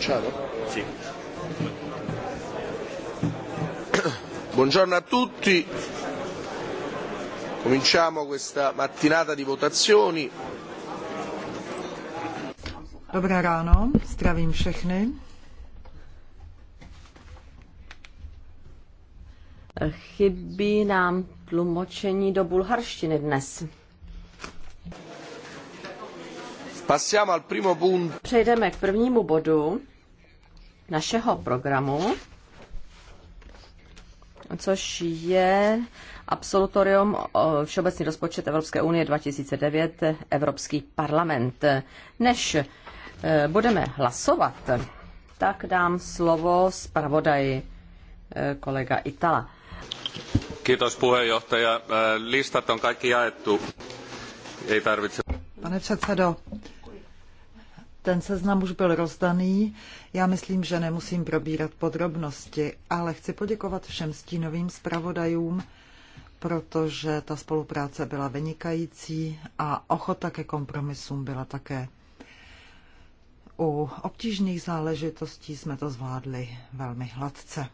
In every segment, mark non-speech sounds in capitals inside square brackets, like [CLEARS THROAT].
cominciare? Sì. [COUGHS] Buongiorno a tutti. Cominciamo questa mattinata di votazioni. Dobré ráno, zdravím všechny. Chybí nám tlumočení do bulharštiny dnes. Passiamo al primo punto. Přejdeme k prvnímu bodu našeho programu, což je absolutorium Všeobecný rozpočet Evropské unie 2009 Evropský parlament. Než eh, budeme hlasovat, tak dám slovo zpravodaji eh, kolega Itala. Kiitos puheenjohtaja. Eh, listat on kaikki jaettu. Ei tarvitse... Pane předsedo, ten seznam už byl rozdaný. Já myslím, že nemusím probírat podrobnosti, ale chci poděkovat všem stínovým zpravodajům, protože ta spolupráce byla vynikající a ochota ke kompromisům byla také. U obtížných záležitostí jsme to zvládli velmi hladce.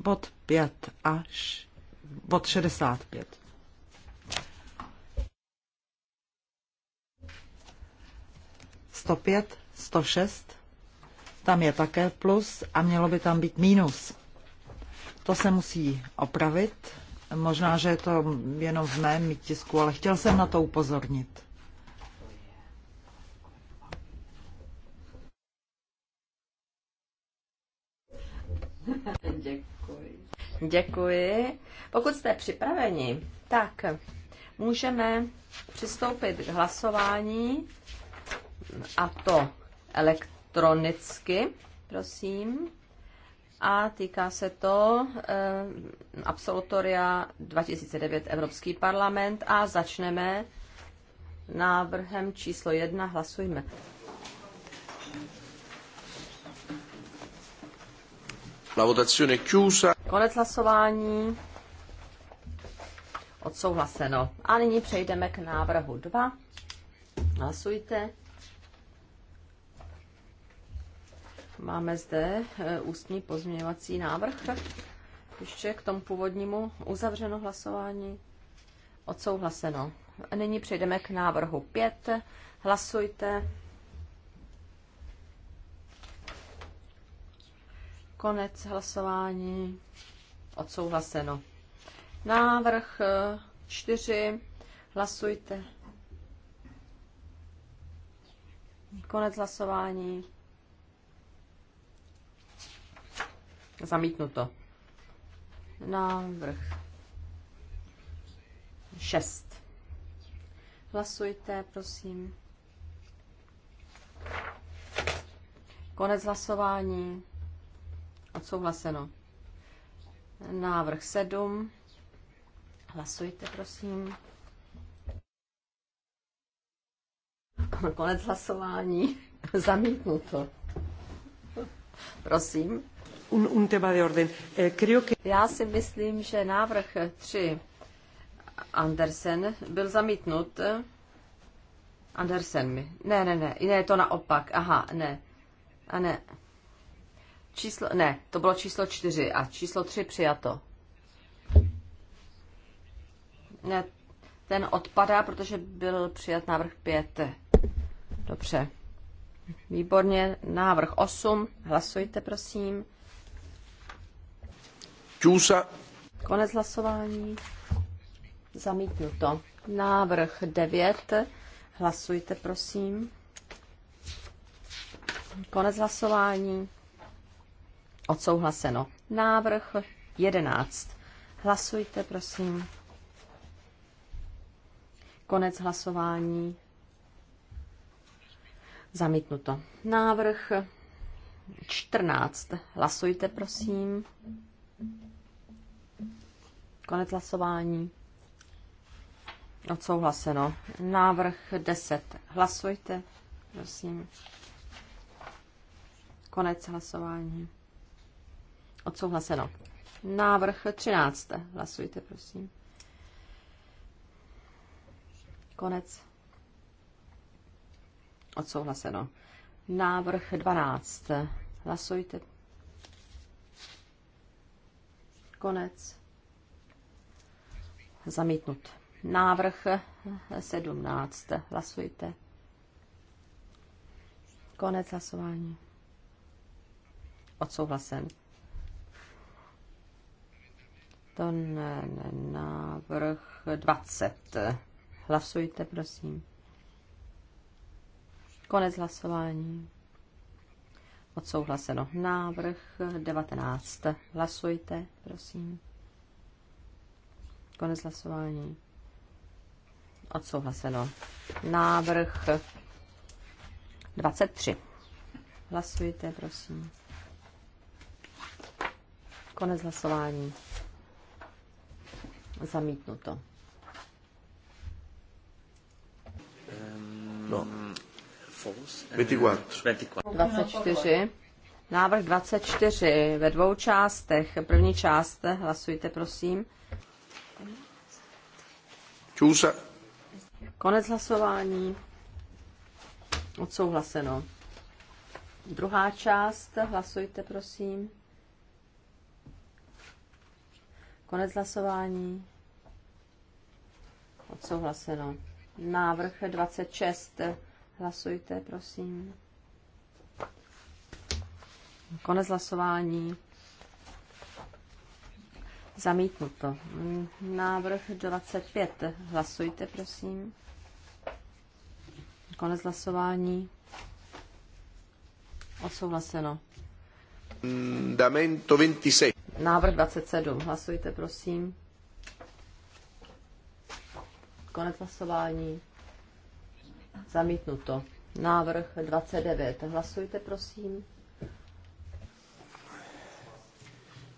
Bod 5 až bod 65. 105, 106, tam je také plus a mělo by tam být mínus. To se musí opravit. Možná, že je to jenom v mém tisku, ale chtěl jsem na to upozornit. Děkuji. Děkuji. Pokud jste připraveni, tak můžeme přistoupit k hlasování a to elektronicky, prosím. A týká se to e, absolutoria 2009 Evropský parlament a začneme návrhem číslo jedna. Hlasujme. La votazione chiusa. Konec hlasování. Odsouhlaseno. A nyní přejdeme k návrhu 2. Hlasujte. Máme zde eh, ústní pozměňovací návrh. Ještě k tomu původnímu uzavřeno hlasování. Odsouhlaseno. Nyní přejdeme k návrhu 5. Hlasujte. Konec hlasování. Odsouhlaseno. Návrh 4. Eh, Hlasujte. Konec hlasování. Zamítnuto. Návrh 6. Hlasujte, prosím. Konec hlasování. Odsouhlaseno. Návrh 7. Hlasujte, prosím. Konec hlasování. [LAUGHS] Zamítnuto. Prosím. Eh, Já si myslím, že návrh 3 Andersen byl zamítnut. Andersen mi. Ne, ne, ne, ne, to naopak. Aha, ne. A ne. Číslo, ne, to bylo číslo čtyři a číslo tři přijato. Ne, ten odpadá, protože byl přijat návrh pět. Dobře. Výborně, návrh osm. Hlasujte, prosím. Konec hlasování. Zamítnuto. Návrh 9. Hlasujte, prosím. Konec hlasování. Odsouhlaseno. Návrh 11. Hlasujte, prosím. Konec hlasování. Zamítnuto. Návrh 14. Hlasujte, prosím. Konec hlasování. Odsouhlaseno. Návrh 10. Hlasujte, prosím. Konec hlasování. Odsouhlaseno. Návrh 13. Hlasujte, prosím. Konec. Odsouhlaseno. Návrh 12. Hlasujte. Konec. Zamítnut. Návrh 17. Hlasujte. Konec hlasování. Odsouhlasen. To ne, ne, návrh 20. Hlasujte, prosím. Konec hlasování. Odsouhlaseno. Návrh 19. Hlasujte, prosím. Konec hlasování. Odsouhlaseno. Návrh 23. Hlasujte, prosím. Konec hlasování. Zamítnuto. Ehm, no. 24. Návrh 24 ve dvou částech. První část hlasujte, prosím. Konec hlasování. Odsouhlaseno. Druhá část, hlasujte prosím. Konec hlasování. Odsouhlaseno. Návrh 26. Hlasujte, prosím. Konec hlasování. Zamítnuto. Návrh 25. Hlasujte, prosím. Konec hlasování. Odsouhlaseno. Damento 26. Návrh 27. Hlasujte, prosím. Konec hlasování. Zamítnuto. Návrh 29. Hlasujte, prosím.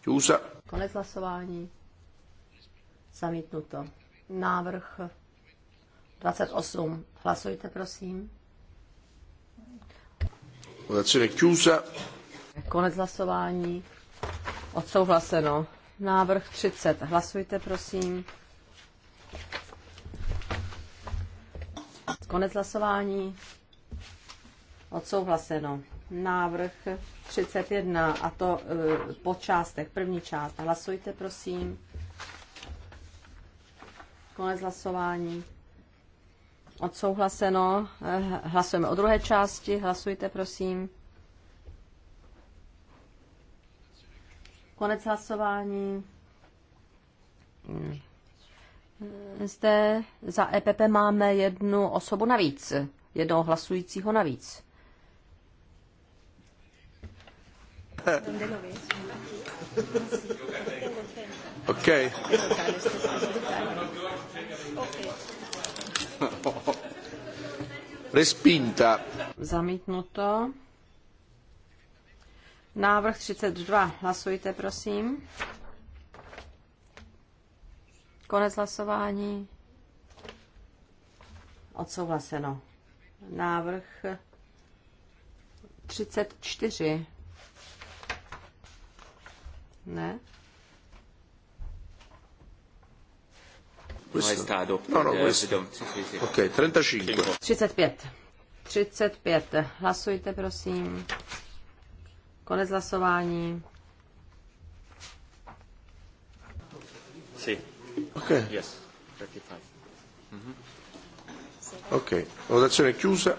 Jusa. Konec hlasování. Zamítnuto. Návrh 28. Hlasujte, prosím. Konec hlasování. Odsouhlaseno. Návrh 30. Hlasujte, prosím. Konec hlasování. Odsouhlaseno návrh 31 a to e, po částech. První část. Hlasujte, prosím. Konec hlasování. Odsouhlaseno. E, hlasujeme o druhé části. Hlasujte, prosím. Konec hlasování. E, zde za EPP máme jednu osobu navíc, jednoho hlasujícího navíc. [LAUGHS] ok. Respinta. Zamítnuto. Návrh 32. Hlasujte, prosím. Konec hlasování. Odsouhlaseno. Návrh 34. Ne? Questo? No, no, questo. Ok, 35. 35. 35. Hlasujte, prosím. Konec hlasování. Sì. Ok. Yes. 35. Mm-hmm. Ok. Votazione chiusa.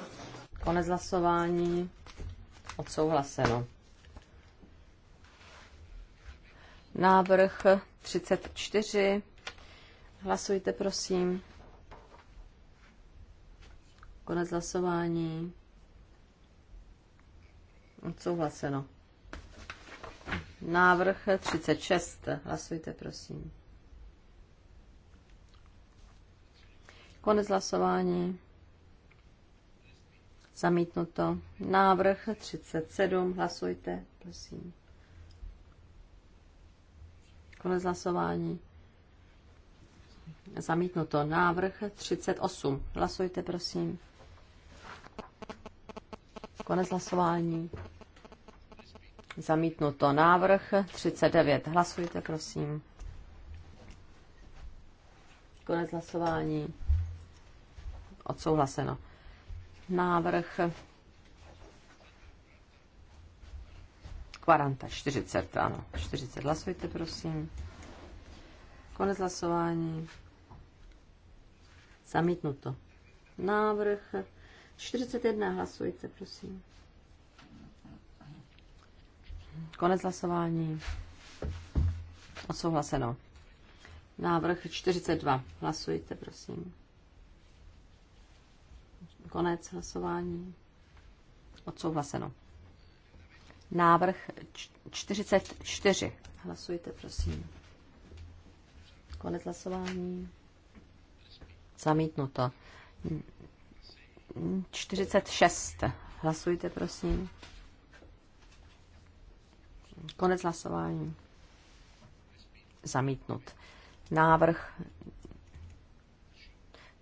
Konec hlasování. Odsouhlaseno. Návrh 34. Hlasujte, prosím. Konec hlasování. Odsouhlaseno. Návrh 36. Hlasujte, prosím. Konec hlasování. Zamítnuto. Návrh 37. Hlasujte, prosím. Konec hlasování. Zamítnuto. Návrh 38. Hlasujte, prosím. Konec hlasování. Zamítnuto. Návrh 39. Hlasujte, prosím. Konec hlasování. Odsouhlaseno. Návrh 40, 40, ano. 40 hlasujte, prosím. Konec hlasování. Zamítnuto. Návrh 41 hlasujte, prosím. Konec hlasování. Odsouhlaseno. Návrh 42. Hlasujte, prosím. Konec hlasování. Odsouhlaseno návrh 44. Hlasujte, prosím. Konec hlasování. Zamítnuto. 46. Hlasujte, prosím. Konec hlasování. Zamítnut. Návrh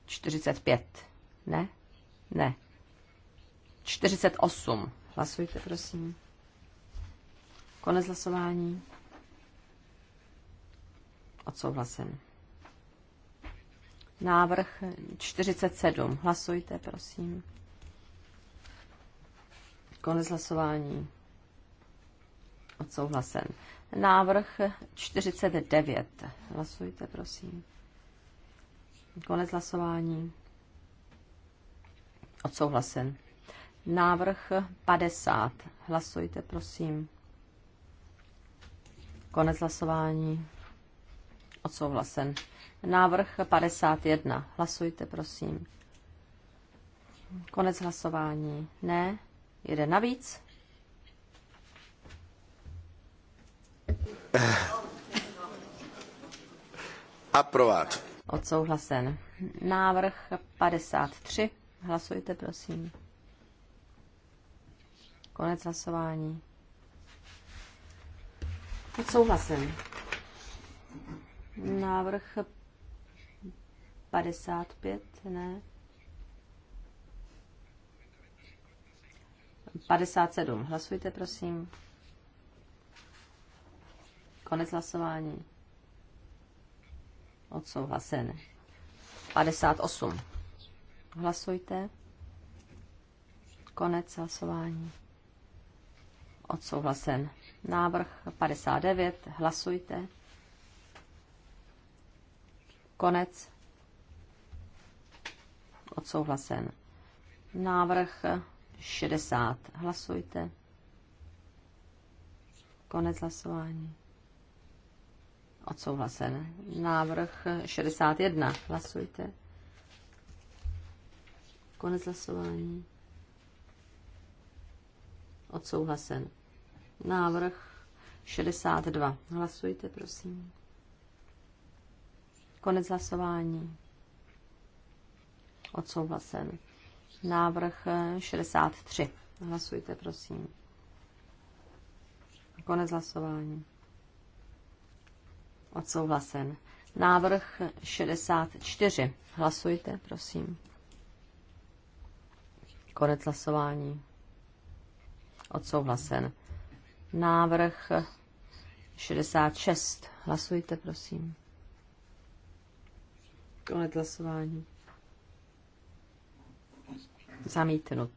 45. Ne? Ne. 48. Hlasujte, prosím. Konec hlasování. Odsouhlasen. Návrh 47. Hlasujte, prosím. Konec hlasování. Odsouhlasen. Návrh 49. Hlasujte, prosím. Konec hlasování. Odsouhlasen. Návrh 50. Hlasujte, prosím. Konec hlasování. Odsouhlasen. Návrh 51. Hlasujte, prosím. Konec hlasování. Ne. Jeden navíc. Eh. Aprovat. Odsouhlasen. Návrh 53. Hlasujte, prosím. Konec hlasování. Odsouhlasen. Návrh 55, ne. 57. Hlasujte, prosím. Konec hlasování. Odsouhlasen. 58. Hlasujte. Konec hlasování. Odsouhlasen. Návrh 59. Hlasujte. Konec. Odsouhlasen. Návrh 60. Hlasujte. Konec hlasování. Odsouhlasen. Návrh 61. Hlasujte. Konec hlasování. Odsouhlasen. Návrh 62. Hlasujte, prosím. Konec hlasování. Odsouhlasen. Návrh 63. Hlasujte, prosím. Konec hlasování. Odsouhlasen. Návrh 64. Hlasujte, prosím. Konec hlasování. Odsouhlasen návrh 66. Hlasujte, prosím. Konec hlasování. Zamítnut.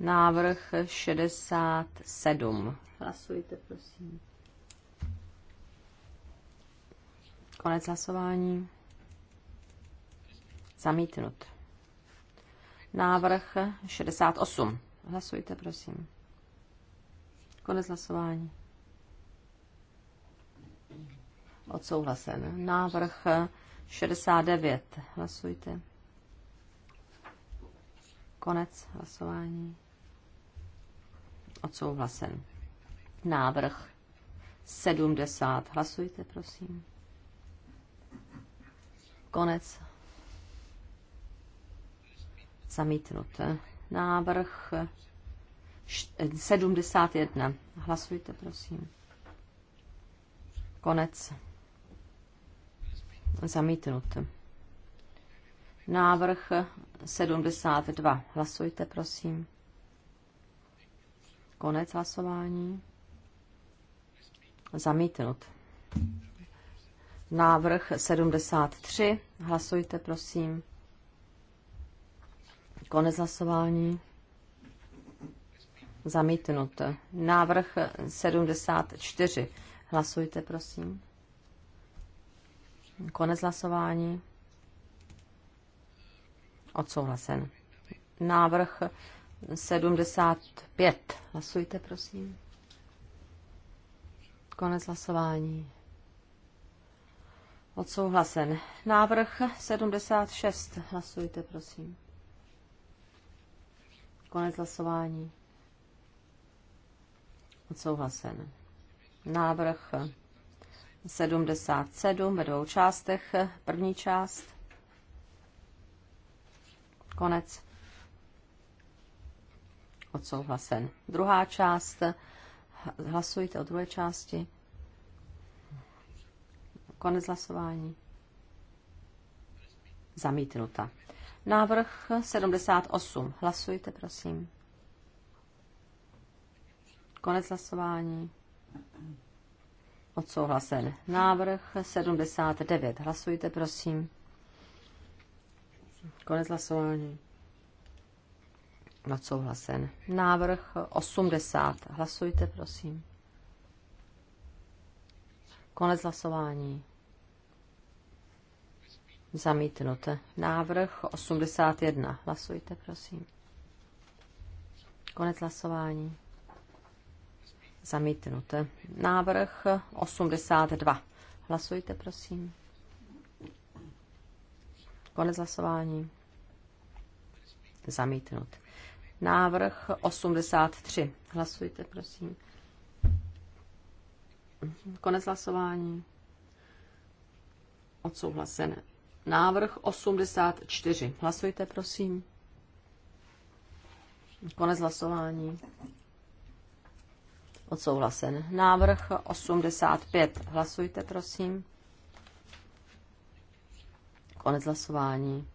Návrh 67. Hlasujte, prosím. Konec hlasování. Zamítnut. Návrh 68. Hlasujte, prosím. Konec hlasování. Odsouhlasen. Návrh 69. Hlasujte. Konec hlasování. Odsouhlasen. Návrh 70. Hlasujte, prosím. Konec. Zamítnut. Návrh 71. Hlasujte, prosím. Konec. Zamítnut. Návrh 72. Hlasujte, prosím. Konec hlasování. Zamítnut. Návrh 73. Hlasujte, prosím. Konec hlasování. Zamítnut. Návrh 74. Hlasujte, prosím. Konec hlasování. Odsouhlasen. Návrh 75. Hlasujte, prosím. Konec hlasování. Odsouhlasen. Návrh 76. Hlasujte, prosím. Konec hlasování. Odsouhlasen. Návrh 77 ve dvou částech. První část. Konec. Odsouhlasen. Druhá část. Hlasujte o druhé části. Konec hlasování. Zamítnuta. Návrh 78. Hlasujte, prosím. Konec hlasování. Odsouhlasen návrh 79. Hlasujte, prosím. Konec hlasování. Odsouhlasen. Návrh 80. Hlasujte, prosím. Konec hlasování. Zamítnuté. Návrh 81. Hlasujte, prosím. Konec hlasování. Zamítnut. Návrh 82. Hlasujte, prosím. Konec hlasování. Zamítnut. Návrh 83. Hlasujte, prosím. Konec hlasování. Odsouhlasen. Návrh 84. Hlasujte, prosím. Konec hlasování. Odsouhlasen. Návrh 85. Hlasujte, prosím. Konec hlasování.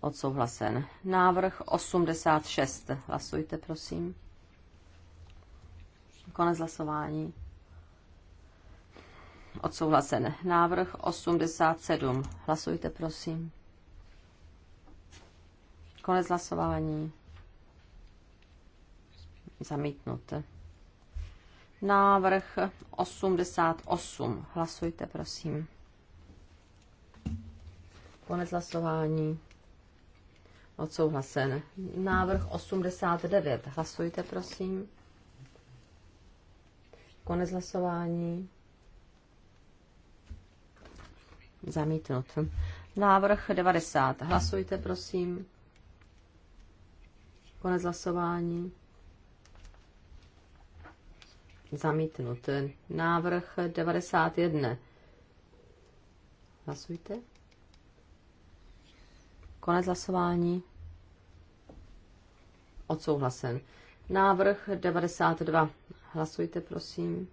Odsouhlasen. Návrh 86. Hlasujte, prosím. Konec hlasování. Odsouhlasen. Návrh 87. Hlasujte, prosím. Konec hlasování. Zamítnut. Návrh 88. Hlasujte, prosím. Konec hlasování. Odsouhlasen. Návrh 89. Hlasujte, prosím. Konec hlasování. Zamítnut. Návrh 90. Hlasujte, prosím. Konec hlasování. Zamítnut. Návrh 91. Hlasujte. Konec hlasování. Odsouhlasen. Návrh 92. Hlasujte, prosím.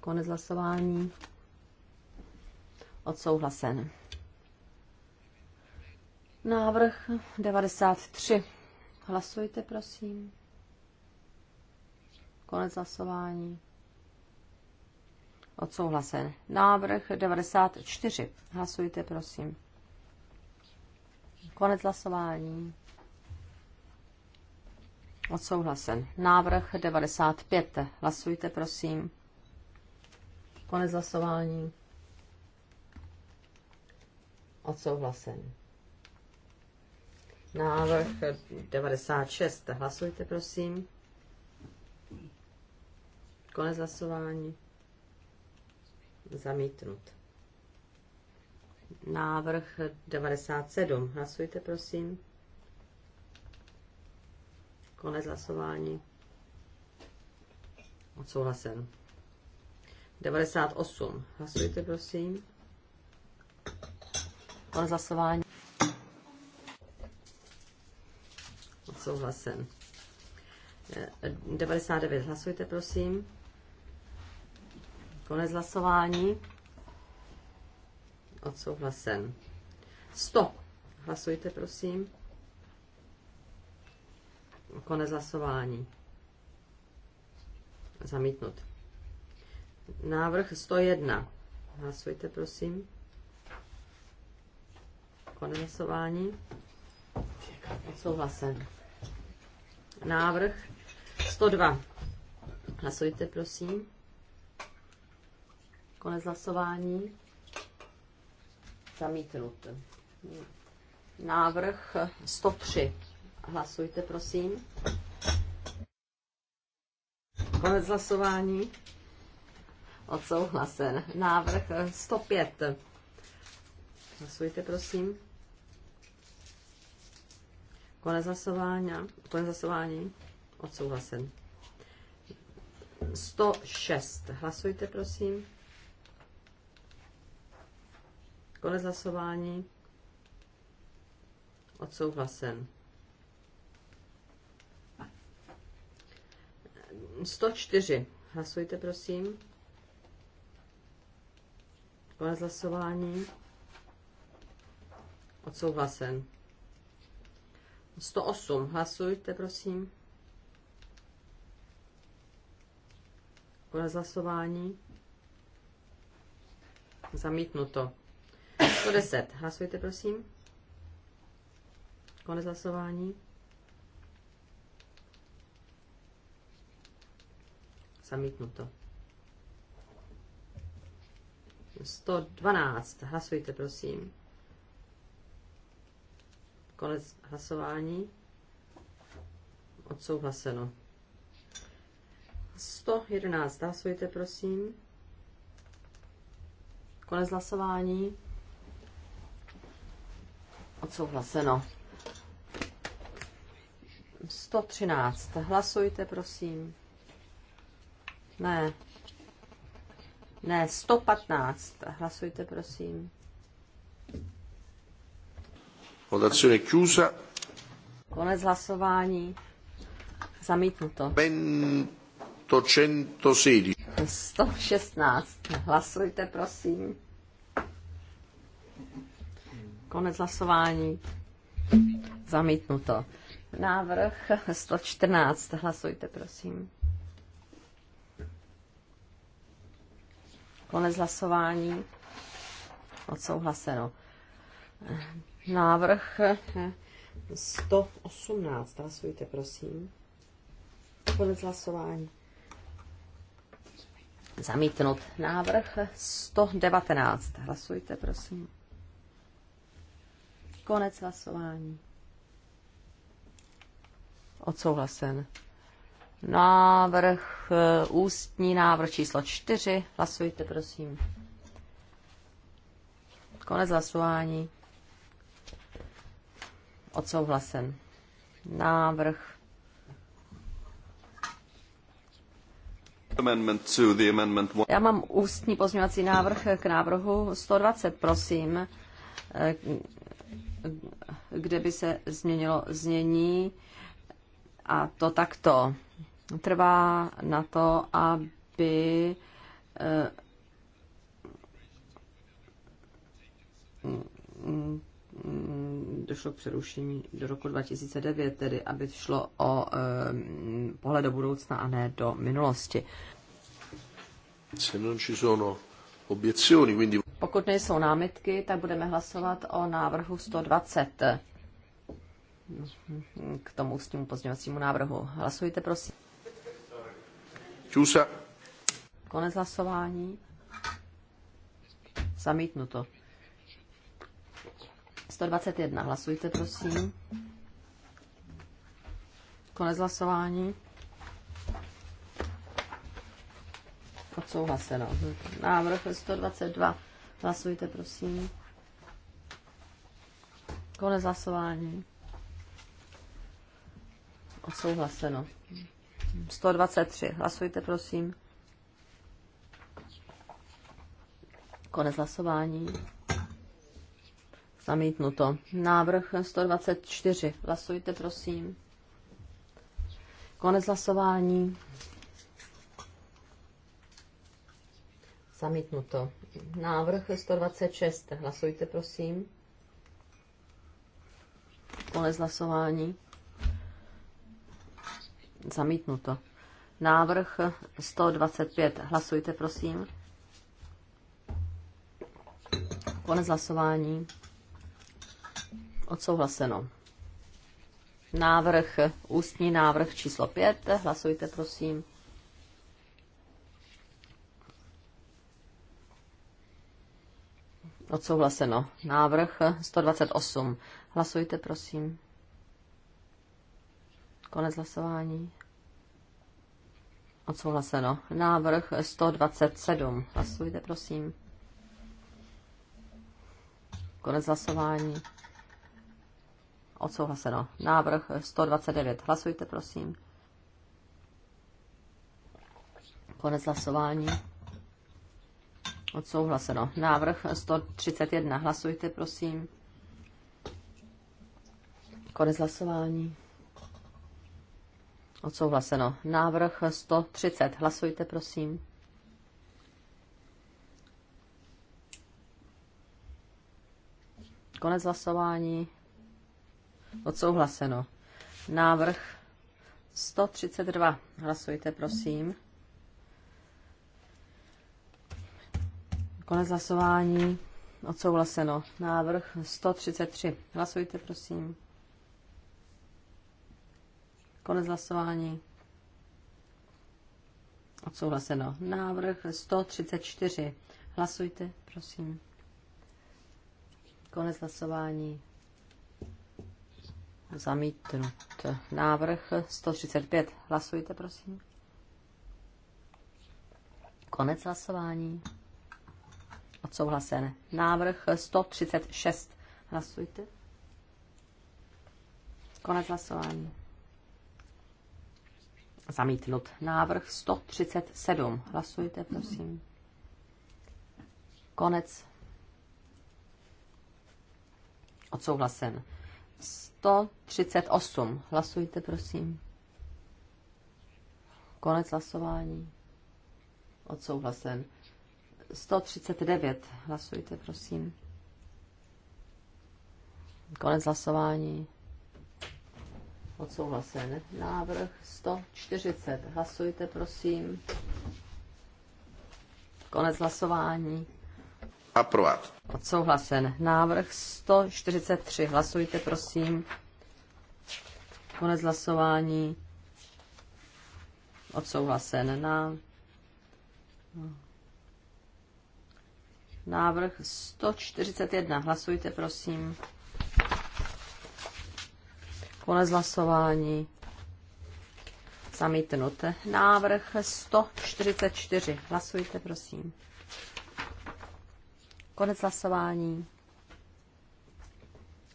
Konec hlasování. Odsouhlasen. Návrh 93. Hlasujte, prosím. Konec hlasování. Odsouhlasen. Návrh 94. Hlasujte, prosím. Konec hlasování. Odsouhlasen. Návrh 95. Hlasujte, prosím. Konec hlasování. Odsouhlasen. Návrh 96. Hlasujte, prosím. Konec hlasování. Zamítnut. Návrh 97. Hlasujte, prosím. Konec hlasování. Odsouhlasen. 98. Hlasujte, prosím. Konec hlasování. Odsouhlasen. 99. Eh, Hlasujte, prosím. Konec hlasování. Odsouhlasen. 100. Hlasujte, prosím. Konec hlasování. Zamítnut. Návrh 101. Hlasujte, prosím. Konec hlasování. Odsouhlasen. Návrh 102. Hlasujte, prosím. Konec hlasování. Zamítnut. Návrh 103. Hlasujte, prosím. Konec hlasování. Odsouhlasen. Návrh 105. Hlasujte, prosím. Konec hlasování. Konec hlasování. Odsouhlasen. 106. Hlasujte, prosím. Konec hlasování. Odsouhlasen. 104. Hlasujte, prosím. Konec hlasování. Odsouhlasen. 108. Hlasujte, prosím. Konec hlasování. Zamítnuto. 110. Hlasujte, prosím. Konec hlasování. Zamítnuto. 112. Hlasujte, prosím. Konec hlasování. Odsouhlaseno. 111. Hlasujte, prosím. Konec hlasování. Odsouhlaseno. 113. Hlasujte, prosím. Ne. Ne, 115. Hlasujte, prosím. Votazione chiusa. Konec hlasování. Zamítnuto. 116. Hlasujte, prosím. Konec hlasování. Zamítnuto. Návrh 114. Hlasujte, prosím. Konec hlasování. Odsouhlaseno. Návrh 118. Hlasujte, prosím. Konec hlasování. Zamítnut návrh 119. Hlasujte, prosím. Konec hlasování. Odsouhlasen. Návrh, eh, ústní návrh číslo čtyři. Hlasujte, prosím. Konec hlasování. Odsouhlasen. Návrh. Já mám ústní pozměňovací návrh k návrhu 120, prosím eh, kde by se změnilo znění a to takto trvá na to, aby eh, došlo k přerušení do roku 2009, tedy aby šlo o eh, pohled do budoucna a ne do minulosti. Se non ci sono obiezioni, quindi... Pokud nejsou námitky, tak budeme hlasovat o návrhu 120 k tomu tím pozměňovacímu návrhu. Hlasujte, prosím. Čusa. Konec hlasování. Zamítnuto. 121. Hlasujte, prosím. Konec hlasování. Odsouhlaseno. Návrh 122. Hlasujte, prosím. Konec hlasování. Odsouhlaseno. 123. Hlasujte, prosím. Konec hlasování. Zamítnuto. Návrh 124. Hlasujte, prosím. Konec hlasování. Zamítnuto. Návrh 126. Hlasujte, prosím. Konec hlasování. Zamítnuto. Návrh 125. Hlasujte, prosím. Konec hlasování. Odsouhlaseno. Návrh, ústní návrh číslo 5. Hlasujte, prosím. Odsouhlaseno. Návrh 128. Hlasujte, prosím. Konec hlasování. Odsouhlaseno. Návrh 127. Hlasujte, prosím. Konec hlasování. Odsouhlaseno. Návrh 129. Hlasujte, prosím. Konec hlasování. Odsouhlaseno. Návrh 131. Hlasujte, prosím. Konec hlasování. Odsouhlaseno. Návrh 130. Hlasujte, prosím. Konec hlasování. Odsouhlaseno. Návrh 132. Hlasujte, prosím. Konec hlasování. Odsouhlaseno. Návrh 133. Hlasujte, prosím. Konec hlasování. Odsouhlaseno. Návrh 134. Hlasujte, prosím. Konec hlasování. Zamítnut. Návrh 135. Hlasujte, prosím. Konec hlasování. Odsouhlasen. Návrh 136. Hlasujte. Konec hlasování. Zamítnut. Návrh 137. Hlasujte, prosím. Konec. Odsouhlasen. 138. Hlasujte, prosím. Konec hlasování. Odsouhlasen. 139. Hlasujte, prosím. Konec hlasování. Odsouhlasen. Návrh 140. Hlasujte, prosím. Konec hlasování. Aprovat. Odsouhlasen. Návrh 143. Hlasujte, prosím. Konec hlasování. Odsouhlasen. Návrh. Návrh 141. Hlasujte, prosím. Konec hlasování. Zamítnut. Návrh 144. Hlasujte, prosím. Konec hlasování.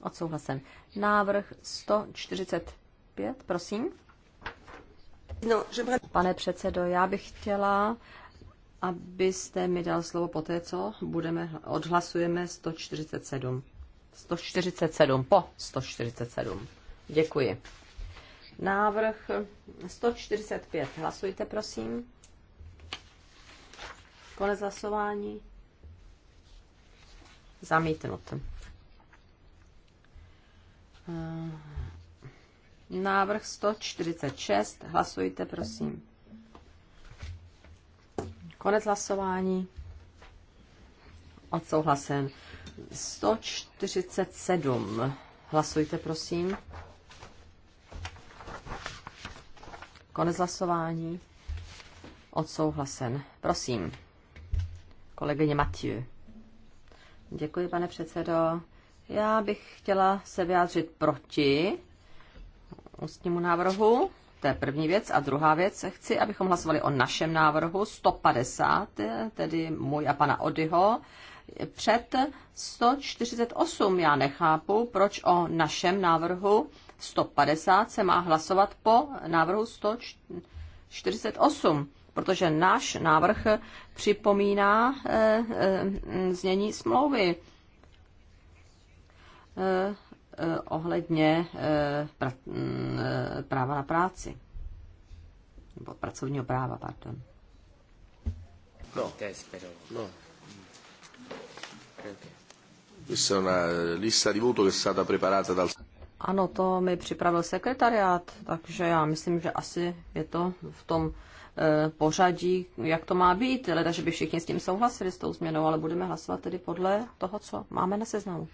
Odsouhlasen. Návrh 145, prosím. No, Pane předsedo, já bych chtěla abyste mi dal slovo po té, co budeme, odhlasujeme 147. 147, po 147. Děkuji. Návrh 145. Hlasujte, prosím. Konec hlasování. Zamítnut. Eh, návrh 146. Hlasujte, prosím. Konec hlasování. Odsouhlasen. 147. Hlasujte, prosím. Konec hlasování. Odsouhlasen. Prosím. Kolegyně Matiu. Děkuji, pane předsedo. Já bych chtěla se vyjádřit proti ústnímu návrhu. To je první věc. A druhá věc, chci, abychom hlasovali o našem návrhu 150, tedy můj a pana Odyho, před 148. Já nechápu, proč o našem návrhu 150 se má hlasovat po návrhu 148, protože náš návrh připomíná eh, eh, znění smlouvy. Eh, Eh, ohledně eh, mm, eh, práva na práci. Nebo pracovního práva, pardon. No, no. Je No. lista dal... Ano, to mi připravil sekretariát, takže já myslím, že asi je to v tom e, pořadí, jak to má být, ale takže by všichni s tím souhlasili s tou změnou, ale budeme hlasovat tedy podle toho, co máme na seznamu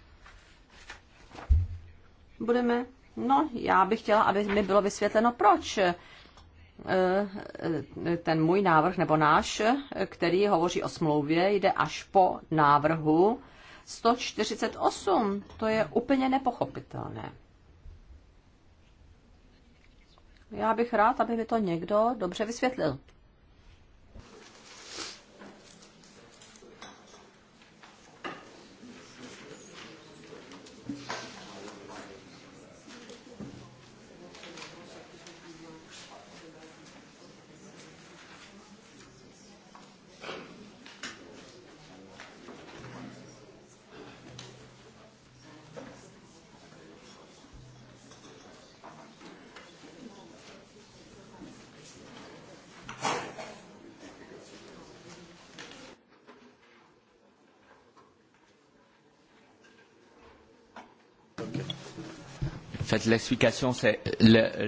budeme, no já bych chtěla, aby mi bylo vysvětleno, proč eh, eh, ten můj návrh nebo náš, který hovoří o smlouvě, jde až po návrhu 148. To je úplně nepochopitelné. Já bych rád, aby mi to někdo dobře vysvětlil.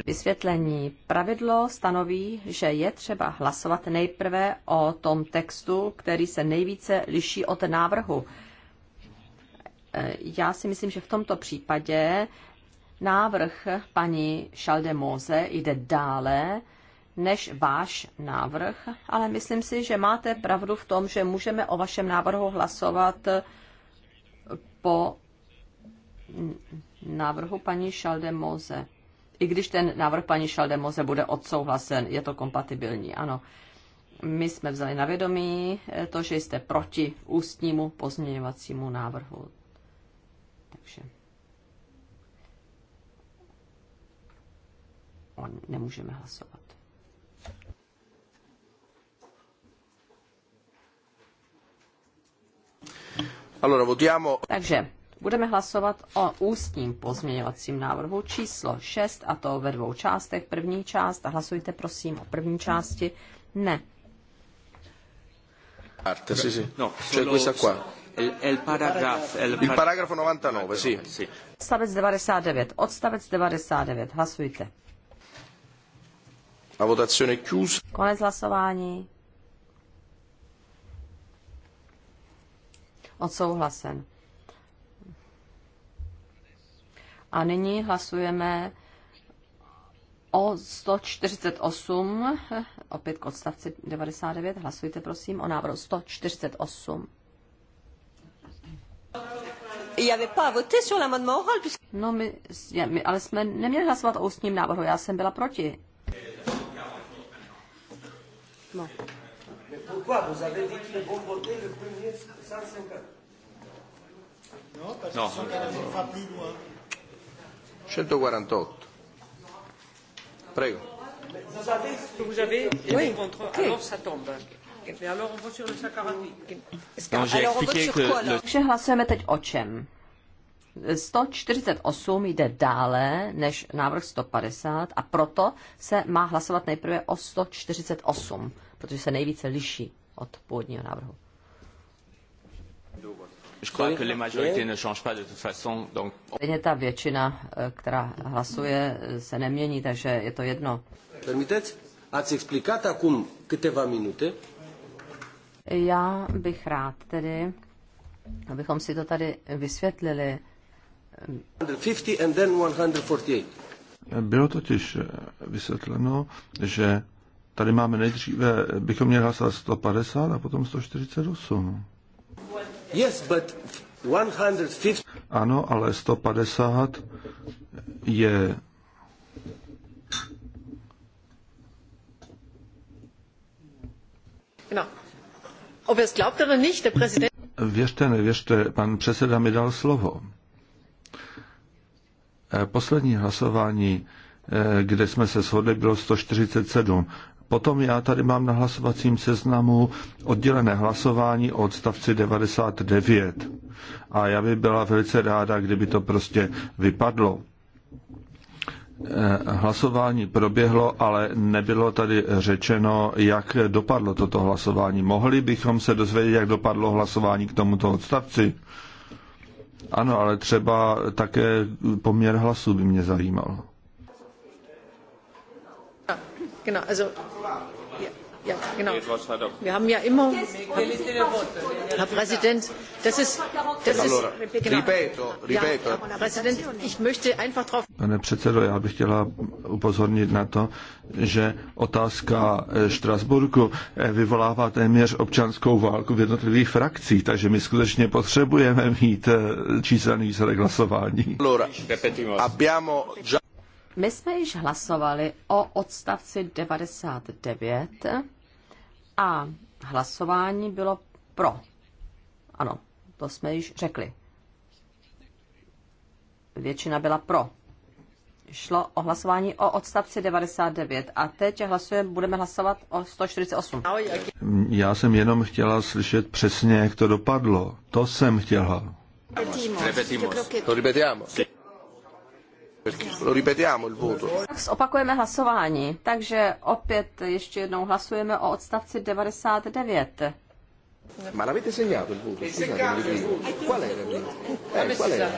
Vysvětlení. Pravidlo stanoví, že je třeba hlasovat nejprve o tom textu, který se nejvíce liší od návrhu. E, já si myslím, že v tomto případě návrh paní Šaldemóze jde dále než váš návrh, ale myslím si, že máte pravdu v tom, že můžeme o vašem návrhu hlasovat po návrhu paní Šaldemoze. I když ten návrh paní Šaldemoze bude odsouhlasen, je to kompatibilní, ano. My jsme vzali na vědomí eh, to, že jste proti ústnímu pozměňovacímu návrhu. Takže on nemůžeme hlasovat. Allora Takže Budeme hlasovat o ústním pozměňovacím návrhu číslo 6, a to ve dvou částech. První část, hlasujte prosím o první části, ne. Parte, sì, No, cioè questa El paragraf, 99, sí, Odstavec 99, odstavec 99, hlasujte. A votazione chiusa. Konec hlasování. Odsouhlasen. A nyní hlasujeme o 148, opět k odstavci 99, hlasujte prosím o návrhu 148. No, my, my, ale jsme neměli hlasovat o ústním návrhu, já jsem byla proti. No. No. 148. Prego. Vous savez avez oui. contre, okay. alors ça tombe. Mais alors on vote sur le 148. Donc Takže hlasujeme teď o čem? 148 jde dále než návrh 150 a proto se má hlasovat nejprve o 148, protože se nejvíce liší od původního návrhu. Stejně ta většina, eh, která hlasuje, eh, se nemění, takže je to jedno. Já bych rád tedy, abychom si to tady vysvětlili. 150 148. Bylo totiž eh, vysvětleno, že tady máme nejdříve, bychom měli hlasovat 150 a potom 148. Yes, but 150... Ano, ale 150 je Věřte, nevěřte, pan předseda mi dal slovo. Eh, poslední hlasování, eh, kde jsme se shodli, bylo 147. Potom já tady mám na hlasovacím seznamu oddělené hlasování o odstavci 99. A já bych byla velice ráda, kdyby to prostě vypadlo. Eh, hlasování proběhlo, ale nebylo tady řečeno, jak dopadlo toto hlasování. Mohli bychom se dozvědět, jak dopadlo hlasování k tomuto odstavci? Ano, ale třeba také poměr hlasů by mě zajímalo. Genau, also. Ja. Ja, genau. Wir haben ja immer, Herr Präsident, das ist, das ist, genau. Herr Präsident, ich möchte einfach darauf. Pane předsedo, já bych chtěla upozornit na to, že otázka Strasburku eh, eh, vyvolává téměř občanskou válku v jednotlivých frakcích, takže my skutečně potřebujeme mít eh, číselný výsledek hlasování. My jsme již hlasovali o odstavci 99 a hlasování bylo pro. Ano, to jsme již řekli. Většina byla pro. Šlo o hlasování o odstavci 99 a teď hlasujeme, budeme hlasovat o 148. Já jsem jenom chtěla slyšet přesně, jak to dopadlo. To jsem chtěla. Opakujeme hlasování, takže opět ještě jednou hlasujeme o odstavci 99. Ma l'avete segnato il voto? qual era il voto? Eh, qual era?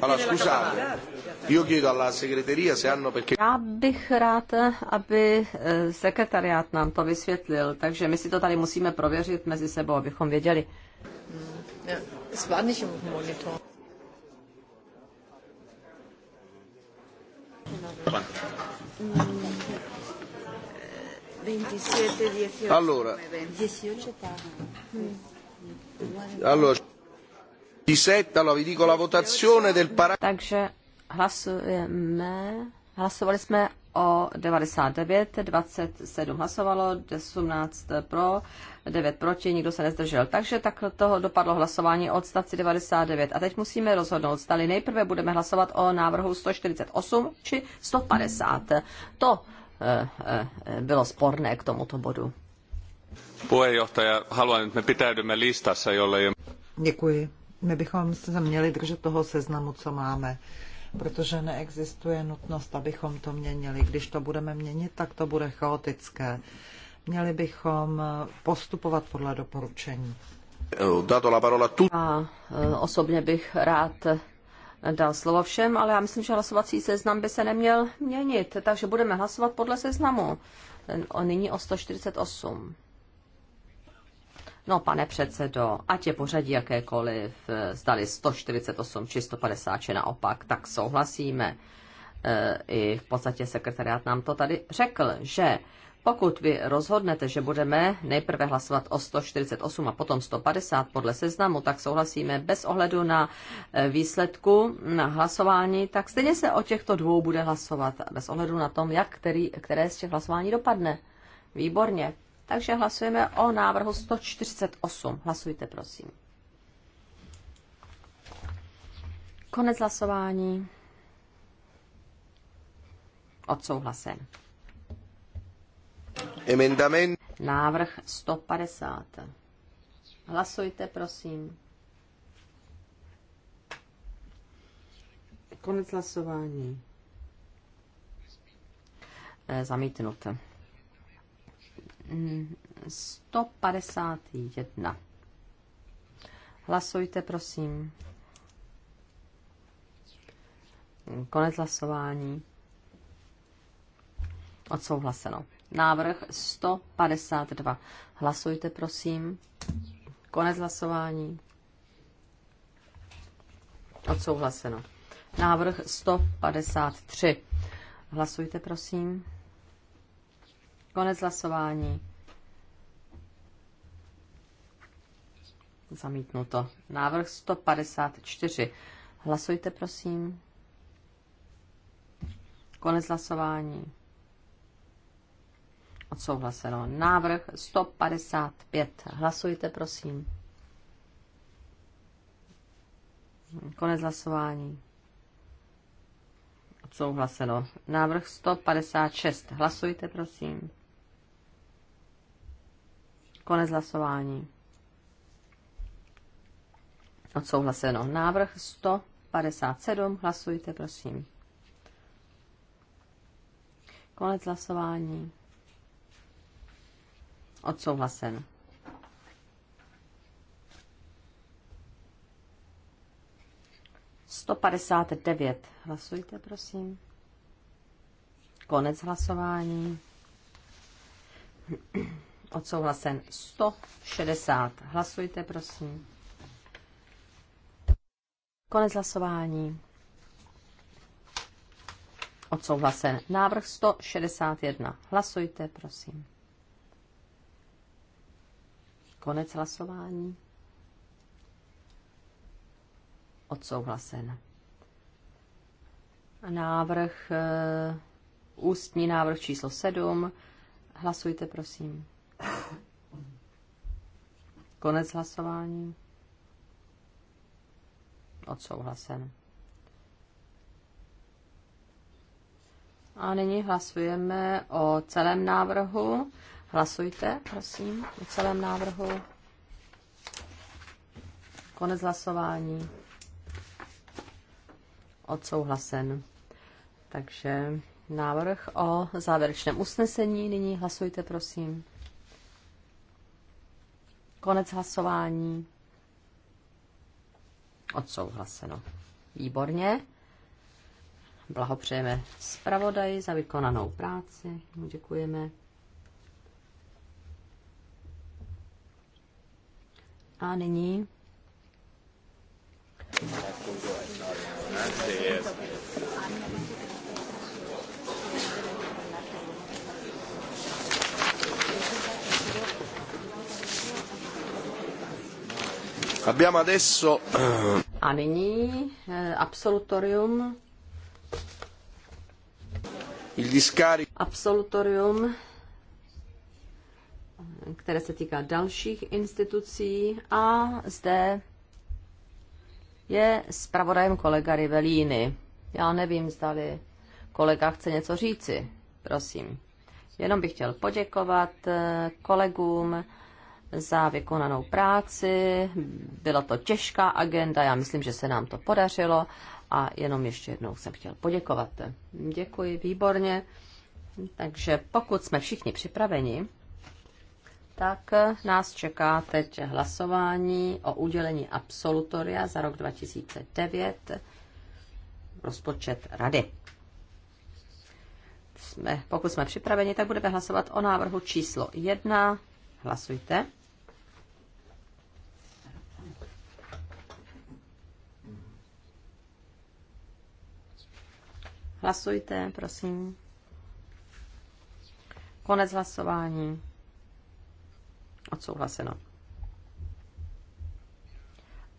Allora scusate, io chiedo alla segreteria se hanno perché... Já bych rád, aby eh, sekretariát nám to vysvětlil, takže my si to tady musíme prověřit mezi sebou, abychom věděli. Ja, es war nicht im Monitor. Allora, allora, Setta, allora vi dico la votazione del paragrafo. Takže hlasujeme, hlasovali jsme o 99, 27 hlasovalo, 18 pro, 9 proti, nikdo se nezdržel. Takže tak toho dopadlo hlasování o odstavci 99. A teď musíme rozhodnout, stali nejprve budeme hlasovat o návrhu 148 či 150. To eh, eh, bylo sporné k tomuto bodu. Puheenjohtaja, haluan, että me pitäydymme listassa, jolle... Děkuji. My bychom se měli držet toho seznamu, co máme protože neexistuje nutnost, abychom to měnili. Když to budeme měnit, tak to bude chaotické. Měli bychom postupovat podle doporučení. Eh, A eh, osobně bych rád dal slovo všem, ale já myslím, že hlasovací seznam by se neměl měnit, takže budeme hlasovat podle seznamu. Eh, o nyní o 148. No, pane předsedo, ať je pořadí jakékoliv, eh, zdali 148 či 150 či naopak, tak souhlasíme. Eh, I v podstatě sekretariát nám to tady řekl, že pokud vy rozhodnete, že budeme nejprve hlasovat o 148 a potom 150 podle seznamu, tak souhlasíme bez ohledu na eh, výsledku na hlasování, tak stejně se o těchto dvou bude hlasovat bez ohledu na tom, jak který, které z těch hlasování dopadne. Výborně. Takže hlasujeme o návrhu 148. Hlasujte, prosím. Konec hlasování. Odsouhlasen. Emendament. Návrh 150. Hlasujte, prosím. Konec hlasování. Eh, zamítnut. 151. Hlasujte, prosím. Konec hlasování. Odsouhlaseno. Návrh 152. Hlasujte, prosím. Konec hlasování. Odsouhlaseno. Návrh 153. Hlasujte, prosím. Konec hlasování. Zamítnuto. Návrh 154. Hlasujte, prosím. Konec hlasování. Odsouhlaseno. Návrh 155. Hlasujte, prosím. Konec hlasování. Odsouhlaseno. Návrh 156. Hlasujte, prosím. Konec hlasování. Odsouhlaseno. Návrh 157. Hlasujte, prosím. Konec hlasování. Odsouhlasen. Sto padesát devět. Hlasujte, prosím. Konec hlasování odsouhlasen 160. Hlasujte, prosím. Konec hlasování. Odsouhlasen návrh 161. Hlasujte, prosím. Konec hlasování. Odsouhlasen. Návrh, eh, ústní návrh číslo 7. Hlasujte, prosím. Konec hlasování. Odsouhlasen. A nyní hlasujeme o celém návrhu. Hlasujte, prosím, o celém návrhu. Konec hlasování. Odsouhlasen. Takže návrh o závěrečném usnesení. Nyní hlasujte, prosím. Konec hlasování. Odsouhlaseno. Výborně. Blahopřejeme zpravodaji za vykonanou práci. Děkujeme. A nyní. Abbiamo adesso... Eh, a nyní eh, absolutorium. Il discari... Absolutorium, které se týká dalších institucí a zde je zpravodajem kolega Rivelíny. Já nevím, zdali kolega chce něco říci. Prosím. Jenom bych chtěl poděkovat eh, kolegům za vykonanou práci. Byla to těžká agenda, já myslím, že se nám to podařilo a jenom ještě jednou jsem chtěl poděkovat. Děkuji, výborně. Takže pokud jsme všichni připraveni, tak nás čeká teď hlasování o udělení absolutoria za rok 2009 rozpočet rady. Jsme, pokud jsme připraveni, tak budeme hlasovat o návrhu číslo 1. Hlasujte. Hlasujte, prosím. Konec hlasování. Odsouhlaseno.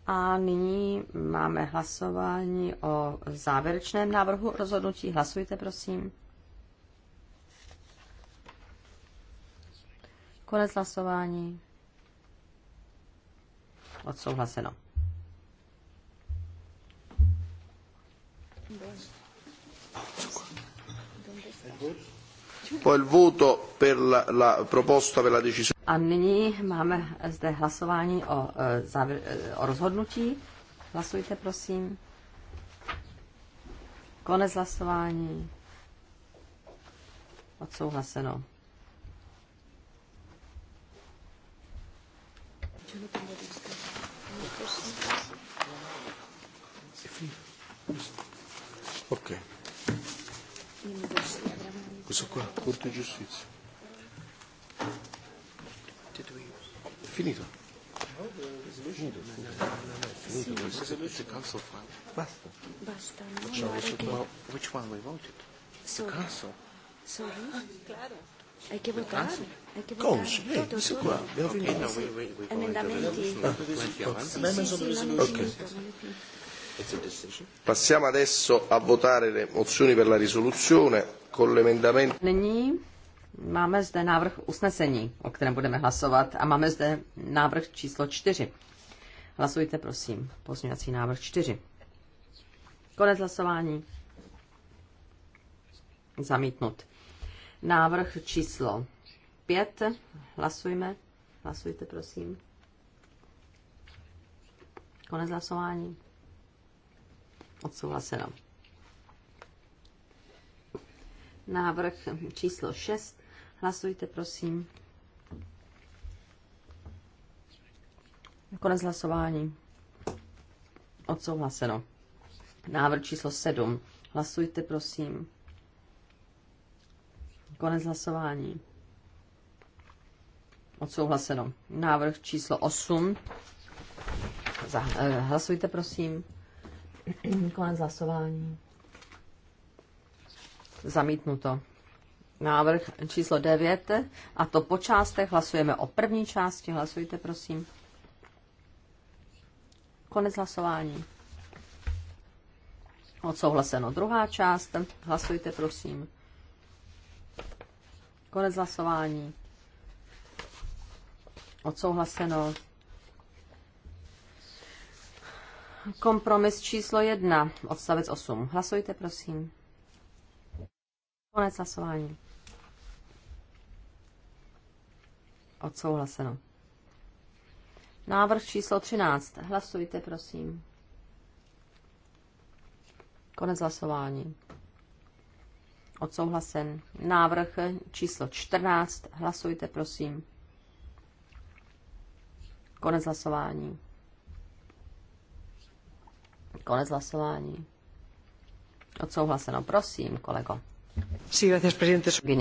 A nyní máme hlasování o závěrečném návrhu rozhodnutí. Hlasujte, prosím. Konec hlasování. Odsouhlaseno. Dobře. A nyní máme zde hlasování o, e, závěr, e, o rozhodnutí. Hlasujte, prosím. Konec hlasování. Odsouhlaseno. Okay. No, no, questo qua, Corte di Giustizia. Finito. Finito. Finito. It's a Basta. Basta. which one we voted? So, the Sorry? Ah, claro. Hay que votar. Hay que votar. Cons, eh, qua. Abbiamo finito. No, Emendamenti. Passiamo adesso a votare le mozioni per la risoluzione Nyní máme zde návrh usnesení, o kterém budeme hlasovat a máme zde návrh číslo 4. Hlasujte, prosím, pozměňovací návrh 4. Konec hlasování. Zamítnut. Návrh číslo 5. Hlasujme. Hlasujte, prosím. Konec hlasování. Odsouhlaseno. Návrh číslo 6. Hlasujte, prosím. Konec hlasování. Odsouhlaseno. Návrh číslo 7. Hlasujte, prosím. Konec hlasování. Odsouhlaseno. Návrh číslo 8. Zah- eh, hlasujte, prosím. Konec hlasování. Zamítnuto. Návrh číslo 9, a to po částech. Hlasujeme o první části. Hlasujte, prosím. Konec hlasování. Odsouhlaseno druhá část. Hlasujte, prosím. Konec hlasování. Odsouhlaseno. Kompromis číslo 1, odstavec 8. Hlasujte, prosím. Konec hlasování. Odsouhlaseno. Návrh číslo 13. Hlasujte, prosím. Konec hlasování. Odsouhlasen. Návrh číslo 14. Hlasujte, prosím. Konec hlasování. Konec hlasování. Odsouhlaseno, prosím, kolego.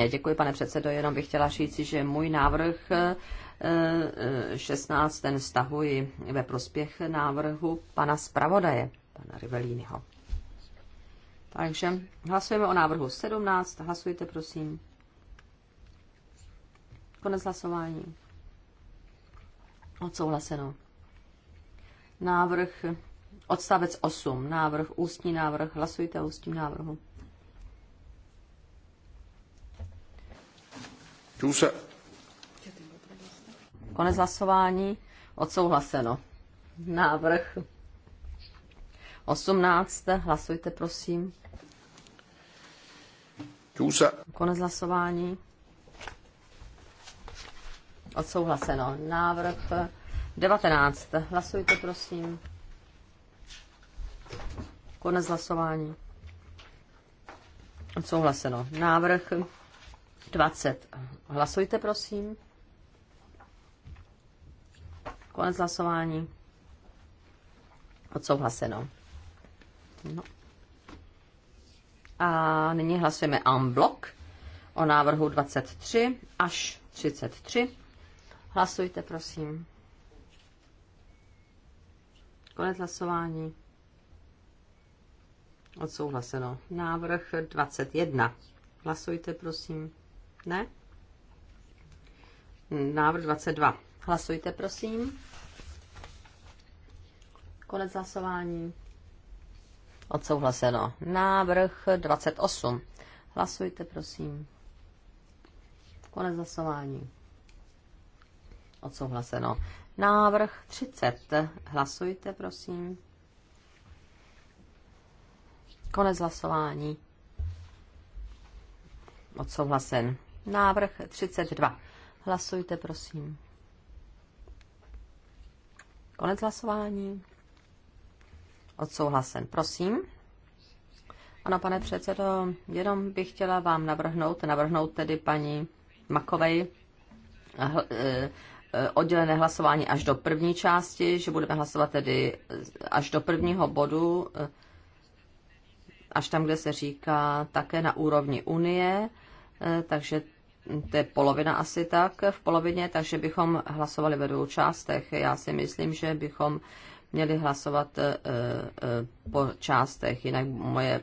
Děkuji, pane předsedo. Jenom bych chtěla říci, že můj návrh 16 eh, eh, ten stahuji ve prospěch návrhu pana zpravodaje, pana Rivelínyho. Takže hlasujeme o návrhu 17. Hlasujte, prosím. Konec hlasování. Odsouhlaseno. Návrh, odstavec 8, návrh, ústní návrh, hlasujte o ústním návrhu. Chiusa. Konec hlasování. Odsouhlaseno. Návrh 18. Hlasujte, prosím. Chiusa. Konec hlasování. Odsouhlaseno. Návrh 19. Hlasujte, prosím. Konec hlasování. Odsouhlaseno. Návrh 20. Hlasujte, prosím. Konec hlasování. Odsouhlaseno. No. A nyní hlasujeme en bloc o návrhu 23 až 33. Hlasujte, prosím. Konec hlasování. Odsouhlaseno. Návrh 21. Hlasujte, prosím. Ne? Návrh 22. Hlasujte, prosím. Konec hlasování. Odsouhlaseno. Návrh 28. Hlasujte, prosím. Konec hlasování. Odsouhlaseno. Návrh 30. Hlasujte, prosím. Konec hlasování. Odsouhlasen. Návrh 32. Hlasujte, prosím. Konec hlasování. Odsouhlasen, prosím. Ano, pane předsedo, jenom bych chtěla vám navrhnout, navrhnout tedy paní Makovej eh, eh, oddělené hlasování až do první části, že budeme hlasovat tedy eh, až do prvního bodu, až tam, kde se říká také na úrovni Unie, Eh, takže to je polovina asi tak, v polovině, takže bychom hlasovali ve dvou částech. Já si myslím, že bychom měli hlasovat eh, eh, po částech, jinak moje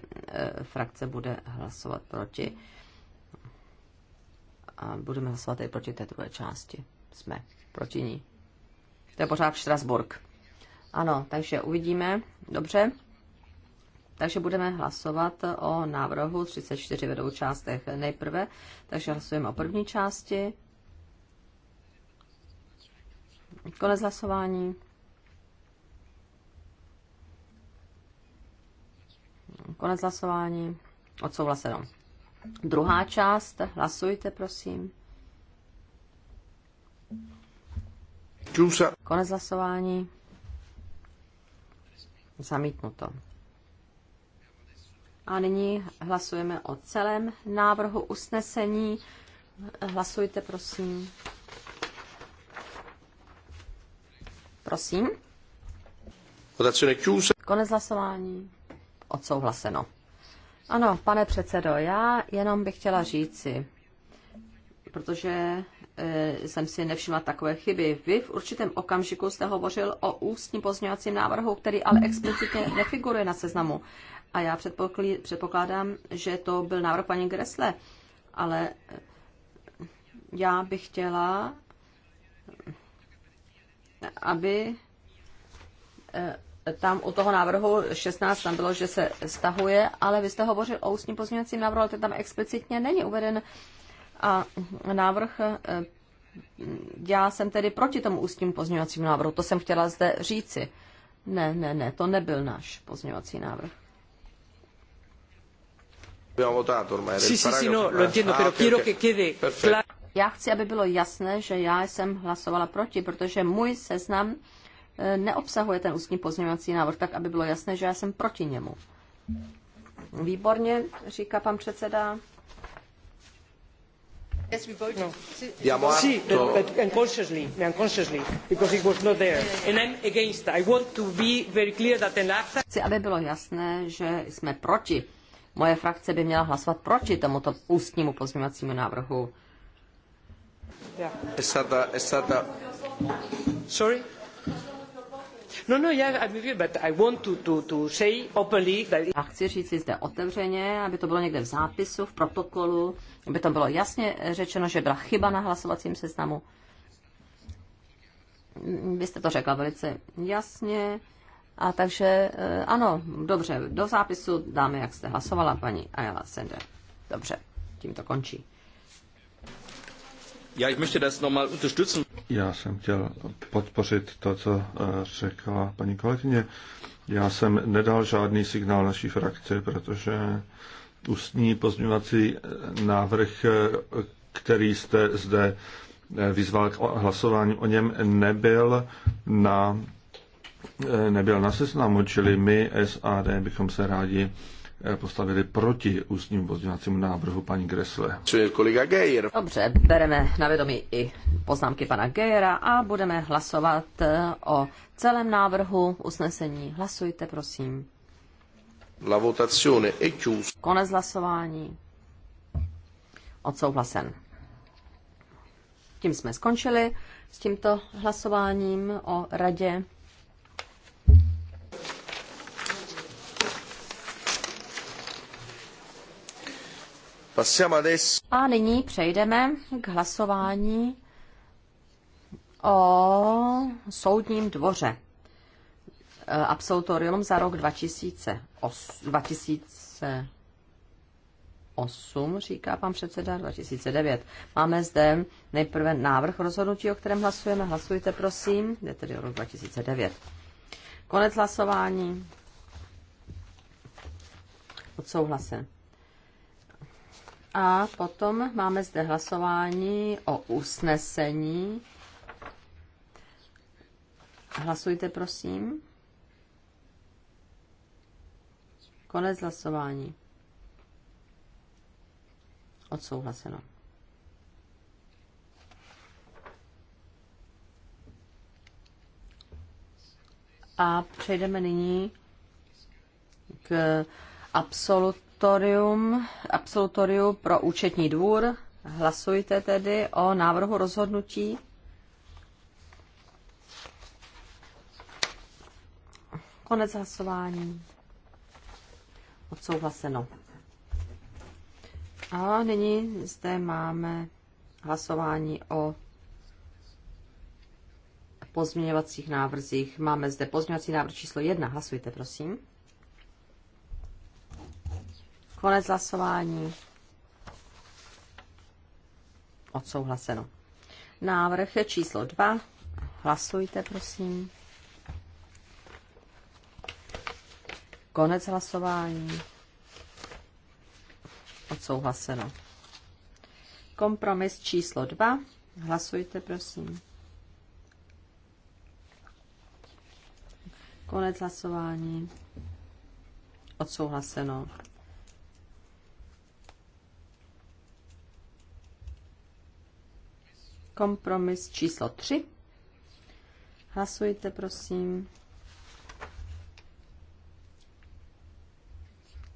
frakce bude hlasovat proti. A budeme hlasovat i proti té druhé části. Jsme proti ní. To je pořád Štrasburg. Ano, takže uvidíme. Dobře. Takže budeme hlasovat o návrhu 34 vedou částech nejprve. Takže hlasujeme o první části. Konec hlasování. Konec hlasování. Odsouhlaseno. Druhá část. Hlasujte, prosím. Konec hlasování. Zamítnuto. A nyní hlasujeme o celém návrhu usnesení. Hlasujte, prosím. Prosím. Konec hlasování. Odsouhlaseno. Ano, pane předsedo, já jenom bych chtěla říci, protože eh, jsem si nevšimla takové chyby. Vy v určitém okamžiku jste hovořil o ústním pozměňovacím návrhu, který ale explicitně nefiguruje na seznamu. A já předpokládám, že to byl návrh paní Gresle, ale já bych chtěla, aby eh, tam u toho návrhu 16 tam bylo, že se stahuje, ale vy jste hovořil o ústním pozměňovacím návrhu, ale ten tam explicitně není uveden. A návrh, eh, já jsem tedy proti tomu ústním pozměňovacímu návrhu, to jsem chtěla zde říci. Ne, ne, ne, to nebyl náš pozměňovací návrh. Já chci, aby bylo jasné, že já jsem hlasovala proti, protože můj seznam eh, neobsahuje ten ústní pozměňovací návrh, tak aby bylo jasné, že já jsem proti němu. Výborně, říká pan předseda. because it was not there. And I'm against. I want to be very clear that Chci, aby bylo jasné, že jsme proti moje frakce by měla hlasovat proti tomuto ústnímu pozměňovacímu návrhu. Sorry? No, no, I want to, to, to say openly A chci říct si zde otevřeně, aby to bylo někde v zápisu, v protokolu, aby tam bylo jasně řečeno, že byla chyba na hlasovacím seznamu. Vy jste to řekla velice jasně. A takže eh, ano, dobře, do zápisu dáme, jak jste hlasovala, paní Ayala Sender. Dobře, tím to končí. Já, ich möchte das nochmal unterstützen. Já jsem chtěl podpořit to, co eh, řekla paní kolegyně. Já jsem nedal žádný signál naší frakci, protože ústní pozměňovací eh, návrh, který jste zde vyzval k hlasování, o něm nebyl na Eh, nebyl na seznamu, čili my SAD bychom se rádi eh, postavili proti ústnímu pozměňovacímu návrhu paní Gresle. Kolega Geir? Dobře, bereme na vědomí i poznámky pana Geira a budeme hlasovat eh, o celém návrhu usnesení. Hlasujte, prosím. La votazione è chiusa. Konec hlasování. Odsouhlasen. Tím jsme skončili s tímto hlasováním o radě. A nyní přejdeme k hlasování o soudním dvoře. E, absolutorium za rok 2008, 2008, říká pan předseda, 2009. Máme zde nejprve návrh rozhodnutí, o kterém hlasujeme. Hlasujte, prosím. Je tedy o rok 2009. Konec hlasování. Odsouhlasen. A potom máme zde hlasování o usnesení. Hlasujte, prosím. Konec hlasování. Odsouhlaseno. A přejdeme nyní k absolut absolutorium, absolutoriu pro účetní dvůr. Hlasujte tedy o návrhu rozhodnutí. Konec hlasování. Odsouhlaseno. A nyní zde máme hlasování o pozměňovacích návrzích. Máme zde pozměňovací návrh číslo 1. Hlasujte, prosím. Konec hlasování. Odsouhlaseno. Návrh je číslo 2. Hlasujte, prosím. Konec hlasování. Odsouhlaseno. Kompromis číslo 2. Hlasujte, prosím. Konec hlasování. Odsouhlaseno. Kompromis číslo 3. Hlasujte, prosím.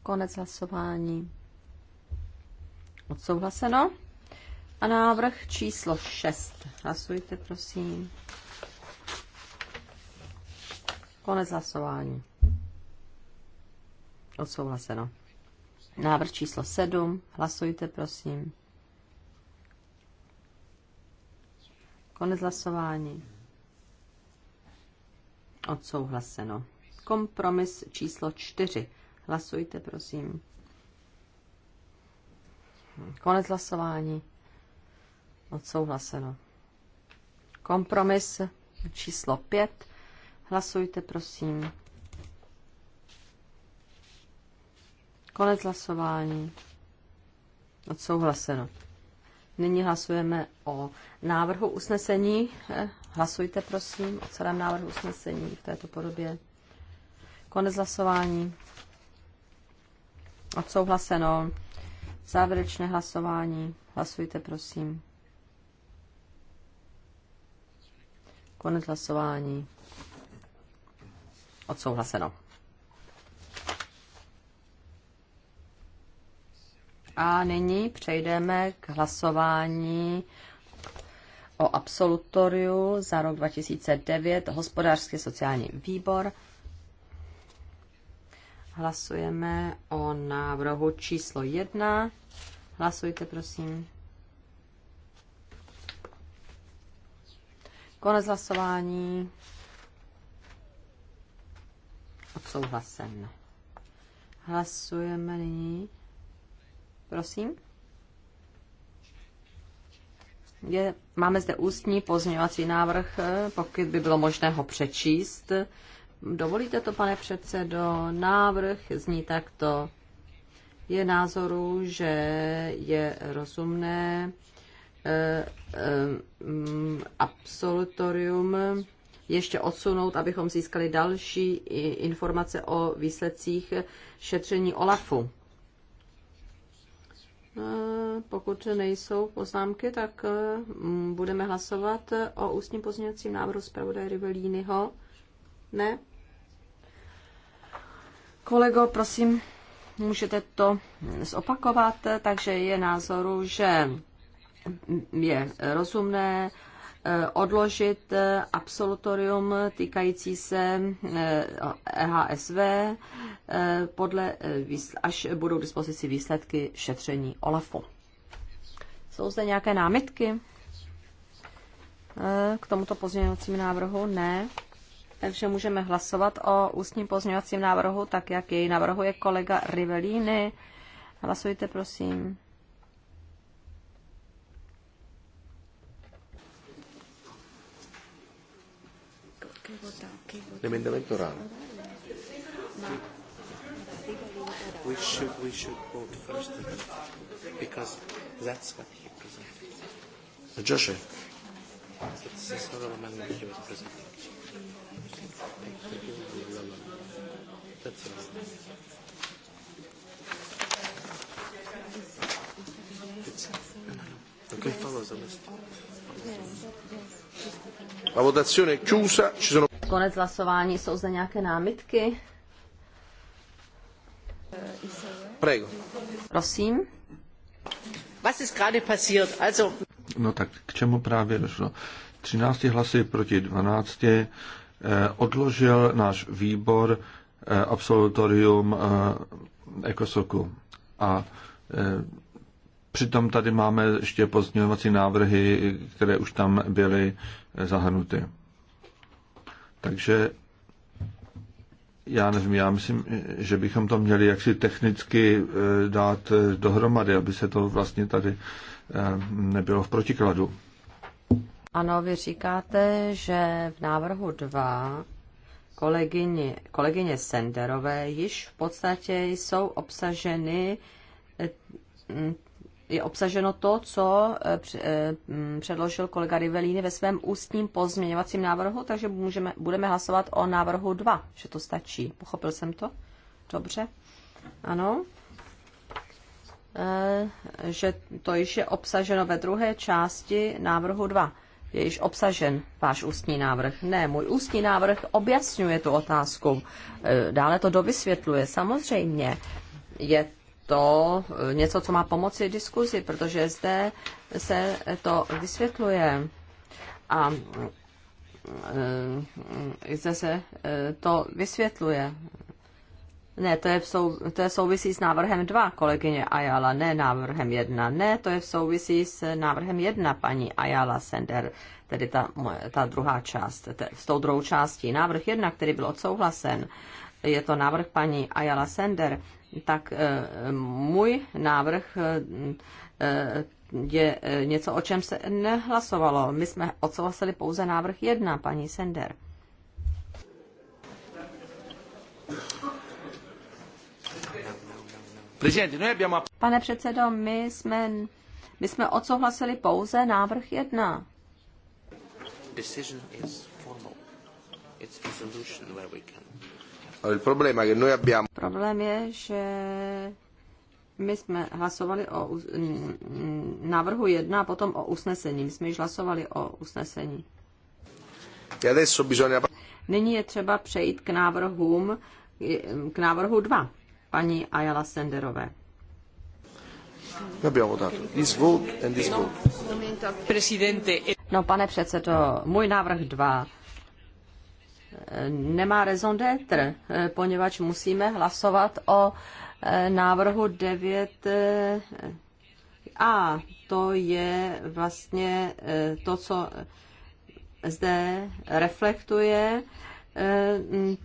Konec hlasování. Odsouhlaseno. A návrh číslo 6. Hlasujte, prosím. Konec hlasování. Odsouhlaseno. Návrh číslo 7. Hlasujte, prosím. Konec hlasování. Odsouhlaseno. Kompromis číslo čtyři. Hlasujte, prosím. Konec hlasování. Odsouhlaseno. Kompromis číslo pět. Hlasujte, prosím. Konec hlasování. Odsouhlaseno. Nyní hlasujeme o návrhu usnesení. Eh, hlasujte, prosím, o celém návrhu usnesení v této podobě. Konec hlasování. Odsouhlaseno. Závěrečné hlasování. Hlasujte, prosím. Konec hlasování. Odsouhlaseno. A nyní přejdeme k hlasování o absolutoriu za rok 2009 hospodářský sociální výbor. Hlasujeme o návrhu číslo 1. Hlasujte, prosím. Konec hlasování. Odsouhlasen. Hlasujeme nyní Prosím. Je, máme zde ústní pozměňovací návrh, pokud by bylo možné ho přečíst. Dovolíte to, pane předsedo? Návrh zní takto. Je názoru, že je rozumné e, e, absolutorium ještě odsunout, abychom získali další informace o výsledcích šetření OLAFu Eh, pokud nejsou poznámky, tak eh, budeme hlasovat o ústním pozměňovacím návrhu zpravodaje Rivelínyho. Ne? Kolego, prosím, můžete to zopakovat, takže je názoru, že je rozumné Eh, odložit eh, absolutorium týkající se EHSV e eh, podle, až budou k dispozici výsledky šetření OLAFu. Jsou zde nějaké námitky k tomuto pozměňovacímu návrhu? Ne. Takže můžeme hlasovat o ústním pozměňovacím návrhu, tak jak jej navrhuje kolega Rivellini. Hlasujte, prosím. L'emendamento orale. We should, we should vote first because that's what he presented. Joshua. La votazione è chiusa, ci sono konec hlasování. Jsou zde nějaké námitky? Prego. Prosím. Was ist gerade passiert? Also... No tak k čemu právě došlo? 13 hlasy proti 12 eh, odložil náš výbor eh, absolutorium eh, Ekosoku. A eh, přitom tady máme ještě pozměňovací návrhy, které už tam byly eh, zahrnuty. Takže já nevím, já myslím, že bychom to měli jaksi technicky eh, dát eh, dohromady, aby se to vlastně tady eh, nebylo v protikladu. Ano, vy říkáte, že v návrhu 2 kolegyně, kolegyně Senderové již v podstatě jsou obsaženy je obsaženo to, co eh, eh, mm, předložil kolega Rivelíny ve svém ústním pozměňovacím návrhu, takže můžeme, budeme hlasovat o návrhu 2, že to stačí. Pochopil jsem to? Dobře. Ano. Eh, že to již je obsaženo ve druhé části návrhu 2. Je již obsažen váš ústní návrh. Ne, můj ústní návrh objasňuje tu otázku. Dále to dovysvětluje. Samozřejmě je to e, něco, co má pomoci diskuzi, protože zde se to vysvětluje. A e, zde se e, to vysvětluje. Ne, to je, v sou, to je souvisí s návrhem 2, kolegyně Ayala, ne návrhem 1. Ne, to je v souvisí s návrhem 1, paní Ayala Sender, tedy ta, ta druhá část, te, s tou druhou částí. Návrh 1, který byl odsouhlasen, je to návrh paní Ayala Sender, tak eh, můj návrh eh, eh, je něco, o čem se nehlasovalo. My jsme odsouhlasili pouze návrh jedna, paní Sender. Pane předsedo, my jsme, my jsme odsouhlasili pouze návrh jedna. Decision is formal. It's resolution where we can Problém je, že my jsme hlasovali o návrhu jedna, a potom o usnesení. My jsme již hlasovali o usnesení. Nyní je třeba přejít k návrhům, k návrhu dva, paní Ayala Senderové. No, pane předsedo, můj návrh dva nemá raison d'être, poněvadž musíme hlasovat o e, návrhu 9a. E, to je vlastně e, to, co zde reflektuje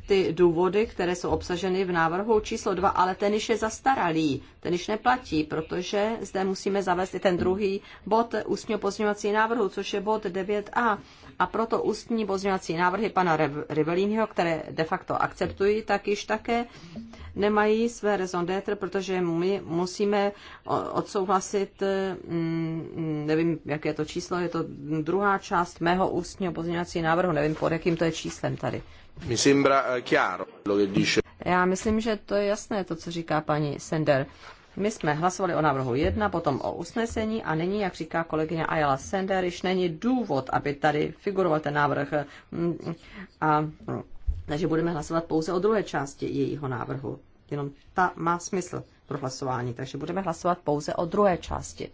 ty důvody, které jsou obsaženy v návrhu číslo 2, ale ten již je zastaralý, ten již neplatí, protože zde musíme zavést i ten druhý bod ústního pozměňovací návrhu, což je bod 9a. A proto ústní pozměňovací návrhy pana Rivelínho, které de facto akceptují, tak již také nemají své raison d'être, protože my musíme odsouhlasit, mm, nevím, jaké je to číslo, je to druhá část mého ústního pozměňovacího návrhu, nevím, pod jakým to je číslem tady. Mi sembra eh, chiaro lo che dice. Já myslím, že to je jasné, to, co říká paní Sender. My jsme hlasovali o návrhu 1, potom o usnesení a nyní, jak říká kolegyně Ayala Sender, již není důvod, aby tady figuroval ten návrh. Mm, a, mm, takže budeme hlasovat pouze o druhé části jejího návrhu. Jenom ta má smysl pro hlasování, takže budeme hlasovat pouze o druhé části.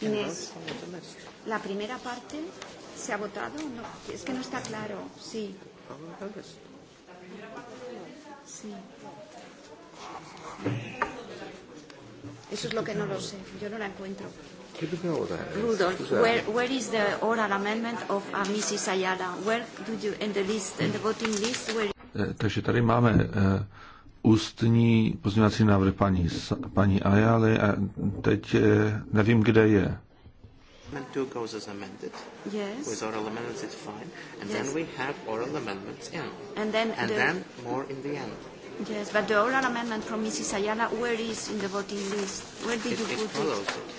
Inés, la primera parte se ha votado, no, es que no está claro, sí. Eso es lo que no lo sé. Yo no la encuentro. Rudolf, where, where is the oral amendment of uh, Mrs. Ayala? Where do you, in the list, in the voting list, where... Eh, takže tady máme uh, ústní pozměňovací návrh paní, paní Ayaly a teď uh, nevím, kde je. Amendment 2 goes as amended. Yes. With oral amendments, it's fine. And yes. then we have oral amendments in. And then And the, then more in the end. Yes, but the oral amendment from Mrs. Ayala, where is in the voting list? Where did it, you it put follows it? it?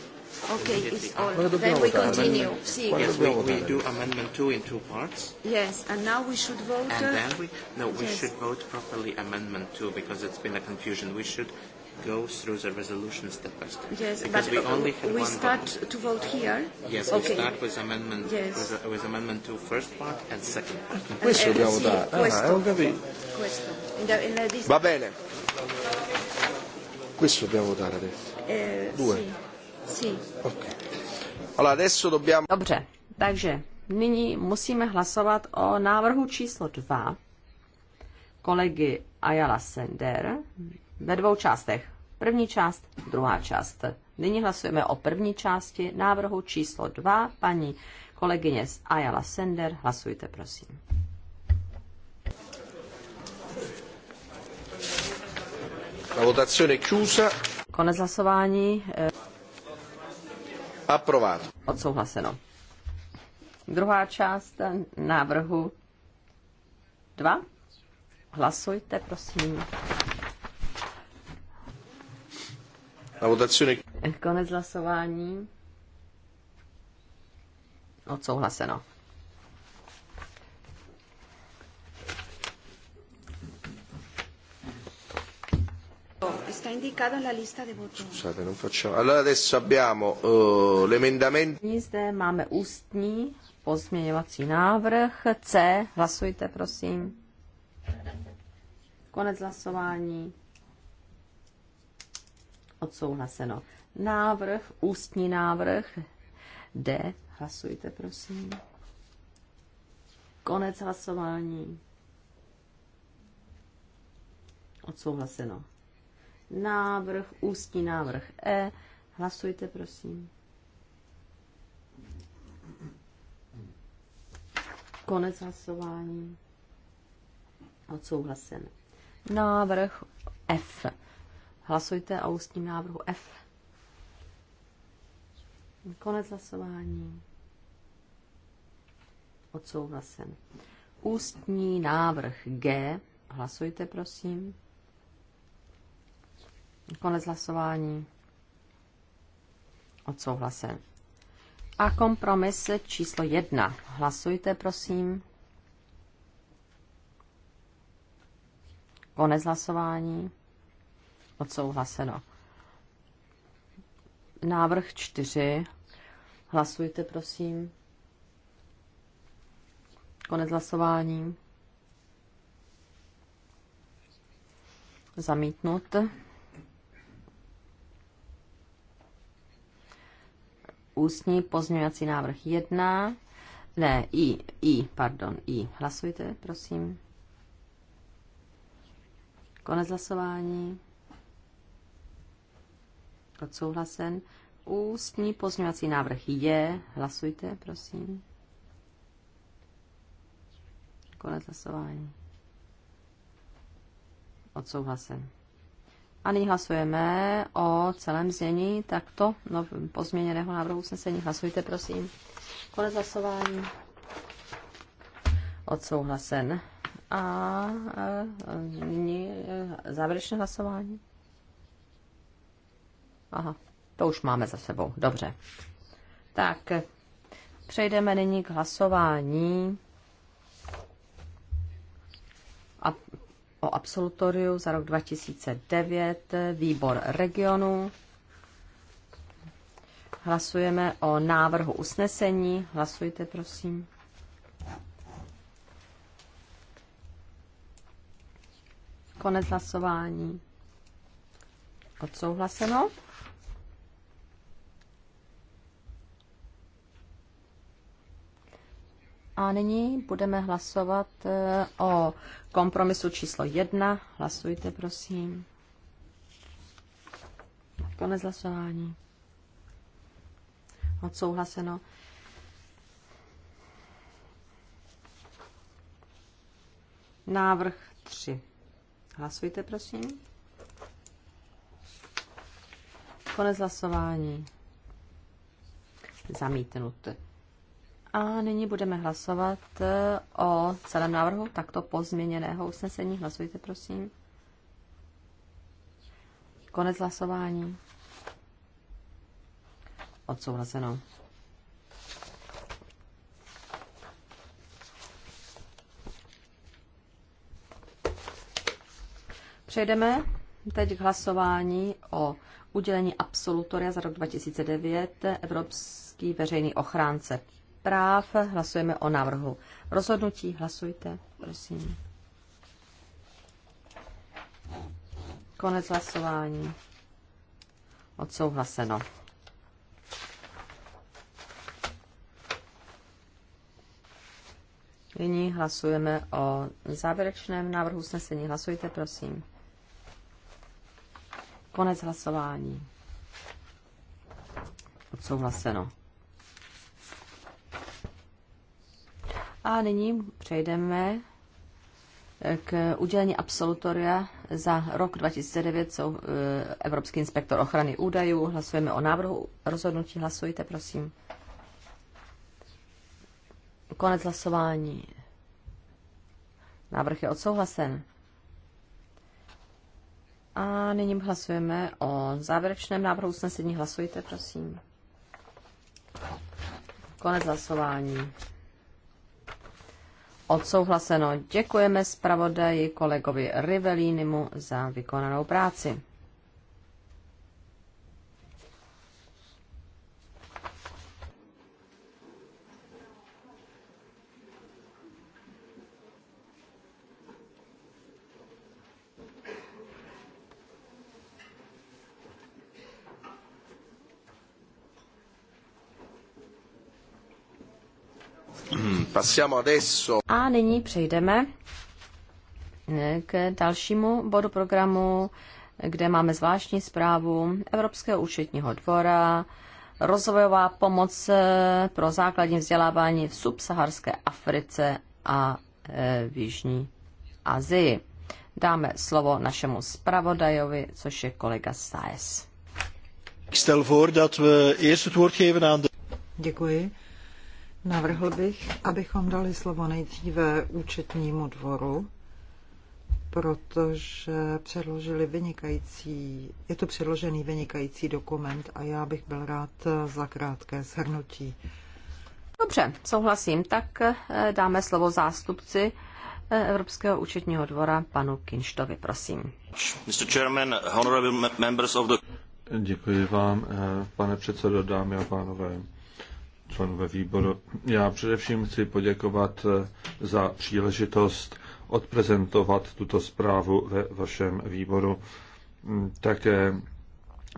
Okay, it's all. Then we continue. See. Yes, we, we do amendment two in two parts. Yes, and now we should vote. And uh, then we no, we yes. should vote properly amendment two because it's been a confusion. We should go through the resolution step by step. Yes, because but we only have we one start vote. to vote here. Yes, okay. we start with amendment yes. with, uh, with amendment to first part and second part. And questo and dobbiamo dare. Ah, ho capito. In the, in the, Va bene. Questo dobbiamo votare adesso. Eh, Due. Sì. sì. Ok. Allora adesso dobbiamo... Dobre. takže nyní musíme hlasovat o návrhu číslo 2 kolegy Ayala Sender, ve dvou částech. První část, druhá část. Nyní hlasujeme o první části návrhu číslo 2. Paní kolegyně z Ayala Sender, hlasujte prosím. La votazione chiusa. Konec hlasování. Eh, Approvato. Odsouhlaseno. Druhá část návrhu 2. Hlasujte, prosím. na votazione. Konec hlasování. Odsouhlaseno. Sta indicata la lista di voto. Scusate, non facciamo. Allora adesso abbiamo uh, l'emendamento. Zde máme ústní pozměňovací návrh C. Hlasujte, prosím. Konec hlasování. Odsouhlaseno. Návrh, ústní návrh D. Hlasujte, prosím. Konec hlasování. Odsouhlaseno. Návrh, ústní návrh E. Hlasujte, prosím. Konec hlasování. Odsouhlaseno. Návrh F. Hlasujte o ústním návrhu F. Konec hlasování. Odsouhlasen. Ústní návrh G. Hlasujte, prosím. Konec hlasování. Odsouhlasen. A kompromis číslo jedna. Hlasujte, prosím. Konec hlasování odsouhlaseno. Návrh čtyři. Hlasujte, prosím. Konec hlasování. Zamítnut. Ústní pozměňovací návrh 1. Ne, I, I, pardon, I. Hlasujte, prosím. Konec hlasování odsouhlasen. Ústní pozměňovací návrh je. Hlasujte, prosím. Konec hlasování. Odsouhlasen. A nyní hlasujeme o celém znění takto no, pozměněného návrhu usnesení. Hlasujte, prosím. Konec hlasování. Odsouhlasen. A nyní e, závěrečné hlasování. Aha, to už máme za sebou, dobře. Tak, přejdeme nyní k hlasování a o absolutoriu za rok 2009, výbor regionu. Hlasujeme o návrhu usnesení. Hlasujte, prosím. Konec hlasování. Odsouhlaseno. A nyní budeme hlasovat eh, o kompromisu číslo 1. Hlasujte, prosím. Konec hlasování. Odsouhlaseno. Návrh 3. Hlasujte, prosím. Konec hlasování. Zamítnut. A nyní budeme hlasovat e, o celém návrhu takto pozměněného usnesení. Hlasujte, prosím. Konec hlasování. Odsouhlaseno. Přejdeme teď k hlasování o udělení absolutoria za rok 2009 Evropský veřejný ochránce práv. Hlasujeme o návrhu rozhodnutí. Hlasujte, prosím. Konec hlasování. Odsouhlaseno. Nyní hlasujeme o závěrečném návrhu usnesení. Hlasujte, prosím. Konec hlasování. Odsouhlaseno. A nyní přejdeme eh, k udělení absolutoria za rok 2009 jsou eh, Evropský inspektor ochrany údajů. Hlasujeme o návrhu rozhodnutí. Hlasujte, prosím. Konec hlasování. Návrh je odsouhlasen. A nyní hlasujeme o závěrečném návrhu usnesení. Hlasujte, prosím. Konec hlasování. Odsouhlaseno. Děkujeme zpravodaji kolegovi Rivelínimu za vykonanou práci. Passiamo adesso. A nyní přejdeme eh, k dalšímu bodu programu, kde máme zvláštní zprávu Evropského účetního dvora, rozvojová pomoc eh, pro základní vzdělávání v subsaharské Africe a eh, v Jižní Azii. Dáme slovo našemu zpravodajovi, což je kolega Saez. Děkuji. Navrhl bych, abychom dali slovo nejdříve účetnímu dvoru, protože předložili vynikající, je to předložený vynikající dokument a já bych byl rád za krátké shrnutí. Dobře, souhlasím. Tak eh, dáme slovo zástupci eh, Evropského účetního dvora panu Kinštovi, prosím. Mr. Chairman, honorable members of the... Děkuji vám, eh, pane předsedo, dámy a pánové členové výboru. Já především chci poděkovat eh, za příležitost odprezentovat tuto zprávu ve vašem výboru. Mm, také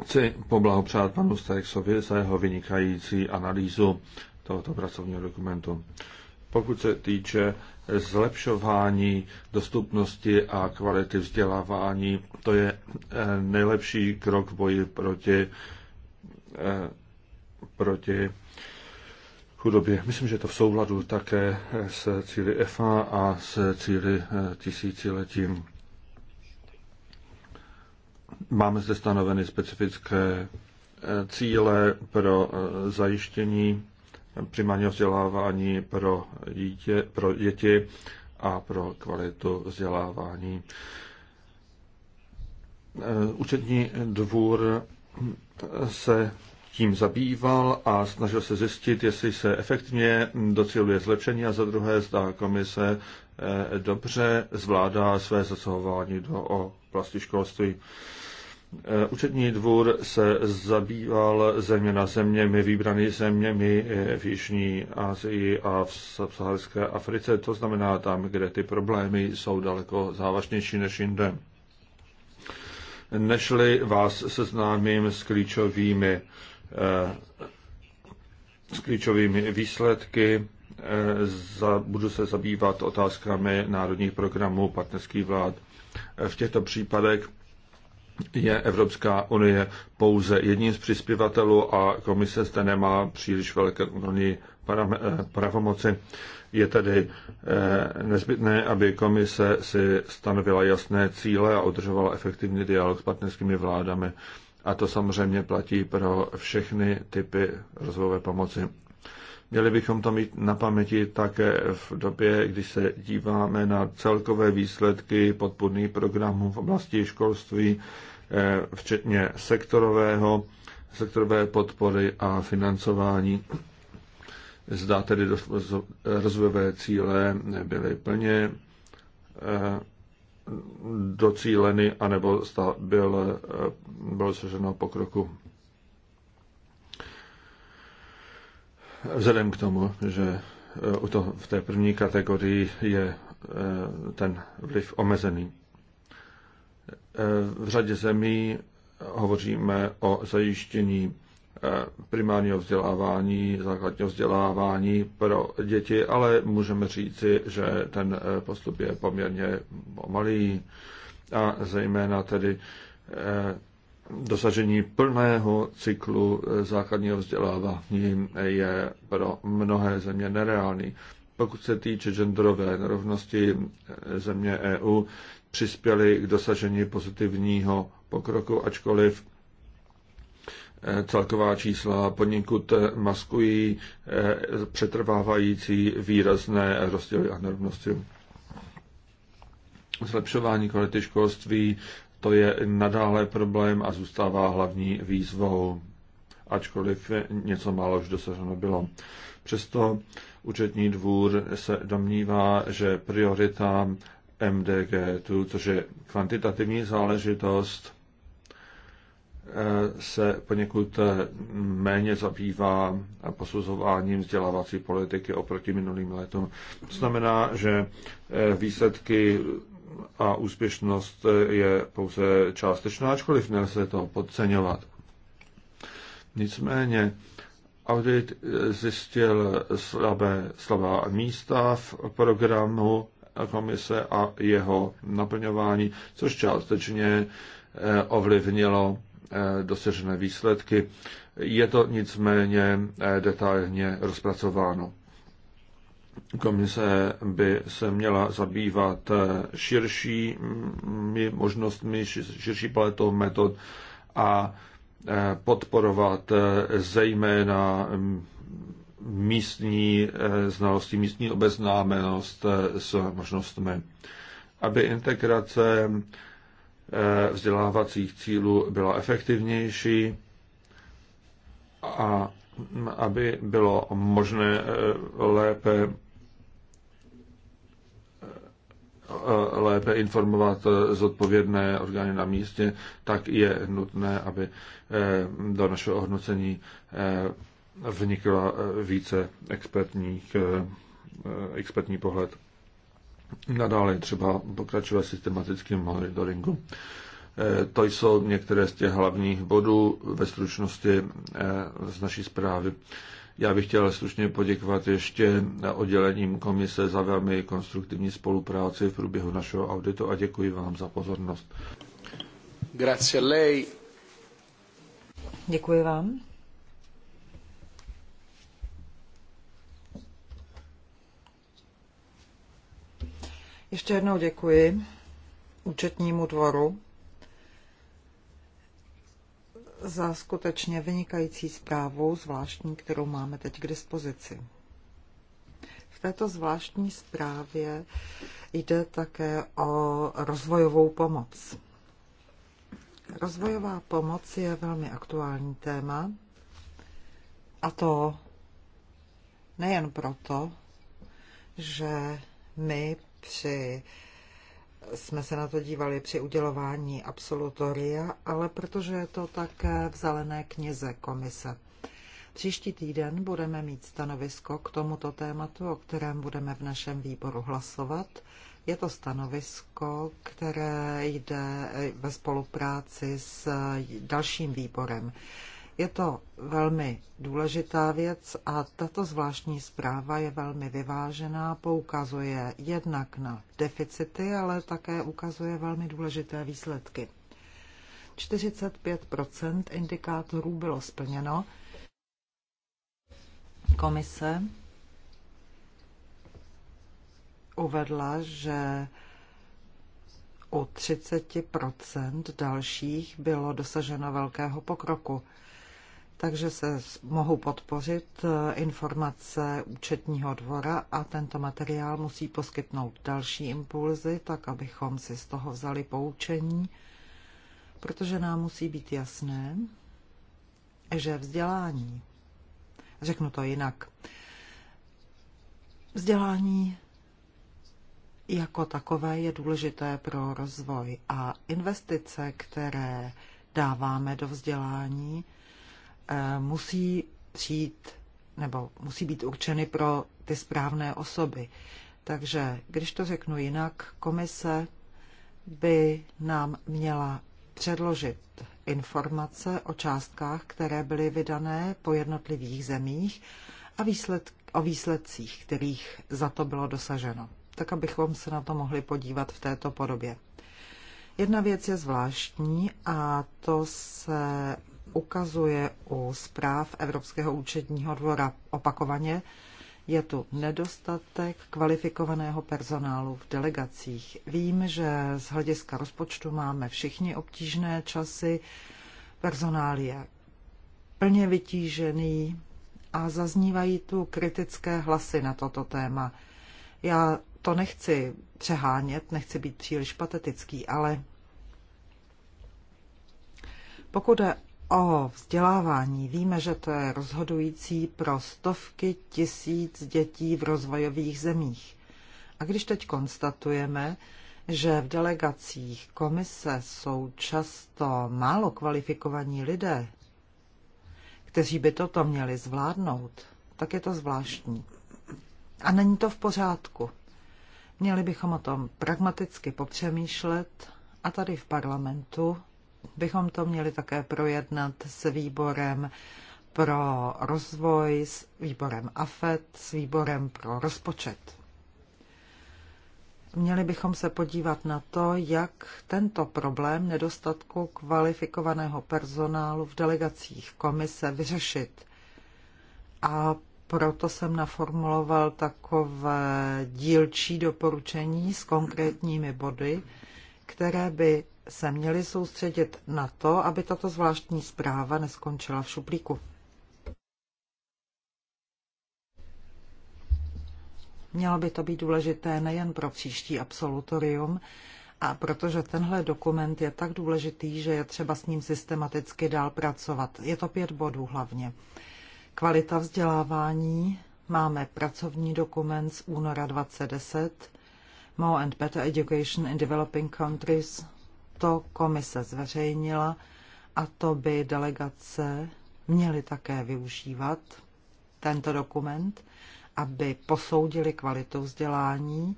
chci poblahopřát panu Stajksovi za jeho vynikající analýzu tohoto pracovního dokumentu. Pokud se týče zlepšování dostupnosti a kvality vzdělávání, to je eh, nejlepší krok v boji proti, eh, proti chudobě. Myslím, že to v souladu také s cíly EFA a s cíly eh, tisíciletím. Máme zde stanoveny specifické eh, cíle pro eh, zajištění primárního vzdělávání pro, dítě, pro děti a pro kvalitu vzdělávání. Účetní dvůr se tím zabýval a snažil se zjistit, jestli se efektivně docíluje zlepšení a za druhé zda komise eh, dobře zvládá své zasahování do oblasti školství. Učetní eh, dvůr se zabýval na zeměmi, vybraný zeměmi eh, v Jižní Asii a v subsaharské Africe, to znamená tam, kde ty problémy jsou daleko závažnější než jinde. Nešli vás seznámím s klíčovými s klíčovými výsledky. Eh, za, budu se zabývat otázkami národních programů partnerských vlád. Eh, v těchto případech je Evropská unie pouze jedním z přispěvatelů a komise zde nemá příliš velké kontrolní eh, pravomoci. Je tedy nezbytné, aby komise si stanovila jasné cíle a udržovala efektivní dialog s partnerskými vládami. A to samozřejmě platí pro všechny typy rozvojové pomoci. Měli bychom to mít na paměti také v době, kdy se díváme na celkové výsledky podpůrných programů v oblasti školství, eh, včetně sektorového, sektorové podpory a financování. Zdá tedy rozvojové cíle byly plně eh, docíleny, anebo byl, bylo dosaženo pokroku. Vzhledem k tomu, že u v té první kategorii je eh, ten vliv omezený. Eh, v řadě zemí hovoříme o zajištění Eh, primárního vzdělávání, základního vzdělávání pro děti, ale můžeme říci, že ten eh, postup je poměrně pomalý a zejména tedy eh, dosažení plného cyklu základního vzdělávání je pro mnohé země nereálný. Pokud se týče genderové nerovnosti země EU, přispěly k dosažení pozitivního pokroku, ačkoliv Celková čísla poněkud maskují eh, přetrvávající výrazné rozdíly a nerovnosti. Zlepšování kvality školství to je nadále problém a zůstává hlavní výzvou, ačkoliv něco málo už dosaženo bylo. Přesto účetní dvůr se domnívá, že priorita MDG, tu, což je kvantitativní záležitost, se poněkud méně zabývá posuzováním vzdělávací politiky oproti minulým letům. To znamená, že eh, výsledky a úspěšnost eh, je pouze částečná, ačkoliv nelze to podceňovat. Nicméně audit eh, zjistil slabé, slabá místa v programu komise a jeho naplňování, což částečně ovlivnilo Eh, dosažené výsledky. Je to nicméně eh, detailně rozpracováno. Komise by se měla zabývat eh, širšími možnostmi, širší paletou metod a podporovat zejména mm, místní znalosti, místní obeznámenost s možnostmi, aby integrace Eh, vzdělávacích cílů byla efektivnější a aby bylo možné eh, lépe eh, lépe informovat zodpovědné orgány na místě, tak je nutné, aby do našeho hodnocení vnikla více expertních, expertní pohled. Nadále třeba pokračuje systematickým monitoringu. Eh, to jsou některé z těch hlavních bodů ve stručnosti eh, z naší zprávy. Já bych chtěl stručně poděkovat ještě oddělením komise za velmi konstruktivní spolupráci v průběhu našeho auditu a děkuji vám za pozornost. Grazie lei. Děkuji vám. Ještě jednou děkuji účetnímu dvoru za skutečně vynikající zprávu, zvláštní, kterou máme teď k dispozici. V této zvláštní zprávě jde také o rozvojovou pomoc. Rozvojová pomoc je velmi aktuální téma, a to nejen proto, že my při jsme se na to dívali při udělování absolutoria, ale protože je to také v zelené knize komise. Příští týden budeme mít stanovisko k tomuto tématu, o kterém budeme v našem výboru hlasovat. Je to stanovisko, které jde ve spolupráci s dalším výborem. Je to velmi důležitá věc a tato zvláštní zpráva je velmi vyvážená, poukazuje jednak na deficity, ale také ukazuje velmi důležité výsledky. 45 indikátorů bylo splněno. Komise uvedla, že u 30 dalších bylo dosaženo velkého pokroku takže se mohou podpořit eh, informace účetního dvora a tento materiál musí poskytnout další impulzy, tak abychom si z toho vzali poučení, protože nám musí být jasné, že vzdělání, řeknu to jinak, vzdělání jako takové je důležité pro rozvoj a investice, které dáváme do vzdělání, Eh, musí přijít nebo musí být určeny pro ty správné osoby. Takže, když to řeknu jinak, komise by nám měla předložit informace o částkách, které byly vydané po jednotlivých zemích a výsled, o výsledcích, kterých za to bylo dosaženo, tak abychom se na to mohli podívat v této podobě. Jedna věc je zvláštní a to se ukazuje u zpráv Evropského účetního dvora opakovaně, je tu nedostatek kvalifikovaného personálu v delegacích. Vím, že z hlediska rozpočtu máme všichni obtížné časy. Personál je plně vytížený a zaznívají tu kritické hlasy na toto téma. Já to nechci přehánět, nechci být příliš patetický, ale pokud jde o vzdělávání víme, že to je rozhodující pro stovky tisíc dětí v rozvojových zemích. A když teď konstatujeme, že v delegacích komise jsou často málo kvalifikovaní lidé, kteří by toto měli zvládnout, tak je to zvláštní. A není to v pořádku. Měli bychom o tom pragmaticky popřemýšlet a tady v parlamentu bychom to měli také projednat s výborem pro rozvoj, s výborem AFET, s výborem pro rozpočet. Měli bychom se podívat na to, jak tento problém nedostatku kvalifikovaného personálu v delegacích komise vyřešit. A proto jsem naformuloval takové dílčí doporučení s konkrétními body, které by se měli soustředit na to, aby tato zvláštní zpráva neskončila v šuplíku. Mělo by to být důležité nejen pro příští absolutorium, a protože tenhle dokument je tak důležitý, že je třeba s ním systematicky dál pracovat. Je to pět bodů hlavně. Kvalita vzdělávání. Máme pracovní dokument z února 2010. More and better education in developing countries to komise zveřejnila a to by delegace měly také využívat tento dokument, aby posoudili kvalitu vzdělání,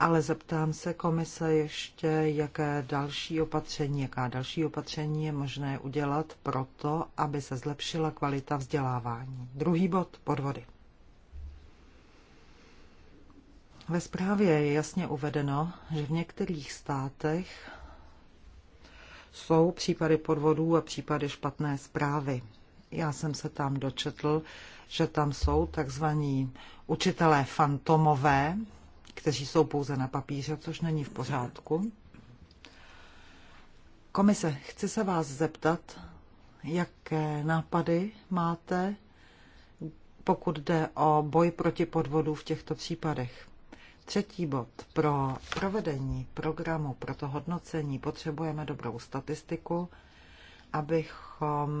ale zeptám se komise ještě, jaké další opatření, jaká další opatření je možné udělat pro to, aby se zlepšila kvalita vzdělávání. Druhý bod podvody. Ve zprávě je jasně uvedeno, že v některých státech jsou případy podvodů a případy špatné zprávy. Já jsem se tam dočetl, že tam jsou takzvaní učitelé fantomové, kteří jsou pouze na papíře, což není v pořádku. Komise, chci se vás zeptat, jaké nápady máte, pokud jde o boj proti podvodu v těchto případech. Třetí bod. Pro provedení programu, pro to hodnocení potřebujeme dobrou statistiku, abychom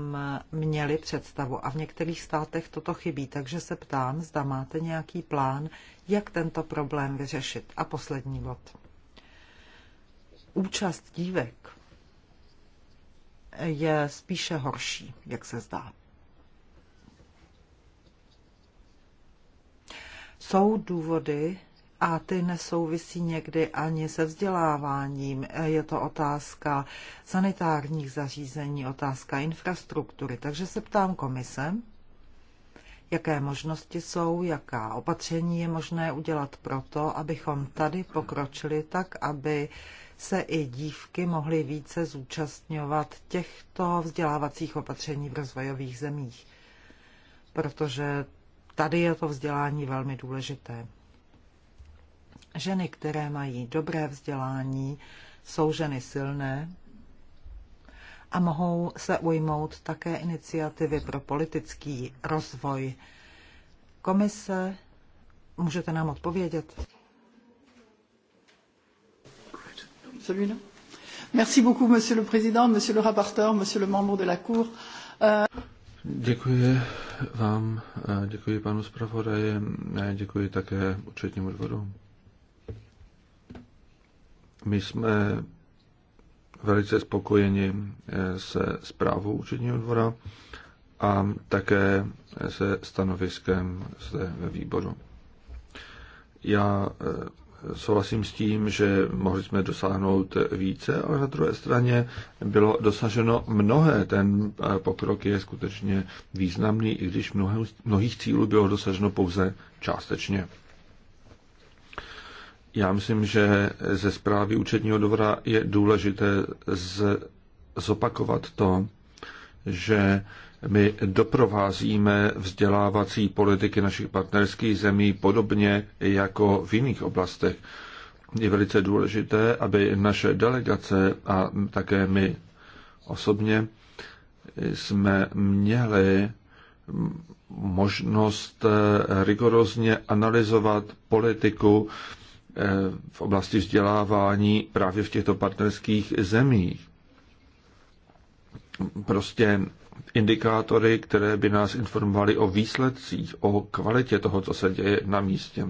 měli představu. A v některých státech toto chybí, takže se ptám, zda máte nějaký plán, jak tento problém vyřešit. A poslední bod. Účast dívek je spíše horší, jak se zdá. Jsou důvody, a ty nesouvisí někdy ani se vzděláváním. Je to otázka sanitárních zařízení, otázka infrastruktury. Takže se ptám komise, jaké možnosti jsou, jaká opatření je možné udělat proto, abychom tady pokročili tak, aby se i dívky mohly více zúčastňovat těchto vzdělávacích opatření v rozvojových zemích. Protože tady je to vzdělání velmi důležité. Ženy, které mají dobré vzdělání, jsou ženy silné a mohou se ujmout také iniciativy pro politický rozvoj. Komise, můžete nám odpovědět? celui Merci beaucoup, monsieur le président, monsieur le rapporteur, monsieur le membre de la Cour. Euh, děkuji vám, děkuji panu zpravodaji, děkuji také účetnímu dvoru. My jsme velice spokojeni eh, se zprávou účetního dvora a také se stanoviskem zde ve výboru. Já eh, souhlasím s tím, že mohli jsme dosáhnout více, ale na druhé straně bylo dosaženo mnohé. Ten eh, pokrok je skutečně významný, i když mnohých cílů bylo dosaženo pouze částečně. Já myslím, že ze zprávy účetního dvora je důležité z, zopakovat to, že my doprovázíme vzdělávací politiky našich partnerských zemí podobně jako v jiných oblastech. Je velice důležité, aby naše delegace a také my osobně jsme měli možnost rigorozně analyzovat politiku v oblasti vzdělávání právě v těchto partnerských zemích. Prostě indikátory, které by nás informovaly o výsledcích, o kvalitě toho, co se děje na místě.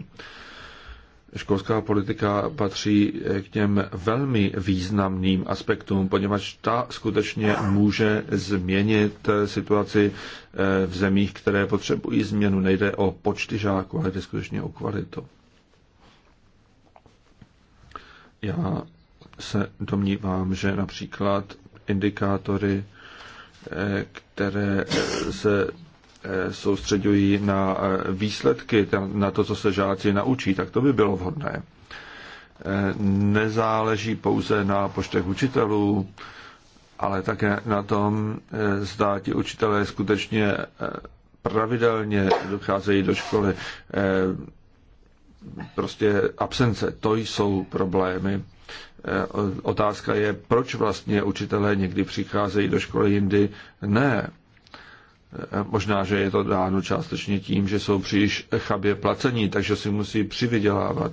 Školská politika patří k těm velmi významným aspektům, poněvadž ta skutečně může změnit situaci eh, v zemích, které potřebují změnu. Nejde o počty žáků, ale jde skutečně o kvalitu. Já se domnívám, že například indikátory, eh, které eh, se eh, soustředují na výsledky, na to, co se žáci naučí, tak to by bylo vhodné. Nezáleží pouze na počtech učitelů, ale také na tom, zda ti učitelé skutečně pravidelně docházejí do školy prostě absence, to jsou problémy. E, otázka je, proč vlastně učitelé někdy přicházejí do školy, jindy ne. E, možná, že je to dáno částečně tím, že jsou příliš chabě placení, takže si musí přivydělávat.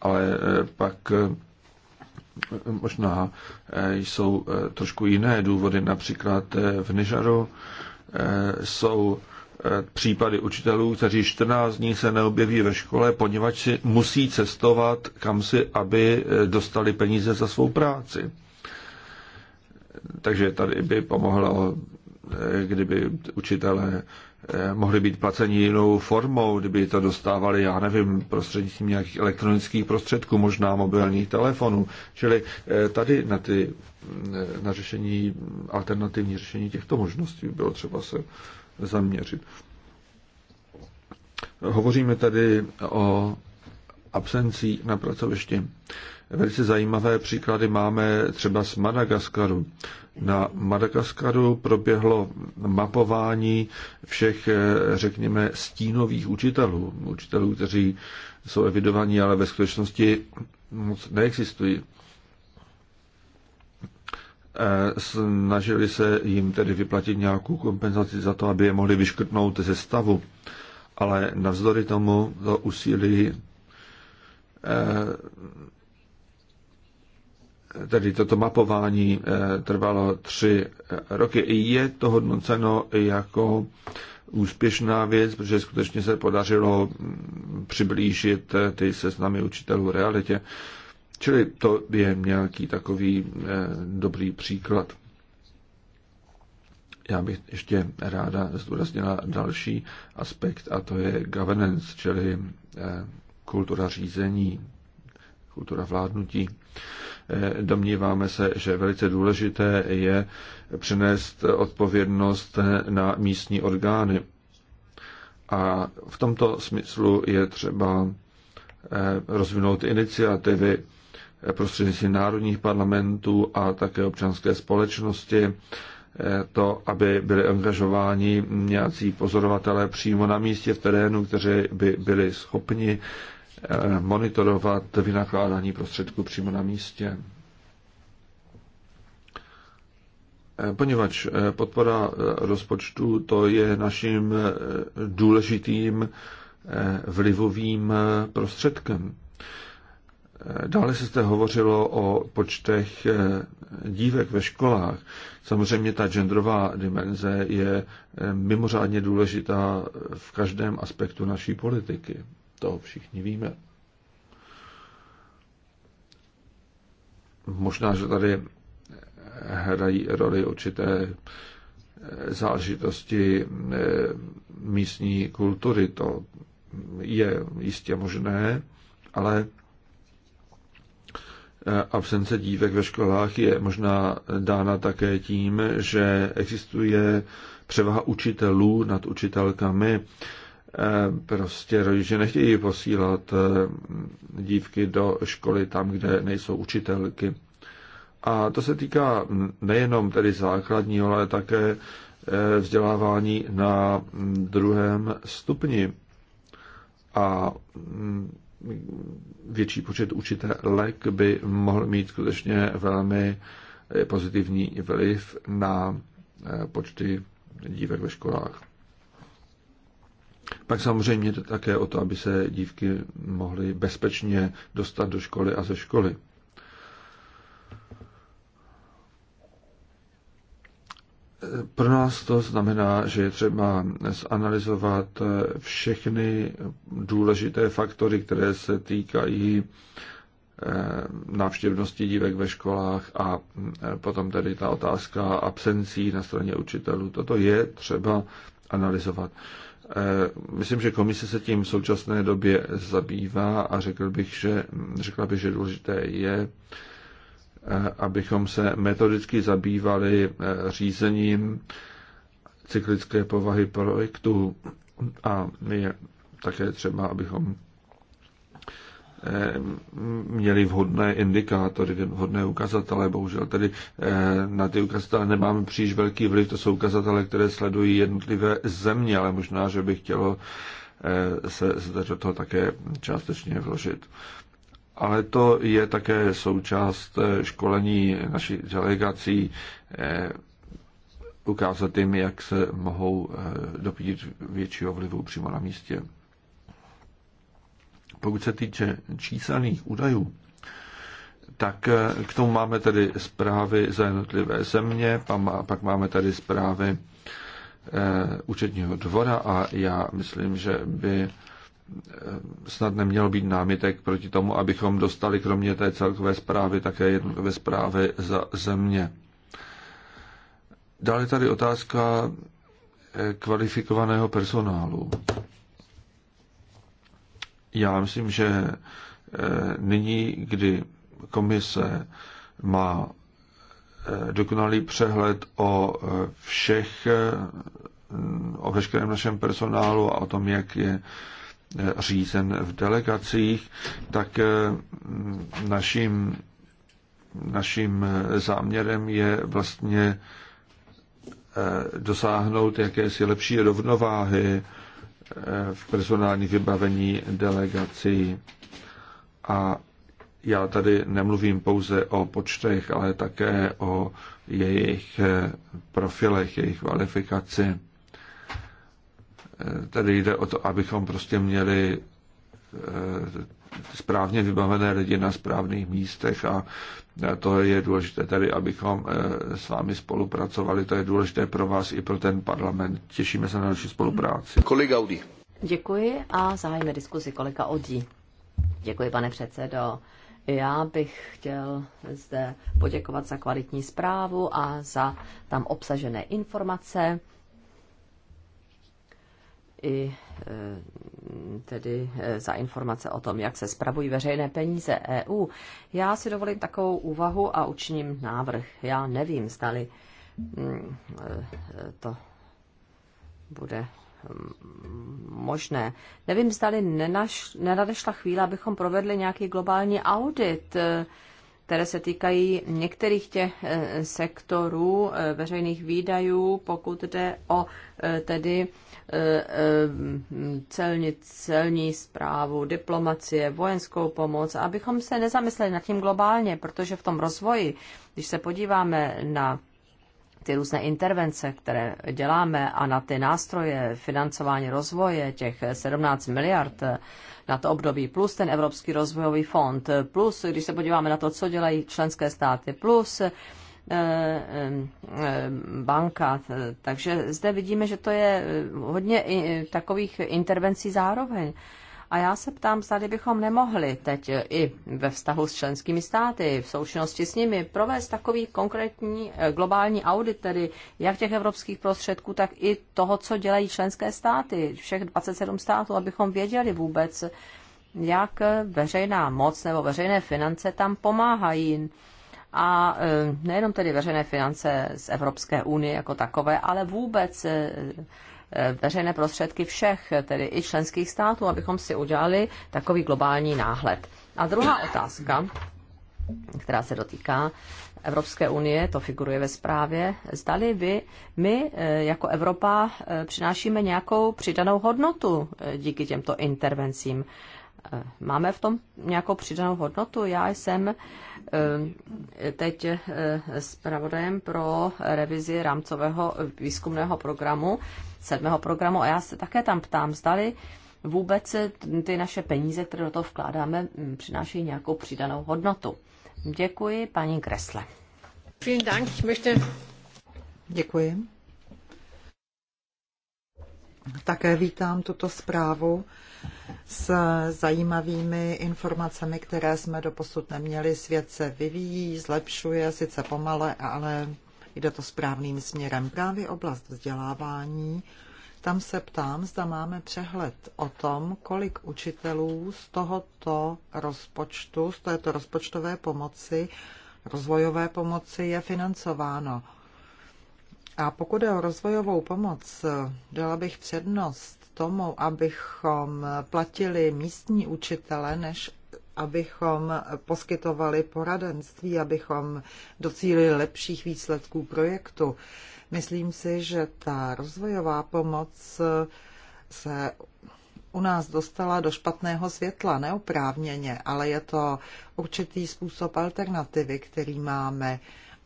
Ale e, pak možná jsou trošku jiné důvody. Například v Nižaru jsou Eh, případy učitelů, kteří 14 dní se neobjeví ve škole, poněvadž si musí cestovat kam si, aby eh, dostali peníze za svou práci. Takže tady by pomohlo, eh, kdyby učitelé mohli být placeni jinou formou, kdyby to dostávali, já nevím, prostřednictvím nějakých elektronických prostředků, možná mobilních telefonů. Čili tady na, ty, na řešení, alternativní řešení těchto možností bylo třeba se zaměřit. Hovoříme tady o absencí na pracovišti. Velice zajímavé příklady máme třeba z Madagaskaru. Na Madagaskaru proběhlo mapování všech, eh, řekněme, stínových učitelů. Učitelů, kteří jsou evidovaní, ale ve skutečnosti moc neexistují snažili se jim tedy vyplatit nějakou kompenzaci za to, aby je mohli vyškrtnout ze stavu. Ale navzdory tomu to úsilí eh, tedy toto mapování eh, trvalo tři roky. Je to hodnoceno jako úspěšná věc, protože skutečně se podařilo přiblížit ty seznamy učitelů realitě. Čili to je nějaký takový eh, dobrý příklad. Já bych ještě ráda zdůraznila další aspekt a to je governance, čili eh, kultura řízení, kultura vládnutí. Eh, domníváme se, že velice důležité je přenést odpovědnost na místní orgány. A v tomto smyslu je třeba rozvinout iniciativy, prostřednictvím národních parlamentů a také občanské společnosti eh, to, aby byli angažováni nějací pozorovatelé přímo na místě v terénu, kteří by byli schopni eh, monitorovat vynakládání prostředků přímo na místě. Eh, poněvadž podpora rozpočtu to je naším důležitým vlivovým prostředkem. Dále se zde hovořilo o počtech eh, dívek ve školách. Samozřejmě ta genderová dimenze je eh, mimořádně důležitá v každém aspektu naší politiky. To všichni víme. Možná, že tady eh, hrají roli určité záležitosti místní kultury. To je jistě možné, ale absence dívek ve školách je možná dána také tím, že existuje převaha učitelů nad učitelkami. E, prostě rodiče nechtějí posílat e, dívky do školy tam, kde nejsou učitelky. A to se týká nejenom tedy základního, ale také e, vzdělávání na druhém stupni. A mm, větší počet učitelek by mohl mít skutečně velmi pozitivní vliv na eh, počty dívek ve školách. Pak samozřejmě jde také o to, aby se dívky mohly bezpečně dostat do školy a ze školy. Pro nás to znamená, že je třeba zanalizovat všechny důležité faktory, které se týkají eh, návštěvnosti dívek ve školách a eh, potom tedy ta otázka absencí na straně učitelů. Toto je třeba analyzovat. Eh, myslím, že komise se tím v současné době zabývá a řekl bych, že, řekla bych, že důležité je, Eh, abychom se metodicky zabývali eh, řízením cyklické povahy projektu a je také třeba, abychom eh, měli vhodné indikátory, vhodné ukazatele. Bohužel tedy na ty ukazatele nemáme příliš velký vliv. To jsou ukazatele, které sledují jednotlivé země, ale možná, že by chtělo se zde do toho také částečně vložit ale to je také součást eh, školení našich delegací eh, ukázat jim, jak se mohou eh, dopít většího vlivu přímo na místě. Pokud se týče číselných údajů, tak k tomu máme tady zprávy za jednotlivé země, pak máme tady zprávy účetního dvora a já myslím, že by Eh, snad nemělo být námitek proti tomu, abychom dostali kromě té celkové zprávy také jednotlivé zprávy za země. Dále tady otázka eh, kvalifikovaného personálu. Já myslím, že eh, nyní, kdy komise má dokonalý přehled o všech, o veškerém našem personálu a o tom, jak je řízen v delegacích, tak eh, naším, naším eh, záměrem je vlastně eh, dosáhnout jakési lepší rovnováhy v personální vybavení delegací. A já tady nemluvím pouze o počtech, ale také o jejich profilech, jejich kvalifikaci. Tady jde o to, abychom prostě měli eh, správně vybavené lidi na správných místech a to je důležité tady, abychom eh, s vámi spolupracovali. To je důležité pro vás i pro ten parlament. Těšíme se na další spolupráci. Mhm. Kolega Audi. Děkuji a zahájíme diskusi kolega Odí. Děkuji, pane předsedo. Já bych chtěl zde poděkovat za kvalitní zprávu a za tam obsažené informace i e, tedy e, za informace o tom, jak se spravují veřejné peníze EU. Já si dovolím takovou úvahu a učiním návrh. Já nevím, zdali mm, e, to bude mm, možné. Nevím, zdali nenadešla chvíle, abychom provedli nějaký globální audit, které se týkají některých těch sektorů veřejných výdajů, pokud jde o tedy celní, celní zprávu, diplomacie, vojenskou pomoc, abychom se nezamysleli nad tím globálně, protože v tom rozvoji, když se podíváme na ty různé intervence, které děláme a na ty nástroje financování rozvoje, těch 17 miliard na to období, plus ten Evropský rozvojový fond, plus když se podíváme na to, co dělají členské státy, plus Eh, eh, banka. Takže zde vidíme, že to je eh, hodně takových intervencí zároveň. A já se ptám, zda bychom nemohli teď i ve vztahu s členskými státy, v součinnosti s nimi, provést takový konkrétní globální audit, tedy jak těch evropských prostředků, tak i toho, co dělají členské státy, všech 27 států, abychom věděli vůbec, jak veřejná moc nebo veřejné finance tam pomáhají a e, nejenom tedy veřejné finance z Evropské unie jako takové, ale vůbec e, e, veřejné prostředky všech, tedy i členských států, abychom si udělali takový globální náhled. A druhá otázka, která se dotýká Evropské unie, to figuruje ve zprávě, zdali by my jako Evropa přinášíme nějakou přidanou hodnotu díky těmto intervencím Eh, máme v tom nějakou přidanou hodnotu? Já jsem eh, teď eh, zpravodajem pro revizi rámcového výzkumného programu, sedmého programu, a já se také tam ptám, zdali vůbec ty naše peníze, které do toho vkládáme, mm, přináší nějakou přidanou hodnotu. Děkuji, paní Kresle. Děkuji. Také vítám tuto zprávu s zajímavými informacemi, které jsme doposud neměli. Svět se vyvíjí, zlepšuje, sice pomale, ale jde to správným směrem. Právě oblast vzdělávání, tam se ptám, zda máme přehled o tom, kolik učitelů z tohoto rozpočtu, z této rozpočtové pomoci, rozvojové pomoci je financováno. A pokud je o rozvojovou pomoc, dala bych přednost tomu, abychom platili místní učitele, než abychom poskytovali poradenství, abychom docílili lepších výsledků projektu. Myslím si, že ta rozvojová pomoc se u nás dostala do špatného světla, neoprávněně, ale je to určitý způsob alternativy, který máme.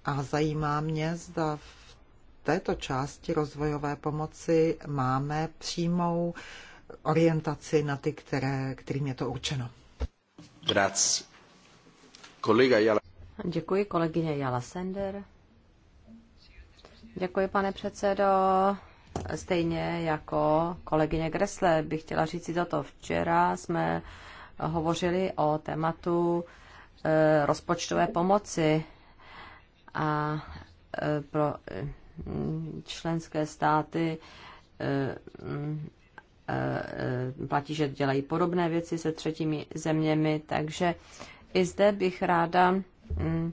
A zajímá mě, zda v této části rozvojové pomoci máme přímou orientaci na ty, které, kterým je to určeno. Kolega Děkuji kolegyně Jala Sender. Děkuji, pane předsedo. Stejně jako kolegyně Gresle bych chtěla říct si toto. Včera jsme hovořili o tématu eh, rozpočtové pomoci a eh, pro členské státy eh, eh, eh, platí, že dělají podobné věci se třetími zeměmi, takže i zde bych ráda mm,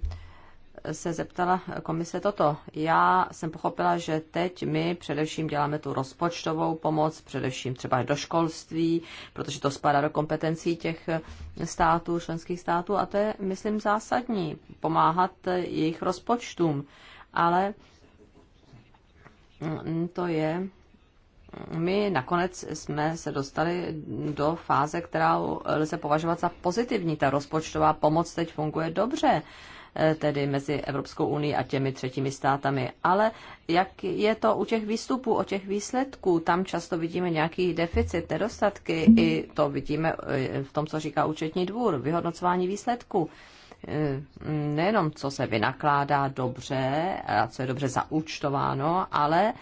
se zeptala komise toto. Já jsem pochopila, že teď my především děláme tu rozpočtovou pomoc, především třeba do školství, protože to spadá do kompetencí těch států, členských států a to je, myslím, zásadní, pomáhat jejich rozpočtům. Ale Mm, to je, my nakonec jsme se dostali do fáze, která lze považovat za pozitivní. Ta rozpočtová pomoc teď funguje dobře eh, tedy mezi Evropskou unii a těmi třetími státami. Ale jak je to u těch výstupů, o těch výsledků? Tam často vidíme nějaký deficit, nedostatky, i to vidíme eh, v tom, co říká účetní dvůr, vyhodnocování výsledků nejenom co se vynakládá dobře a co je dobře zaúčtováno, ale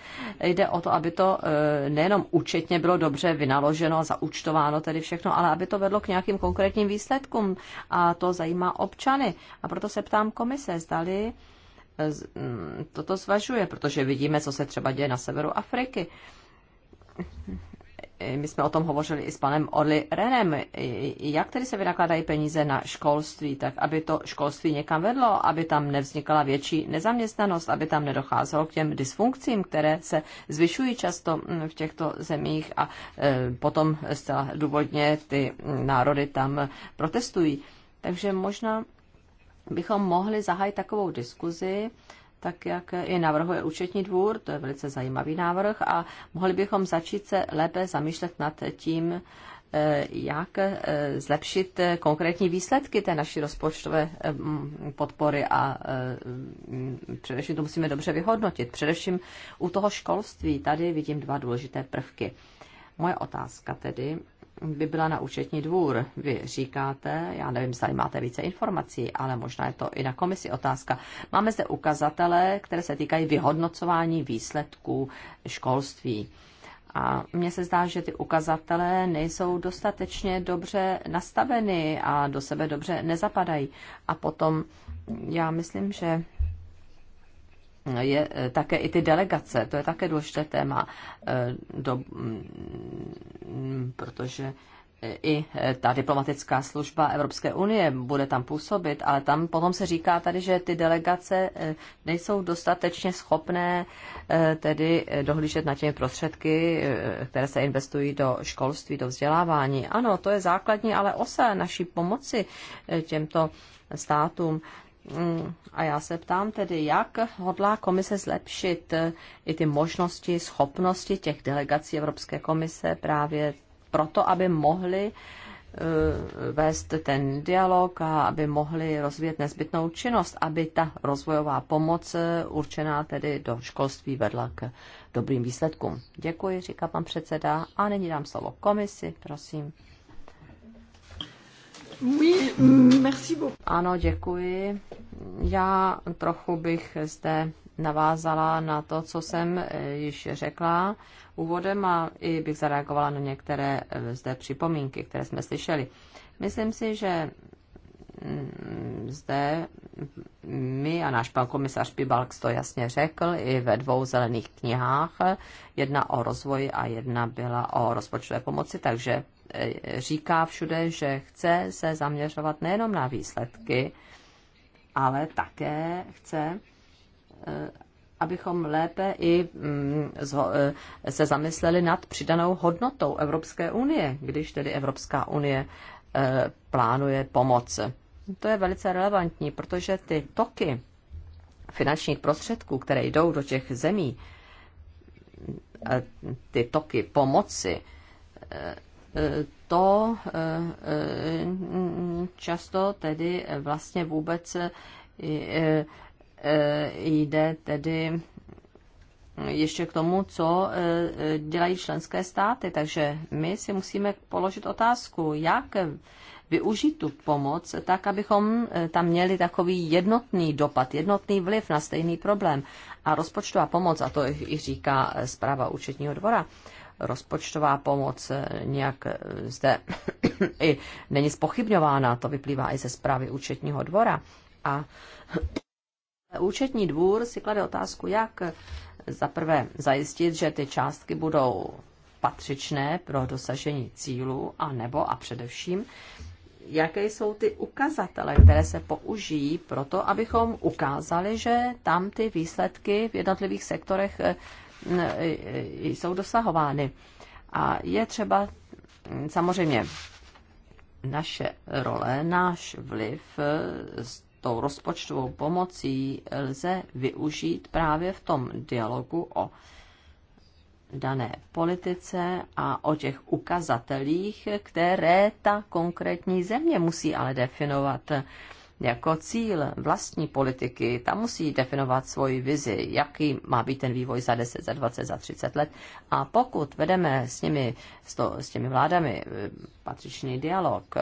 jde o to, aby to eh, nejenom účetně bylo dobře vynaloženo, zaúčtováno tedy všechno, ale aby to vedlo k nějakým konkrétním výsledkům a to zajímá občany. A proto se ptám komise, zdali eh, mm, toto zvažuje, protože vidíme, co se třeba děje na severu Afriky Eh, my jsme o tom hovořili i s panem Orly Renem, eh, jak tedy se vynakládají peníze na školství, tak aby to školství někam vedlo, aby tam nevznikala větší nezaměstnanost, aby tam nedocházelo k těm dysfunkcím, které se zvyšují často mm, v těchto zemích a eh, potom zcela důvodně ty mm, národy tam protestují. Takže možná bychom mohli zahájit takovou diskuzi, tak jak je navrhuje účetní dvůr, to je velice zajímavý návrh a mohli bychom začít se lépe zamýšlet nad tím, eh, jak eh, zlepšit eh, konkrétní výsledky té naší rozpočtové podpory a především to musíme dobře vyhodnotit. Především u toho školství tady vidím dva důležité prvky. Moje otázka tedy by byla na účetní dvůr. Vy říkáte, já nevím, zda máte více informací, ale možná je to i na komisi otázka. Máme zde ukazatele, které se týkají vyhodnocování výsledků školství. A mně se zdá, že ty ukazatele nejsou dostatečně dobře nastaveny a do sebe dobře nezapadají. A potom já myslím, že je eh, také i ty delegace, to je také důležité téma, eh, do, mm, protože eh, i ta diplomatická služba Evropské unie bude tam působit, ale tam potom se říká tady, že ty delegace nejsou dostatečně schopné tedy dohlížet na těmi prostředky, které se investují do školství, do vzdělávání. Ano, to je základní, ale osa naší pomoci těmto státům Mm, a já se ptám tedy, jak hodlá komise zlepšit eh, i ty možnosti, schopnosti těch delegací Evropské komise právě proto, aby mohli eh, vést ten dialog a aby mohli rozvíjet nezbytnou činnost, aby ta rozvojová pomoc eh, určená tedy do školství vedla k dobrým výsledkům. Děkuji, říká pan předseda. A nyní dám slovo komisi, prosím. Oui, merci beaucoup. Ano, děkuji. Já trochu bych zde navázala na to, co jsem eh, již řekla úvodem a i bych zareagovala na některé eh, zde připomínky, které jsme slyšeli. Myslím si, že mm, zde my a náš pan komisař Pibalx to jasně řekl i ve dvou zelených knihách. Jedna o rozvoji a jedna byla o rozpočtové pomoci, takže Eh, říká všude, že chce se zaměřovat nejenom na výsledky, ale také chce, eh, abychom lépe i mm, eh, se zamysleli nad přidanou hodnotou Evropské unie, když tedy Evropská unie plánuje pomoc. To je velice relevantní, protože ty toky finančních prostředků, které jdou do těch zemí, ty toky pomoci, to eh, eh, často tedy vlastně vůbec eh, jde tedy ještě k tomu, co dělají členské státy. Takže my si musíme položit otázku, jak využít tu pomoc tak, abychom tam měli takový jednotný dopad, jednotný vliv na stejný problém. A rozpočtová pomoc, a to i říká zpráva účetního dvora, rozpočtová pomoc eh, nějak eh, zde [COUGHS] i není spochybňována, to vyplývá i ze zprávy účetního dvora. A [COUGHS] účetní dvůr si klade otázku, jak eh, zaprvé zajistit, že ty částky budou patřičné pro dosažení cílu, a nebo a především, jaké jsou ty ukazatele, které se použijí pro to, abychom ukázali, že tam ty výsledky v jednotlivých sektorech E, e, jsou dosahovány. A je třeba mm, samozřejmě naše role, náš vliv e, s tou rozpočtovou pomocí lze využít právě v tom dialogu o dané politice a o těch ukazatelích, které ta konkrétní země musí ale definovat jako cíl vlastní politiky. ta musí definovat svoji vizi, jaký má být ten vývoj za 10, za 20, za 30 let. A pokud vedeme s, nimi, s, to, s těmi vládami eh, patřičný dialog,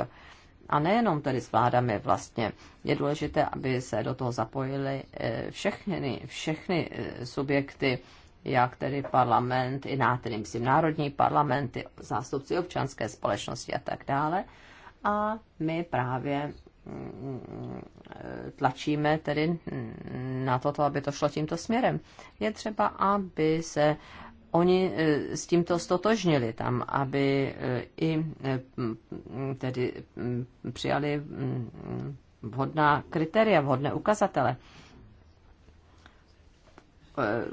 a nejenom tedy s vládami vlastně. Je důležité, aby se do toho zapojili eh, všechny, všechny eh, subjekty, jak tedy parlament, i na tedy myslím, národní parlamenty, zástupci občanské společnosti a tak dále. A my právě tlačíme tedy na toto, aby to šlo tímto směrem. Je třeba, aby se oni eh, s tímto stotožnili tam, aby eh, i eh, tedy mm, přijali mm, vhodná kritéria, vhodné ukazatele.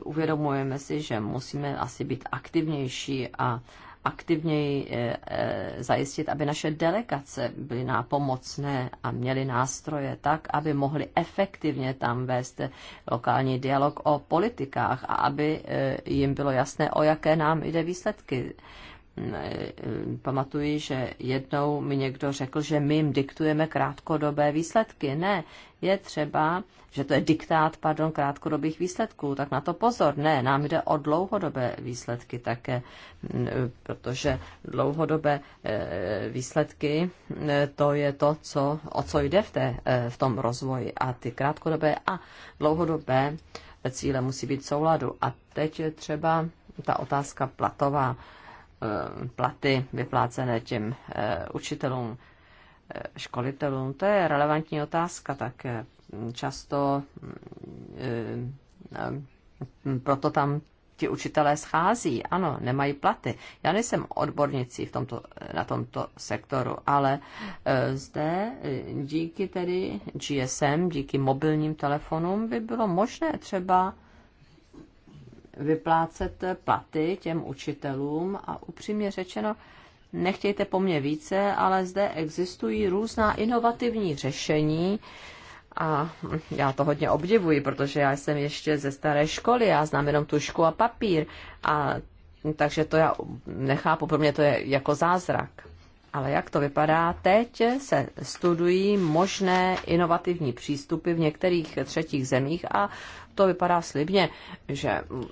Uvědomujeme si, že musíme asi být aktivnější a aktivněji eh, eh, zajistit, aby naše delegace byly nápomocné a měly nástroje tak, aby mohly efektivně tam vést lokální dialog o politikách a aby eh, jim bylo jasné, o jaké nám jde výsledky pamatuji, že jednou mi někdo řekl, že my jim diktujeme krátkodobé výsledky. Ne, je třeba, že to je diktát, pardon, krátkodobých výsledků, tak na to pozor. Ne, nám jde o dlouhodobé výsledky také, protože dlouhodobé e, výsledky, e, to je to, co, o co jde v, té, e, v tom rozvoji. A ty krátkodobé a dlouhodobé cíle musí být v souladu. A teď je třeba ta otázka platová Eh, platy vyplácené těm eh, učitelům, eh, školitelům. To je relevantní otázka tak Často mm, proto tam ti učitelé schází, ano, nemají platy. Já nejsem odbornicí v tomto, na tomto sektoru, ale zde díky tedy GSM, díky mobilním telefonům by bylo možné třeba vyplácet platy těm učitelům a upřímně řečeno, nechtějte po mně více, ale zde existují různá inovativní řešení a já to hodně obdivuji, protože já jsem ještě ze staré školy, já znám jenom tušku a papír a takže to já nechápu, pro mě to je jako zázrak. Ale jak to vypadá? Teď se studují možné inovativní přístupy v některých třetích zemích a to vypadá slibně, že mm,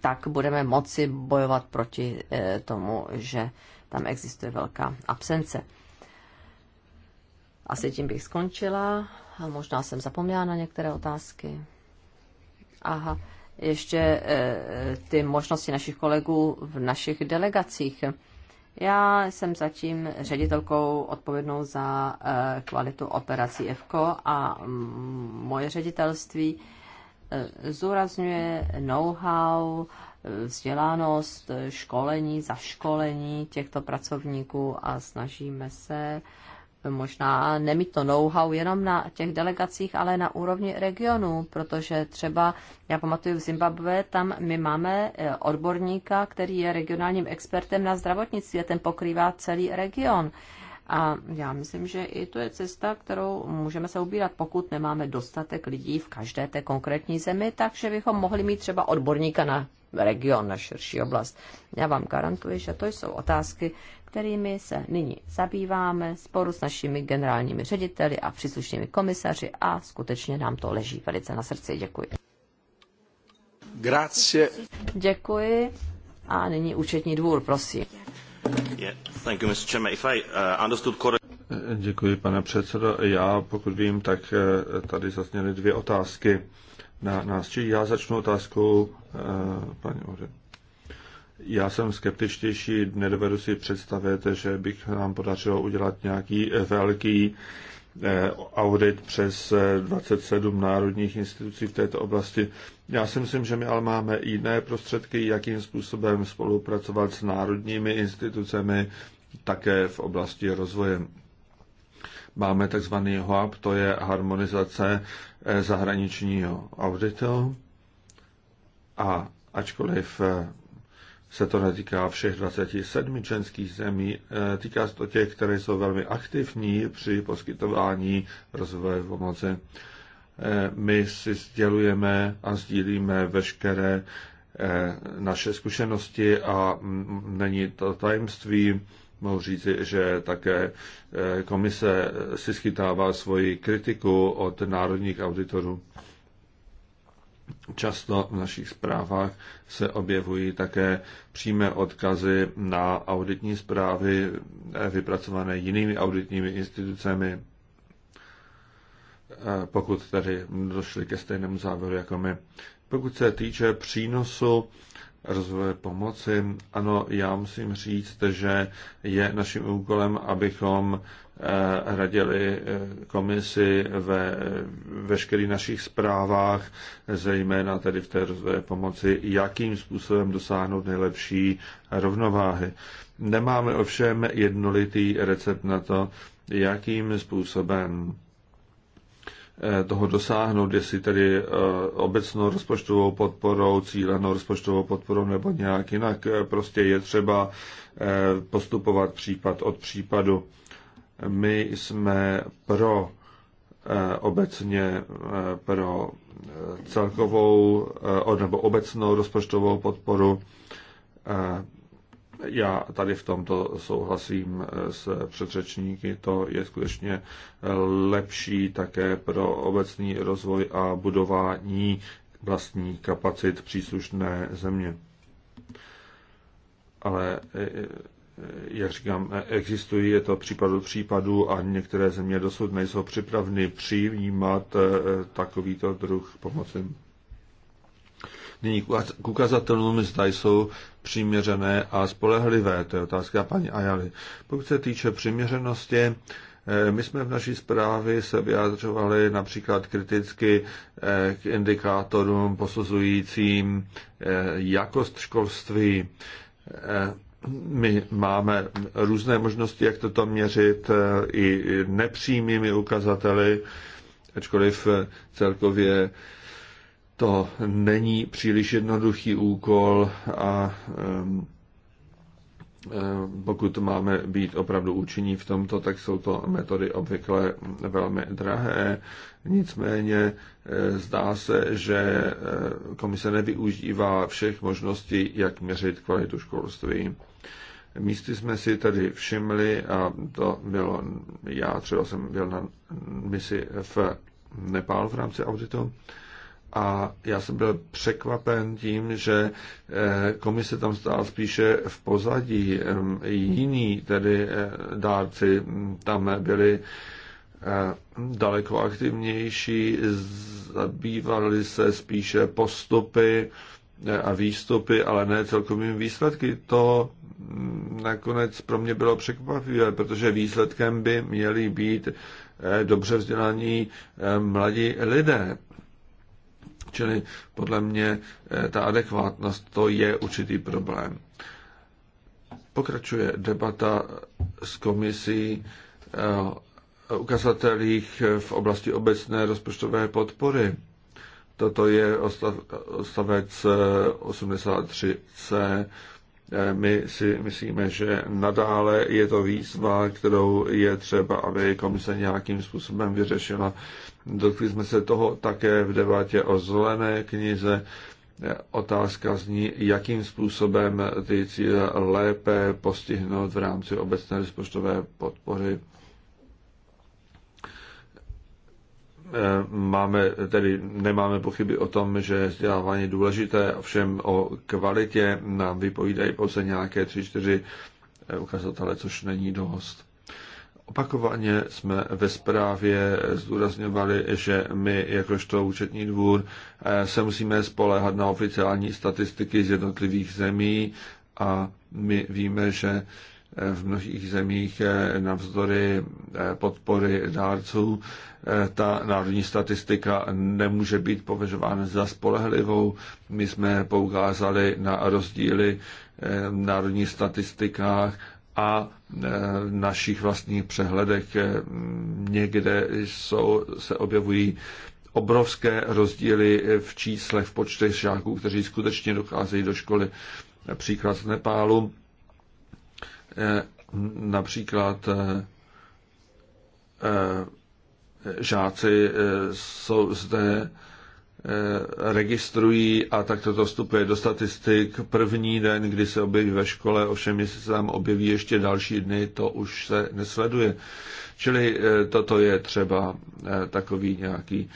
tak budeme moci bojovat proti eh, tomu, že tam existuje velká absence. Asi tím bych skončila a možná jsem zapomněla na některé otázky. Aha, ještě eh, ty možnosti našich kolegů v našich delegacích. Já jsem zatím ředitelkou odpovědnou za eh, kvalitu operací FKO a mm, moje ředitelství eh, zúrazňuje know-how, eh, vzdělanost, školení, zaškolení těchto pracovníků a snažíme se možná nemít to know-how jenom na těch delegacích, ale na úrovni regionu, protože třeba, já pamatuju v Zimbabwe, tam my máme eh, odborníka, který je regionálním expertem na zdravotnictví a ten pokrývá celý region. A já myslím, že i to je cesta, kterou můžeme se ubírat, pokud nemáme dostatek lidí v každé té konkrétní zemi, takže bychom mohli mít třeba odborníka na region, na širší oblast. Já vám garantuji, že to jsou otázky, kterými se nyní zabýváme sporu s našimi generálními řediteli a příslušnými komisaři a skutečně nám to leží velice na srdci. Děkuji. Grazie. Děkuji. A nyní účetní dvůr, prosím. Uh, eh, děkuji, pane předsedo. Já, pokud vím, tak eh, tady zazněly dvě otázky na nás. Či já začnu otázkou, eh, paní Oře. Já jsem skeptičtější, nedovedu si představit, že bych nám podařilo udělat nějaký eh, velký eh, audit přes 27 eh, národních institucí v této oblasti. Já si myslím, že my ale máme jiné prostředky, jakým způsobem spolupracovat s národními institucemi také v oblasti rozvoje. Máme takzvaný HOAP, to je harmonizace zahraničního auditu a ačkoliv se to netýká všech 27 členských zemí, eh, týká se to těch, které jsou velmi aktivní při poskytování rozvoje pomoci. Eh, my si sdělujeme a sdílíme veškeré eh, naše zkušenosti a mm, není to tajemství, mohu říci, že také komise si schytává svoji kritiku od národních auditorů. Často v našich zprávách se objevují také přímé odkazy na auditní zprávy eh, vypracované jinými auditními institucemi, eh, pokud tedy došli ke stejnému závěru jako my. Pokud se týče přínosu rozvoje pomoci. Ano, já musím říct, že je naším úkolem, abychom eh, radili eh, komisi ve veškerých našich zprávách, zejména tedy v té rozvoje pomoci, jakým způsobem dosáhnout nejlepší rovnováhy. Nemáme ovšem jednolitý recept na to, jakým způsobem Eh, toho dosáhnout, jestli tedy eh, obecnou rozpočtovou podporou, cílenou rozpočtovou podporou nebo nějak jinak. Eh, prostě je třeba postupovat případ od případu. My jsme pro obecně pro celkovou nebo obecnou rozpočtovou podporu já tady v tomto souhlasím eh, s předřečníky, to je skutečně eh, lepší také pro obecný rozvoj a budování vlastní kapacit příslušné země. Ale eh, jak říkám, existují, je to případ od případu a některé země dosud nejsou připraveny přijímat takovýto druh pomoci. Nyní k ukazatelům, zda jsou přiměřené a spolehlivé. To je otázka paní Ajaly. Pokud se týče přiměřenosti, eh, my jsme v naší zprávě se vyjadřovali například kriticky eh, k indikátorům posuzujícím eh, jakost školství. My máme různé možnosti, jak toto měřit, i nepřímými ukazateli, ačkoliv celkově to není příliš jednoduchý úkol a pokud máme být opravdu účinní v tomto, tak jsou to metody obvykle velmi drahé. Nicméně e, zdá se, že e, komise nevyužívá všech možností, jak měřit kvalitu školství. Místy jsme si tady všimli a to bylo, já třeba jsem byl na misi v Nepálu v rámci auditu, a já jsem byl překvapen tím, že eh, komise tam stála spíše v pozadí. Ehm, jiní tedy eh, dárci hm, tam byli eh, daleko aktivnější, zabývali se spíše postupy a výstupy, ale ne celkovými výsledky. To hm, nakonec pro mě bylo překvapivé, protože výsledkem by měly být dobře vzdělaní mladí lidé. Čili podle mě eh, ta adekvátnost to je určitý problém. Pokračuje debata s komisí eh, ukazatelích v oblasti obecné rozpočtové podpory. Toto je ostavec 83c. Eh, my si myslíme, že nadále je to výzva, kterou je třeba, aby komise nějakým způsobem vyřešila Dotkli jsme se toho také v debatě o zelené knize. Otázka zní, jakým způsobem ty cíle lépe postihnout v rámci obecné rozpočtové podpory. Máme, tedy nemáme pochyby o tom, že vzdělávání je důležité, ovšem o kvalitě nám vypovídají pouze nějaké tři, čtyři ukazatele, což není dost. Opakovaně jsme ve zprávě zdůrazňovali, že my, jakožto účetní dvůr, eh, se musíme spolehat na oficiální statistiky z jednotlivých zemí a my víme, že eh, v mnohých zemích eh, navzdory podpory dárců ta národní statistika nemůže být považována za spolehlivou. My jsme poukázali na rozdíly v národních statistikách a Eh, našich vlastních přehledech eh, někde jsou, se objevují obrovské rozdíly v číslech, v počtech žáků, kteří skutečně docházejí do školy. Například z Nepálu, eh, například žáci jsou zde Eh, registrují a tak to vstupuje do statistik. První den, kdy se objeví ve škole, ovšem jestli se tam objeví ještě další dny, to už se nesleduje. Čili eh, toto je třeba eh, takový nějaký,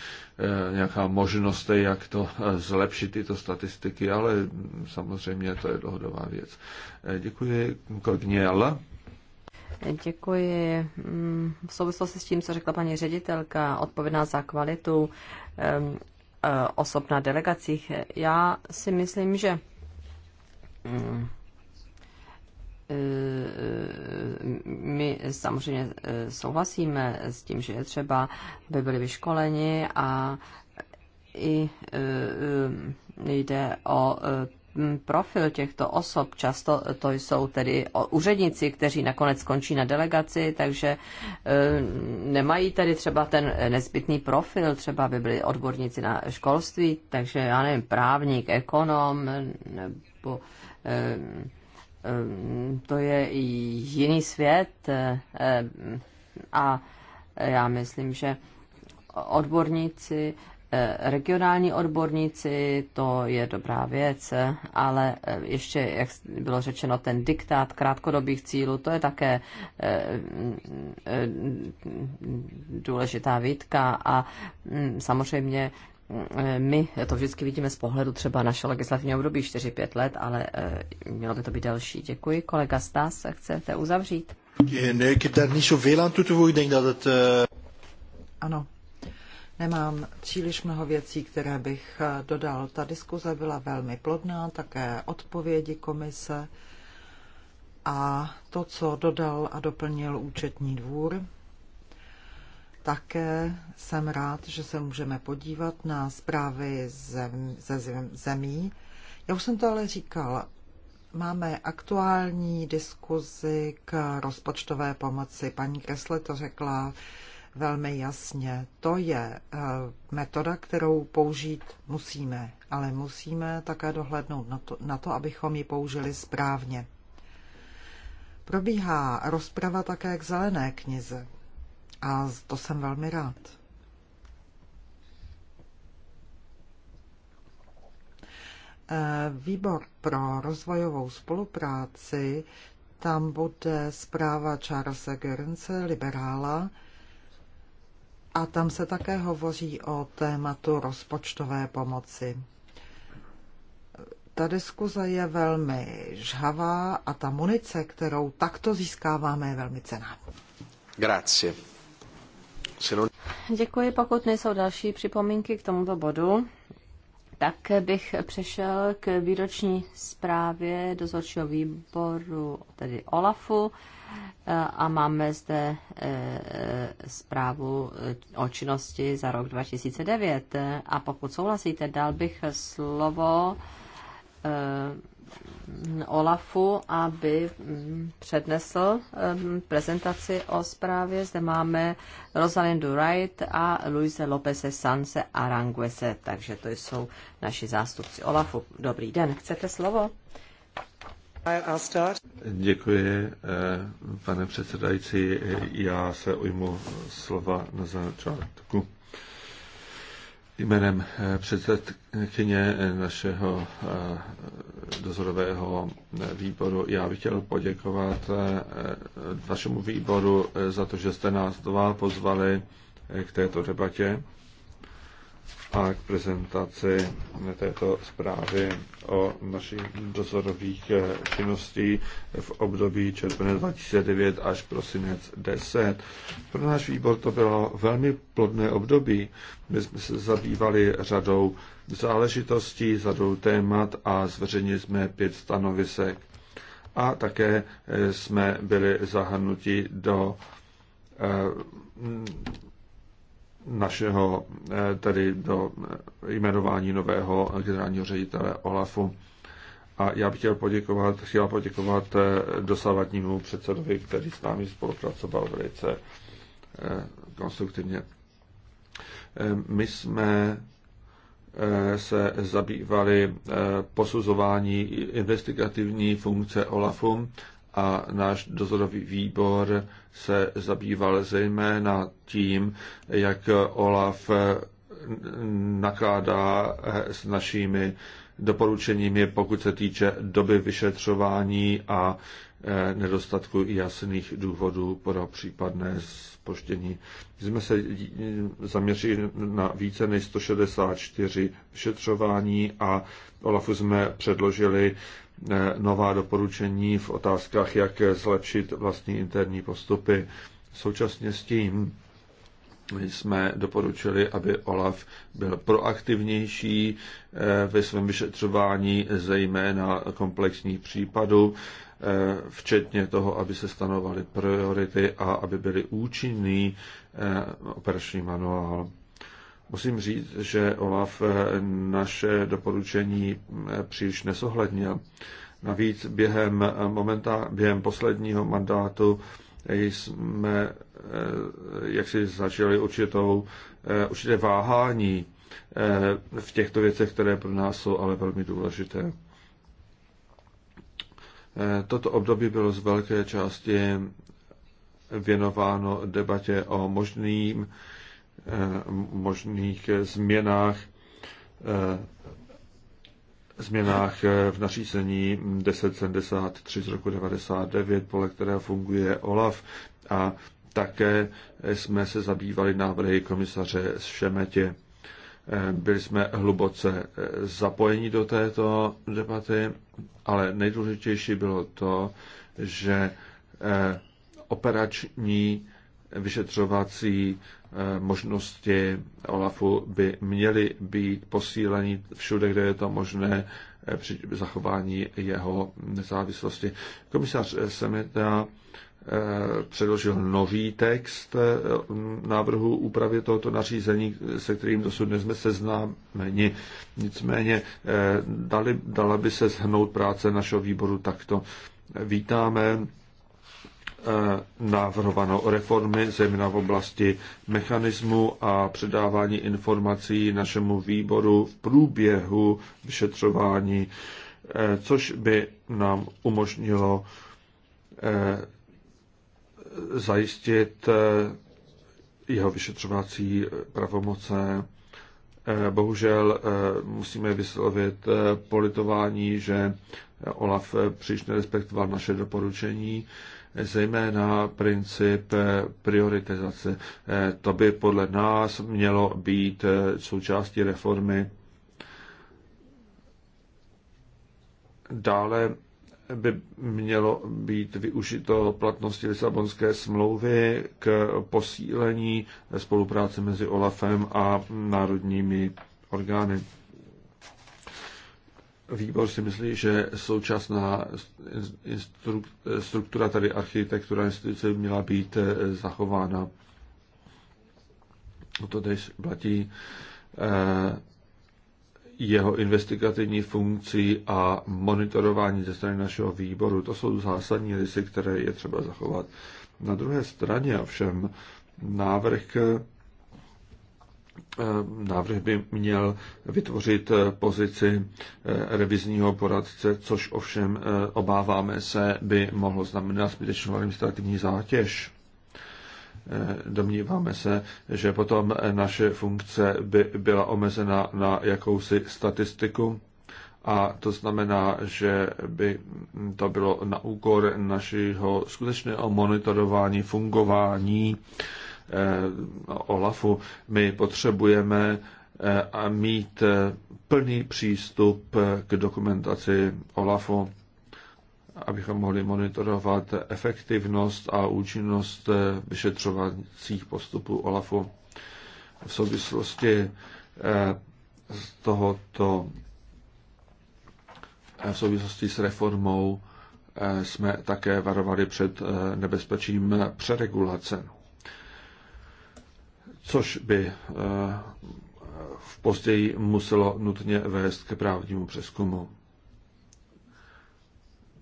nějaká možnost, jak to zlepšit tyto statistiky, ale mm, samozřejmě to je dlouhodobá věc. Děkuji, kolegyně Děkuji. Mm, v souvislosti s tím, co řekla paní ředitelka, odpovědná za kvalitu, Eh, osob na delegacích. Já si myslím, že mm, eh, my samozřejmě eh, souhlasíme s tím, že je třeba, by byli vyškoleni a i jde o profil těchto osob. Často to jsou tedy úředníci, kteří nakonec končí na delegaci, takže e, nemají tady třeba ten nezbytný profil, třeba by byli odborníci na školství, takže já nevím, právník, ekonom nebo e, e, to je jiný svět a já myslím, že odborníci Eh, regionální odborníci, to je dobrá věc, ale eh, ještě, jak bylo řečeno, ten diktát krátkodobých cílů, to je také eh, důležitá výtka a hm, samozřejmě hm, my to vždycky vidíme z pohledu třeba našeho legislativního období 4-5 let, ale mělo by to být delší. Děkuji. Kolega Stas, chcete uzavřít? Ne, Ano, Nemám příliš mnoho věcí, které bych eh, dodal. Ta diskuze byla velmi plodná, také odpovědi komise a to, co dodal a doplnil účetní dvůr. Také jsem rád, že se můžeme podívat na zprávy zem, ze zemí. Já už jsem to ale říkal, máme aktuální diskuzi k rozpočtové pomoci. Paní Kresle to řekla, velmi jasně. To je eh, metoda, kterou použít musíme, ale musíme také dohlednout na to, na to abychom ji použili správně. Probíhá rozprava také k zelené knize a to jsem velmi rád. Eh, výbor pro rozvojovou spolupráci tam bude zpráva Charlesa Gernce, liberála, a tam se také hovoří o tématu rozpočtové pomoci. Ta diskuze je velmi žhavá a ta munice, kterou takto získáváme, je velmi cená. Grazie. Děkuji, pokud nejsou další připomínky k tomuto bodu, tak bych přešel k výroční zprávě dozorčího výboru, tedy OLAFu, a máme zde e, zprávu e, o činnosti za rok 2009. A pokud souhlasíte, dal bych slovo e, Olafu, aby mm, přednesl mm, prezentaci o zprávě. Zde máme Rosalindu Wright a Luise Lopese Sanse Aranguese, takže to jsou naši zástupci Olafu. Dobrý den, chcete slovo? Děkuji, eh, pane předsedající. Já se ujmu slova na začátku. Jménem eh, předsedkyně našeho eh, dozorového výboru. Já bych chtěl poděkovat eh, vašemu výboru eh, za to, že jste nás dva pozvali eh, k této debatě a k prezentaci této zprávy o našich dozorových činností v období červenec 2009 až prosinec 10. Pro náš výbor to bylo velmi plodné období. My jsme se zabývali řadou záležitostí, řadou témat a zveřejnili jsme pět stanovisek. A také eh, jsme byli zahrnuti do eh, našeho, eh, tedy do jmenování nového generálního ředitele OLAFu. A já bych chtěl poděkovat, chtěl poděkovat dosavadnímu předsedovi, který s námi spolupracoval velice konstruktivně. My jsme Eh, se zabývali eh, posuzování investigativní funkce OLAFu a náš dozorový výbor se zabýval zejména tím, jak OLAF eh, nakládá s našimi doporučením je, pokud se týče doby vyšetřování a e, nedostatku jasných důvodů pro případné spoštění. My jsme se zaměřili na více než 164 vyšetřování a Olafu jsme předložili e, nová doporučení v otázkách, jak zlepšit vlastní interní postupy. Současně s tím my jsme doporučili, aby OLAF byl proaktivnější eh, ve svém vyšetřování zejména komplexních případů, eh, včetně toho, aby se stanovaly priority a aby byly účinný eh, operační manuál. Musím říct, že OLAF naše doporučení příliš nesohlednil. Navíc během, momenta, během posledního mandátu jsme eh, jak si začali určitou, eh, určité váhání eh, v těchto věcech, které pro nás jsou ale velmi důležité. Toto období bylo z velké části věnováno debatě o možným, možných změnách změnách v nařízení 1073 z roku 99, podle kterého funguje OLAF a také jsme se zabývali návrhy komisaře z Šemetě. Byli jsme hluboce zapojeni do této debaty, ale nejdůležitější bylo to, že operační vyšetřovací Eh, možnosti OLAFu by měly být posíleny všude, kde je to možné eh, při zachování jeho nezávislosti. Komisař Semeta eh, předložil nový text návrhu úpravy tohoto nařízení, se kterým dosud nejsme seznámeni. Nicméně dali, dala by se zhnout práce našeho výboru takto. Vítáme Eh, návrhovanou reformy, zejména v oblasti mechanismu a předávání informací našemu výboru v průběhu vyšetřování, eh, což by nám umožnilo eh, zajistit jeho vyšetřovací pravomoce. Bohužel musíme vyslovit politování, že Olaf příliš nerespektoval naše doporučení zejména princip prioritizace. Eh, to by podle nás mělo být eh, součástí reformy. Dále by mělo být využito platnosti Lisabonské smlouvy k posílení spolupráce mezi OLAFem a národními orgány. Výbor si myslí, že současná struktura, tady architektura instituce měla být eh, zachována. To tež platí eh, jeho investigativní funkci a monitorování ze strany našeho výboru. To jsou zásadní rysy, které je třeba zachovat. Na druhé straně ovšem návrh Eh, návrh by měl vytvořit eh, pozici eh, revizního poradce, což ovšem obáváme se, by mohlo znamenat zbytečnou administrativní zátěž. Domníváme se, že potom naše funkce by byla omezena na jakousi statistiku a to znamená, že by hm, to bylo na úkor našeho skutečného monitorování fungování Eh, OLAFu. My potřebujeme eh, a mít eh, plný přístup k dokumentaci OLAFu, abychom mohli monitorovat efektivnost a účinnost vyšetřovacích postupů OLAFu. V souvislosti z tohoto v souvislosti s reformou jsme také varovali před nebezpečím přeregulace což by eh, v později muselo nutně vést ke právnímu přeskumu.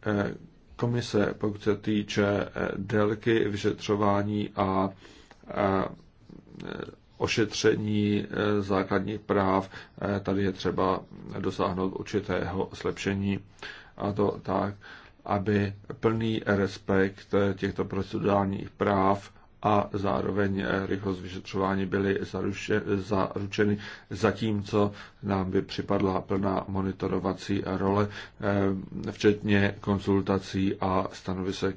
Eh, komise, pokud se týče eh, délky vyšetřování a ošetření základních práv, tady je třeba dosáhnout určitého zlepšení a to tak, aby plný respekt těchto procedurálních práv a zároveň rychlost vyšetřování byly zaručeny, zatímco nám by připadla plná monitorovací role, eh, včetně konzultací a stanovisek.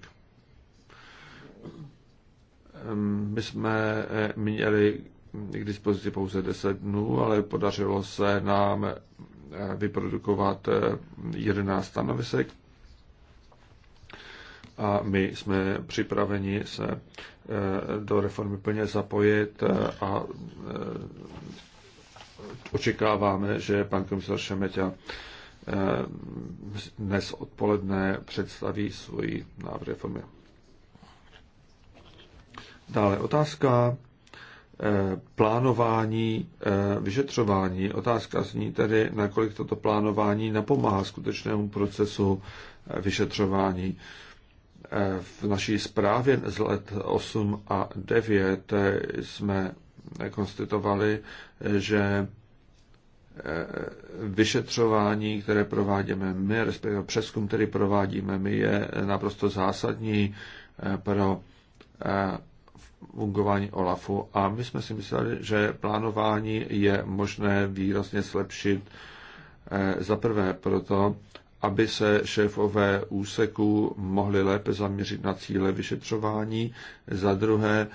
Ehm, my jsme eh, měli k dispozici pouze 10 dnů, ale podařilo se nám eh, vyprodukovat 11 stanovisek a my jsme připraveni se eh, do reformy plně zapojit eh, a eh, očekáváme, že pan komisar Šemeťa dnes odpoledne představí svůj návrh reformy. Dále otázka plánování, vyšetřování. Otázka zní tedy, nakolik toto plánování napomáhá skutečnému procesu vyšetřování. V naší zprávě z let 8 a 9 jsme konstatovali, že e, vyšetřování, které provádíme my, respektive přeskum, který provádíme my, je naprosto zásadní e, pro e, fungování OLAFu. A my jsme si mysleli, že plánování je možné výrazně zlepšit za prvé proto, aby se šéfové úseků mohli lépe zaměřit na cíle vyšetřování. Za druhé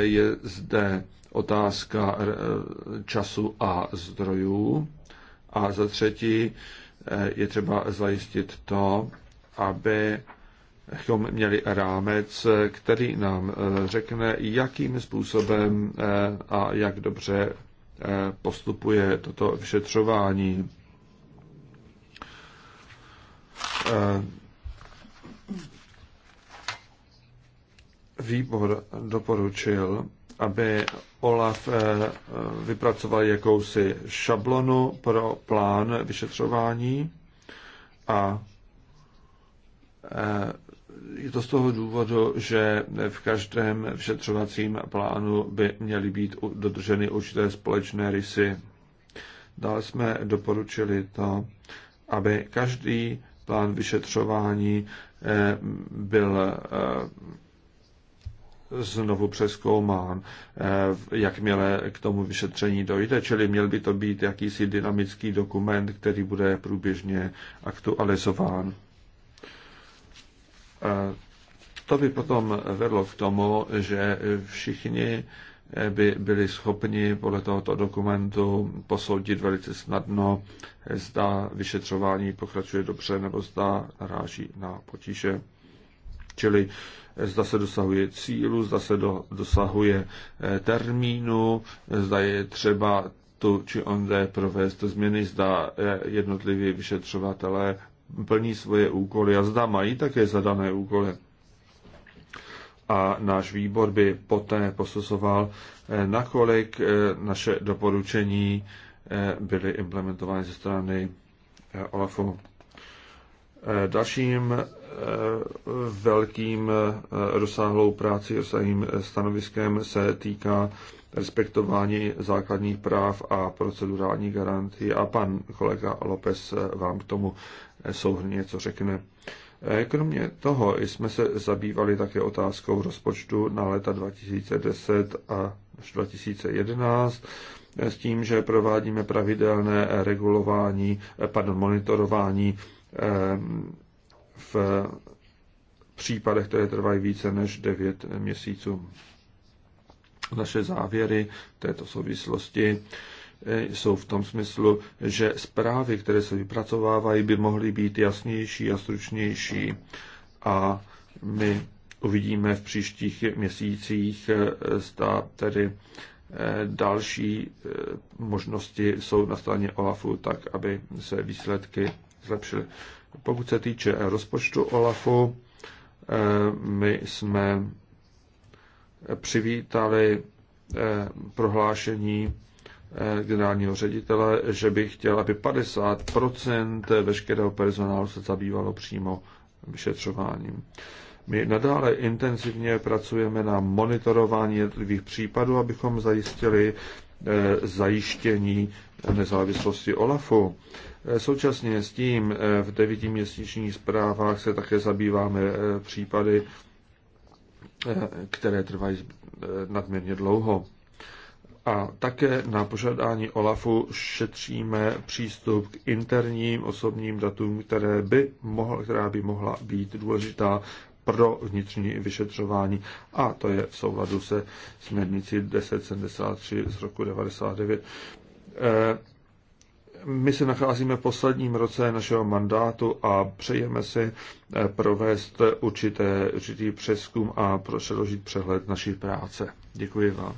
je zde otázka eh, času a zdrojů. A za třetí eh, je třeba zajistit to, aby abychom měli rámec, který nám eh, řekne, jakým způsobem a jak dobře postupuje toto vyšetřování. Eh, Výbor doporučil, aby OLAF eh, vypracoval jakousi šablonu pro plán vyšetřování a eh, je to z toho důvodu, že v každém vyšetřovacím plánu by měly být dodrženy určité společné rysy. Dále jsme doporučili to, aby každý plán vyšetřování eh, byl eh, znovu přeskoumán, eh, jakmile k tomu vyšetření dojde, čili měl by to být jakýsi dynamický dokument, který bude průběžně aktualizován. To by potom vedlo k tomu, že všichni by byli schopni podle tohoto dokumentu posoudit velice snadno, zda vyšetřování pokračuje dobře nebo zda naráží na potíže. Čili zda se dosahuje cílu, zda se do, dosahuje eh, termínu, zda je třeba tu či onde provést změny, zda eh, jednotliví vyšetřovatelé plní svoje úkoly a zda mají také zadané úkoly a náš výbor by poté posuzoval, eh, nakolik eh, naše doporučení eh, byly implementovány ze strany OLAFu. Dalším velkým rozsáhlou práci, rozsáhlým stanoviskem se týká respektování základních práv a procedurální garantii a pan kolega López vám k tomu souhrně něco řekne. E, kromě toho jsme se zabývali také otázkou rozpočtu na leta 2010 a 2011 e, s tím, že provádíme pravidelné regulování, e, pardon, monitorování v případech, které trvají více než 9 měsíců. Naše závěry této souvislosti jsou v tom smyslu, že zprávy, které se vypracovávají, by mohly být jasnější a stručnější. A my uvidíme v příštích měsících, eh, zda tedy eh, další eh, možnosti jsou na straně OLAFu, tak aby se výsledky zlepšily. Pokud se týče rozpočtu OLAFu, my jsme přivítali prohlášení Eh, generálního ředitele, že by chtěl, aby 50% veškerého personálu se zabývalo přímo vyšetřováním. My nadále intenzivně pracujeme na monitorování jednotlivých případů, abychom zajistili eh, zajištění nezávislosti OLAFu. Eh, současně s tím v devítiměsíčních zprávách se také zabýváme případy, které trvají nadměrně dlouho. A také na požádání OLAFu šetříme přístup k interním osobním datům, které by mohla, která by mohla být důležitá pro vnitřní vyšetřování. A to je v souladu se směrnici 1073 z roku 99. Eh, my se nacházíme v posledním roce našeho mandátu a přejeme si eh, provést určité, určitý přeskum a předložit přehled naší práce. Děkuji vám.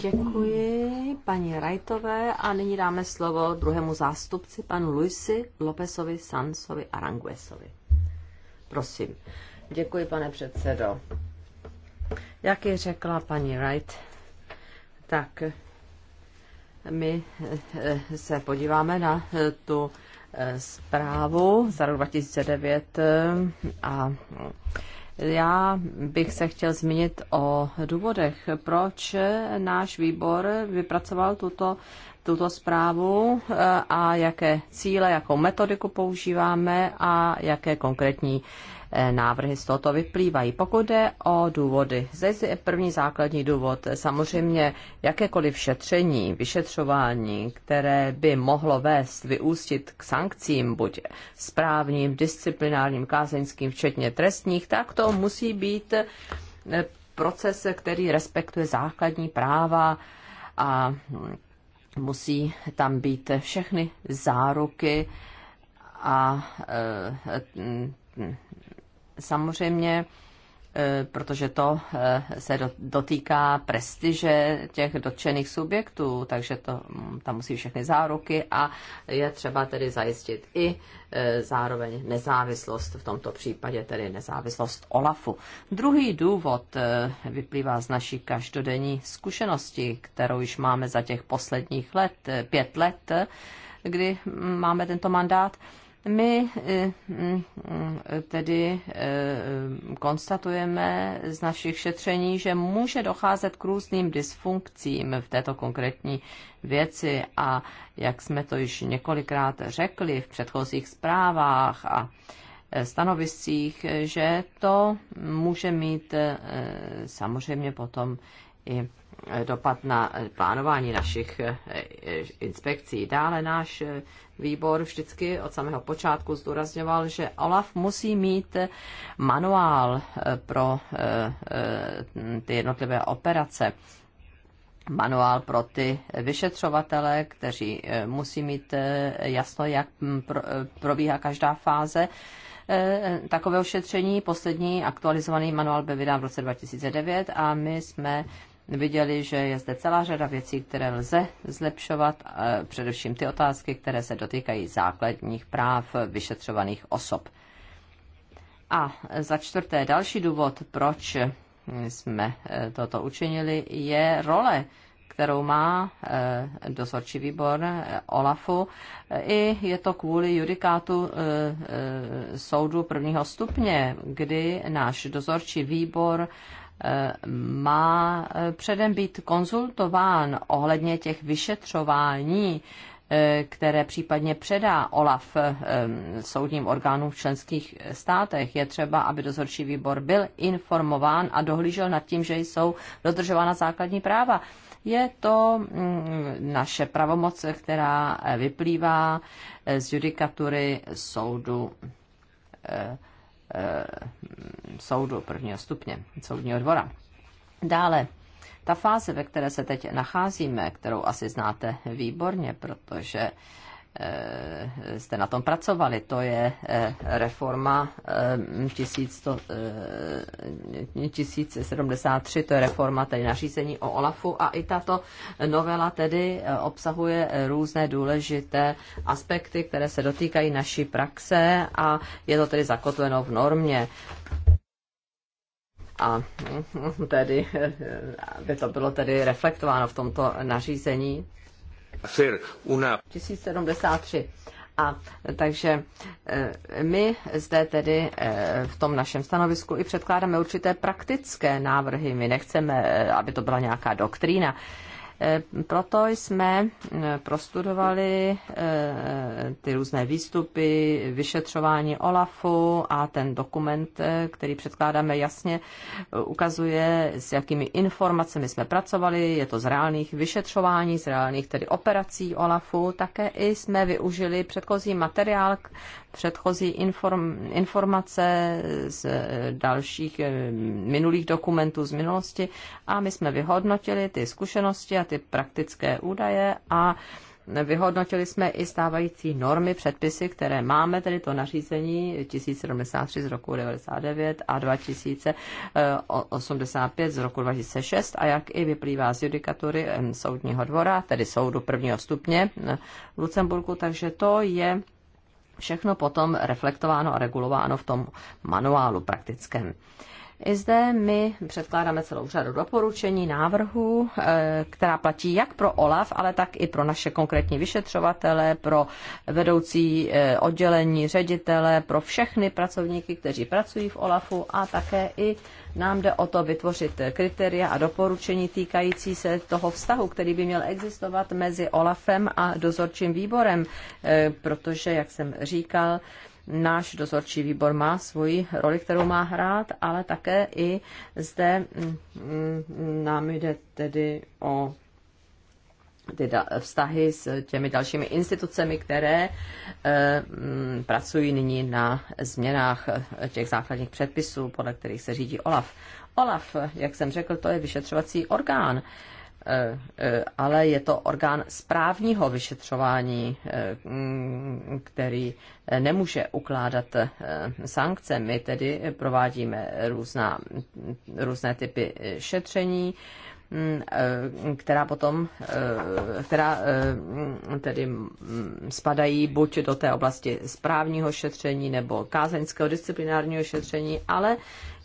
Děkuji paní Rajtové a nyní dáme slovo druhému zástupci, panu Luisi Lopesovi Sansovi Aranguesovi. Prosím. Děkuji, pane předsedo. Jak je řekla paní Wright, tak my eh, se podíváme na eh, tu eh, zprávu za rok 2009 a já bych se chtěl zmínit o důvodech, proč náš výbor vypracoval tuto, tuto zprávu eh, a jaké cíle, jakou metodiku používáme a jaké konkrétní E, návrhy z tohoto vyplývají. Pokud jde o důvody, zde je první základní důvod. Samozřejmě jakékoliv šetření, vyšetřování, které by mohlo vést, vyústit k sankcím, buď správním, disciplinárním, kázeňským, včetně trestních, tak to musí být e, proces, který respektuje základní práva a musí tam být všechny záruky a e, samozřejmě, e, protože to e, se dotýká prestiže těch dotčených subjektů, takže to, mm, tam musí všechny záruky a je třeba tedy zajistit i e, zároveň nezávislost, v tomto případě tedy nezávislost OLAFu. Druhý důvod vyplývá z naší každodenní zkušenosti, kterou již máme za těch posledních let, pět let, kdy mm, máme tento mandát. My eh, mm, mm, tedy eh, konstatujeme z našich šetření, že může docházet k různým dysfunkcím v této konkrétní věci a jak jsme to již několikrát řekli v předchozích zprávách a eh, stanoviscích, že to může mít samozřejmě potom i dopad na plánování našich eh, eh, inspekcí. Dále náš eh, výbor vždycky od samého počátku zdůrazňoval, že OLAF musí mít manuál pro ty jednotlivé operace. Manuál pro ty vyšetřovatele, kteří musí mít jasno, jak mm, probíhá každá fáze takového šetření. Poslední aktualizovaný manuál byl vydán v roce 2009 a my jsme viděli, že je zde celá řada věcí, které lze zlepšovat, především ty otázky, které se dotýkají základních práv vyšetřovaných osob. A za čtvrté, další důvod, proč jsme eh, toto učinili, je role, kterou má eh, dozorčí výbor eh, OLAFu. I je to kvůli judikátu soudu prvního stupně, kdy náš dozorčí výbor má eh, předem být konzultován ohledně těch vyšetřování, eh, které případně předá OLAF eh, soudním orgánům v členských státech. Je třeba, aby dozorčí výbor byl informován a dohlížel nad tím, že jsou dodržována základní práva. Je to mm, naše pravomoc, která vyplývá z judikatury soudu Eh, soudu prvního stupně, soudního dvora. Dále, ta fáze, ve které se teď nacházíme, kterou asi znáte výborně, protože Eh, jste na tom pracovali, to je eh, reforma 1073, eh, to je reforma tedy nařízení o OLAFu a i tato novela tedy obsahuje různé důležité aspekty, které se dotýkají naší praxe a je to tedy zakotveno v normě a hm, hm, tedy by to bylo tedy reflektováno v tomto nařízení 1073. A takže eh, my zde tedy eh, v tom našem stanovisku i předkládáme určité praktické návrhy. My nechceme, eh, aby to byla nějaká doktrína. Eh, proto jsme eh, prostudovali eh, ty různé výstupy, vyšetřování OLAFu a ten dokument, který předkládáme, jasně ukazuje, s jakými informacemi jsme pracovali. Je to z reálných vyšetřování, z reálných tedy operací OLAFu. Také i jsme využili předchozí materiál předchozí inform, informace z dalších eh, minulých dokumentů z minulosti a my jsme vyhodnotili ty zkušenosti a ty praktické údaje a Vyhodnotili jsme i stávající normy, předpisy, které máme, tedy to nařízení 1073 z roku 99 a 2085 eh, z roku 2006 a jak i vyplývá z judikatury Soudního dvora, tedy soudu prvního stupně eh, v Lucemburku, takže to je všechno potom reflektováno a regulováno v tom manuálu praktickém. I zde my předkládáme celou řadu doporučení, návrhů, eh, která platí jak pro OLAF, ale tak i pro naše konkrétní vyšetřovatele, pro vedoucí eh, oddělení, ředitele, pro všechny pracovníky, kteří pracují v OLAFu a také i nám jde o to vytvořit kritéria a doporučení týkající se toho vztahu, který by měl existovat mezi OLAFem a dozorčím výborem, eh, protože, jak jsem říkal, náš dozorčí výbor má svoji roli, kterou má hrát, ale také i zde mm, mm, nám jde tedy o ty vztahy s těmi dalšími institucemi, které eh, mm, pracují nyní na změnách eh, těch základních předpisů, podle kterých se řídí OLAF. OLAF, jak jsem řekl, to je vyšetřovací orgán. Eh, eh, ale je to orgán správního vyšetřování, eh, který nemůže ukládat sankce. My tedy provádíme různá, různé typy šetření, mm, která potom, která tedy mm, spadají buď do té oblasti správního šetření nebo kázeňského disciplinárního šetření, ale,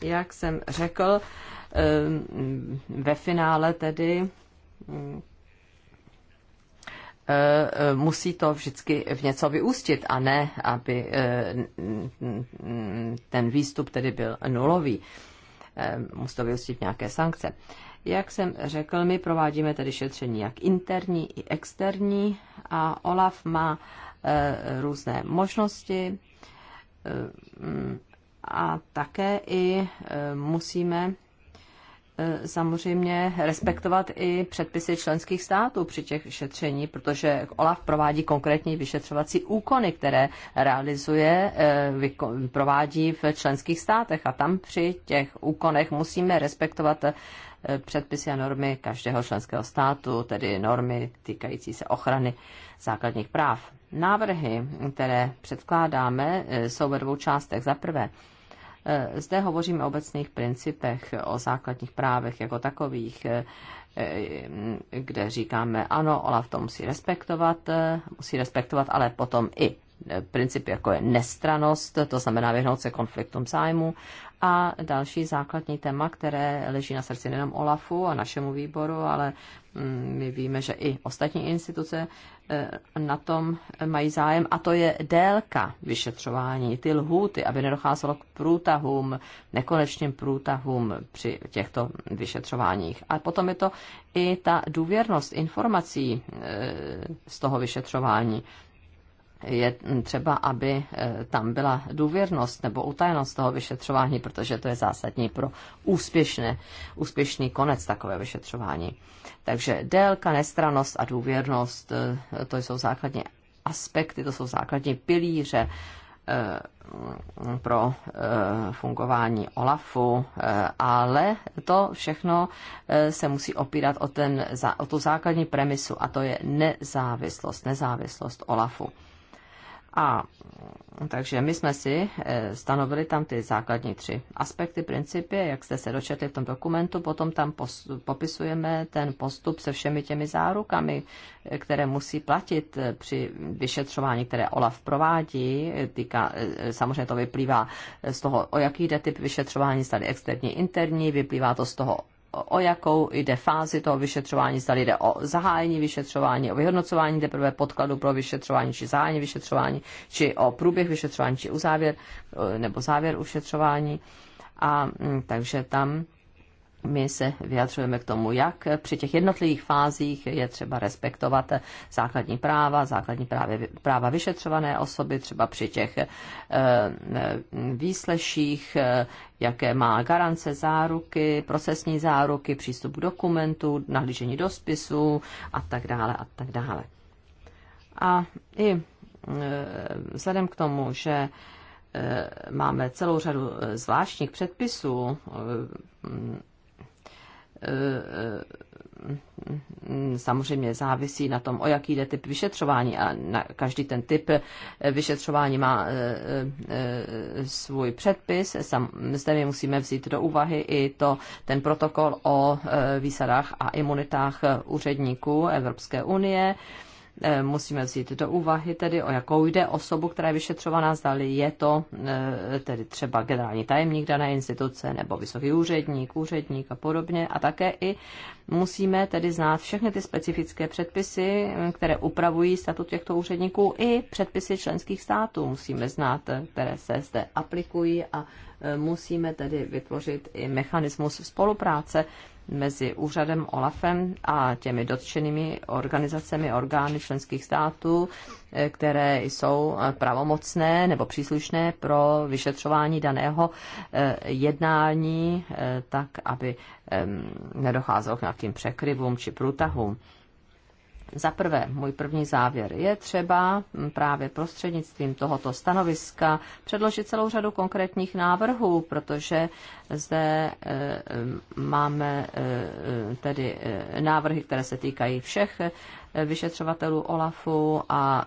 jak jsem řekl, ve finále tedy Eh, eh, musí to vždycky v něco vyústit a ne, aby eh, ten výstup tedy byl nulový. Musí to vyústit v nějaké sankce. Jak jsem řekl, my provádíme tedy šetření jak interní i externí a OLAF má různé možnosti mm, a také i musíme E, samozřejmě respektovat i předpisy členských států při těch šetření, protože OLAF provádí konkrétní vyšetřovací úkony, které realizuje, e, provádí v členských státech a tam při těch úkonech musíme respektovat e, předpisy a normy každého členského státu, tedy normy týkající se ochrany základních práv. Návrhy, které předkládáme, jsou ve dvou částech. Za prvé, Eh, zde hovoříme o obecných principech, o základních právech jako takových, eh, kde říkáme, ano, Olaf to musí respektovat, eh, musí respektovat, ale potom i princip, jako je nestranost, to znamená vyhnout se konfliktům zájmu a další základní téma, které leží na srdci nejenom OLAFu a našemu výboru, ale mm, my víme, že i ostatní instituce e, na tom mají zájem, a to je délka vyšetřování, ty lhůty, aby nedocházelo k průtahům, nekonečným průtahům při těchto vyšetřováních. A potom je to i ta důvěrnost informací e, z toho vyšetřování je třeba, aby e, tam byla důvěrnost nebo utajenost toho vyšetřování, protože to je zásadní pro úspěšné, úspěšný konec takové vyšetřování. Takže délka, nestranost a důvěrnost, e, to jsou základní aspekty, to jsou základní pilíře e, pro fungování OLAFu, ale to všechno se musí opírat o, ten, o tu základní premisu a to je nezávislost, nezávislost OLAFu. A takže my jsme si e, stanovili tam ty základní tři aspekty, principy, jak jste se dočetli v tom dokumentu, potom tam popisujeme ten postup se všemi těmi zárukami, e, které musí platit e, při vyšetřování, které OLAF provádí. Týka, samozřejmě to vyplývá z toho, o jaký jde typ vyšetřování, tady externí, interní, vyplývá to z toho, o jakou jde fázi toho vyšetřování, zda jde o zahájení vyšetřování, o vyhodnocování teprve podkladu pro vyšetřování, či zahájení vyšetřování, či o průběh vyšetřování, či uzávěr, nebo závěr vyšetřování. A mm, takže tam my se vyjadřujeme k tomu, jak při těch jednotlivých fázích je třeba respektovat základní práva, základní právě, práva vyšetřované osoby, třeba při těch e, výsleších, eh, jaké má garance, záruky, procesní záruky, přístup k dokumentu, nahlížení do spisu a tak dále a tak dále. A i e, vzhledem k tomu, že máme celou řadu zvláštních předpisů, samozřejmě závisí na tom, o jaký jde typ vyšetřování a na každý ten typ vyšetřování má e, e, svůj předpis. zde my musíme vzít do úvahy i to, ten protokol o e, výsadách a imunitách úředníků Evropské unie. Eh, musíme vzít do úvahy tedy, o jakou jde osobu, která je vyšetřovaná, zdali je to eh, tedy třeba generální tajemník dané instituce nebo vysoký úředník, úředník a podobně. A také i musíme tedy znát všechny ty specifické předpisy, eh, které upravují statut těchto úředníků i předpisy členských států musíme znát, které se zde aplikují a musíme tedy vytvořit i mechanismus spolupráce mezi úřadem OLAFem a těmi dotčenými organizacemi, orgány členských států, eh, které jsou eh, pravomocné nebo příslušné pro vyšetřování daného eh, jednání, tak aby nedocházelo k nějakým překryvům či průtahům. Za prvé, můj první závěr je třeba právě prostřednictvím tohoto stanoviska předložit celou řadu konkrétních návrhů, protože zde eh, máme eh, tedy eh, návrhy, které se týkají všech vyšetřovatelů OLAFu a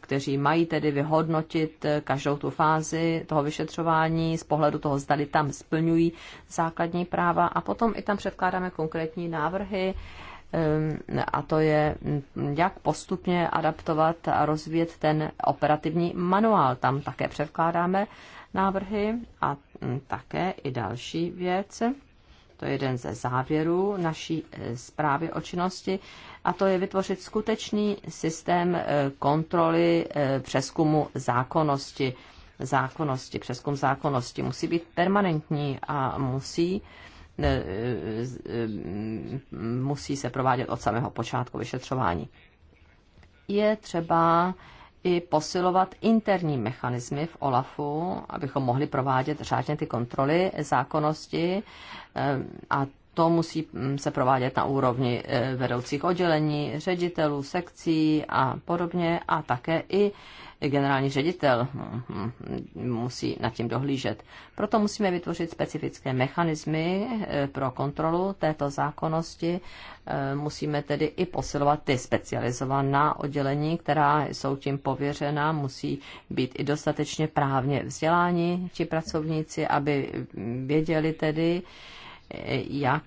kteří mají tedy vyhodnotit každou tu fázi toho vyšetřování z pohledu toho, zdali tam splňují základní práva a potom i tam předkládáme konkrétní návrhy, Ehm, a to je, mm, jak postupně adaptovat a rozvíjet ten operativní manuál. Tam také předkládáme návrhy a mm, také i další věc. To je jeden ze závěrů naší e, zprávy o činnosti a to je vytvořit skutečný systém e, kontroly e, přeskumu zákonnosti. Zákonnosti, přeskum zákonnosti musí být permanentní a musí musí se provádět od samého počátku vyšetřování. Je třeba i posilovat interní mechanismy v OLAFu, abychom mohli provádět řádně ty kontroly zákonnosti eh, a to musí mm, se provádět na úrovni eh, vedoucích oddělení, ředitelů, sekcí a podobně a také i generální ředitel hm, hm, musí nad tím dohlížet. Proto musíme vytvořit specifické mechanismy eh, pro kontrolu této zákonnosti. Eh, musíme tedy i posilovat ty specializovaná oddělení, která jsou tím pověřena, musí být i dostatečně právně vzděláni ti pracovníci, aby věděli tedy, eh, jak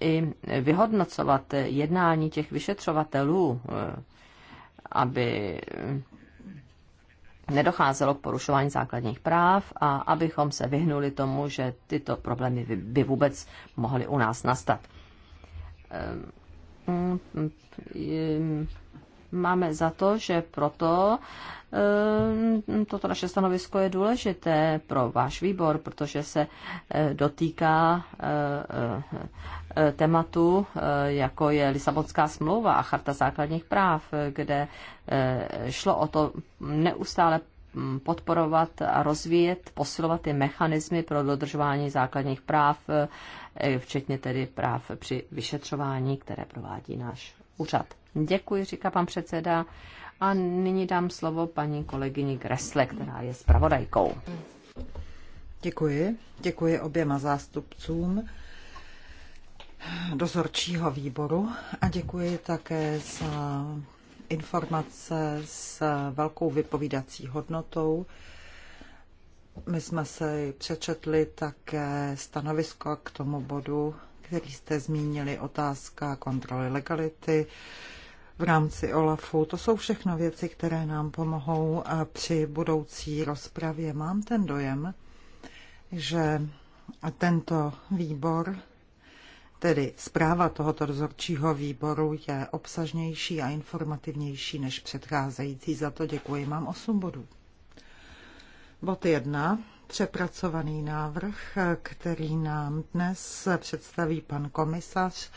i vyhodnocovat jednání těch vyšetřovatelů, aby hm, nedocházelo k porušování základních práv a abychom se vyhnuli tomu, že tyto problémy by vůbec mohly u nás nastat ehm, mm, mm, mm, máme za to, že proto eh, toto naše stanovisko je důležité pro váš výbor, protože se eh, dotýká eh, tématu, jako je Lisabonská smlouva a Charta základních práv, kde šlo o to neustále mm, podporovat a rozvíjet, posilovat ty mechanismy pro dodržování základních práv, včetně tedy práv při vyšetřování, které provádí náš úřad. Děkuji, říká pan předseda. A nyní dám slovo paní kolegyni Gresle, která je zpravodajkou. Děkuji. Děkuji oběma zástupcům dozorčího výboru a děkuji také za informace s velkou vypovídací hodnotou. My jsme se přečetli také stanovisko k tomu bodu který jste zmínili, otázka kontroly legality v rámci OLAFu. To jsou všechno věci, které nám pomohou eh, při budoucí rozpravě. Mám ten dojem, že tento výbor Tedy zpráva tohoto rozhodčího výboru je obsažnější a informativnější než předcházející. Za to děkuji. Mám 8 bodů. Bod 1 přepracovaný návrh, který nám dnes představí pan komisař.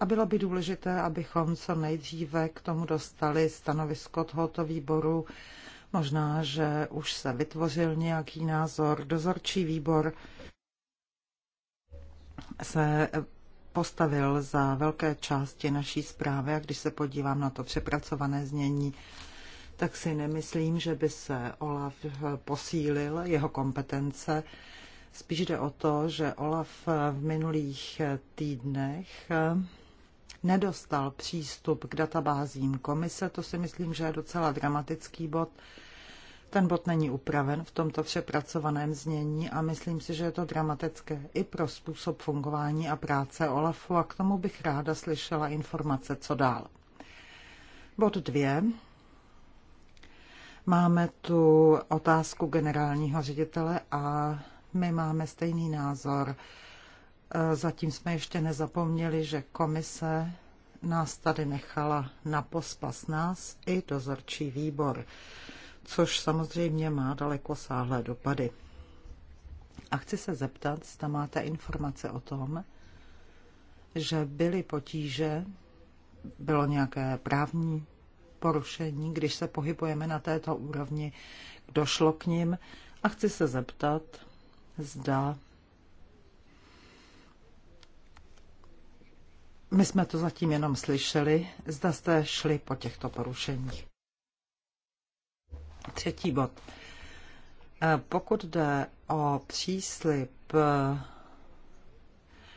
A bylo by důležité, abychom co nejdříve k tomu dostali stanovisko tohoto výboru. Možná, že už se vytvořil nějaký názor. Dozorčí výbor se postavil za velké části naší zprávy a když se podívám na to přepracované znění, tak si nemyslím, že by se Olaf posílil jeho kompetence. Spíš jde o to, že Olaf v minulých týdnech nedostal přístup k databázím komise. To si myslím, že je docela dramatický bod. Ten bod není upraven v tomto přepracovaném znění a myslím si, že je to dramatické i pro způsob fungování a práce OLAFu a k tomu bych ráda slyšela informace, co dál. Bod dvě Máme tu otázku generálního ředitele a my máme stejný názor. E, zatím jsme ještě nezapomněli, že komise nás tady nechala na pospas nás i dozorčí výbor, což samozřejmě má daleko sáhlé dopady. A chci se zeptat, zda máte informace o tom, že byly potíže, bylo nějaké právní porušení, když se pohybujeme na této úrovni, došlo k ním. A chci se zeptat, zda My jsme to zatím jenom slyšeli, zda jste šli po těchto porušeních. Třetí bod. Eh, pokud jde o příslip eh,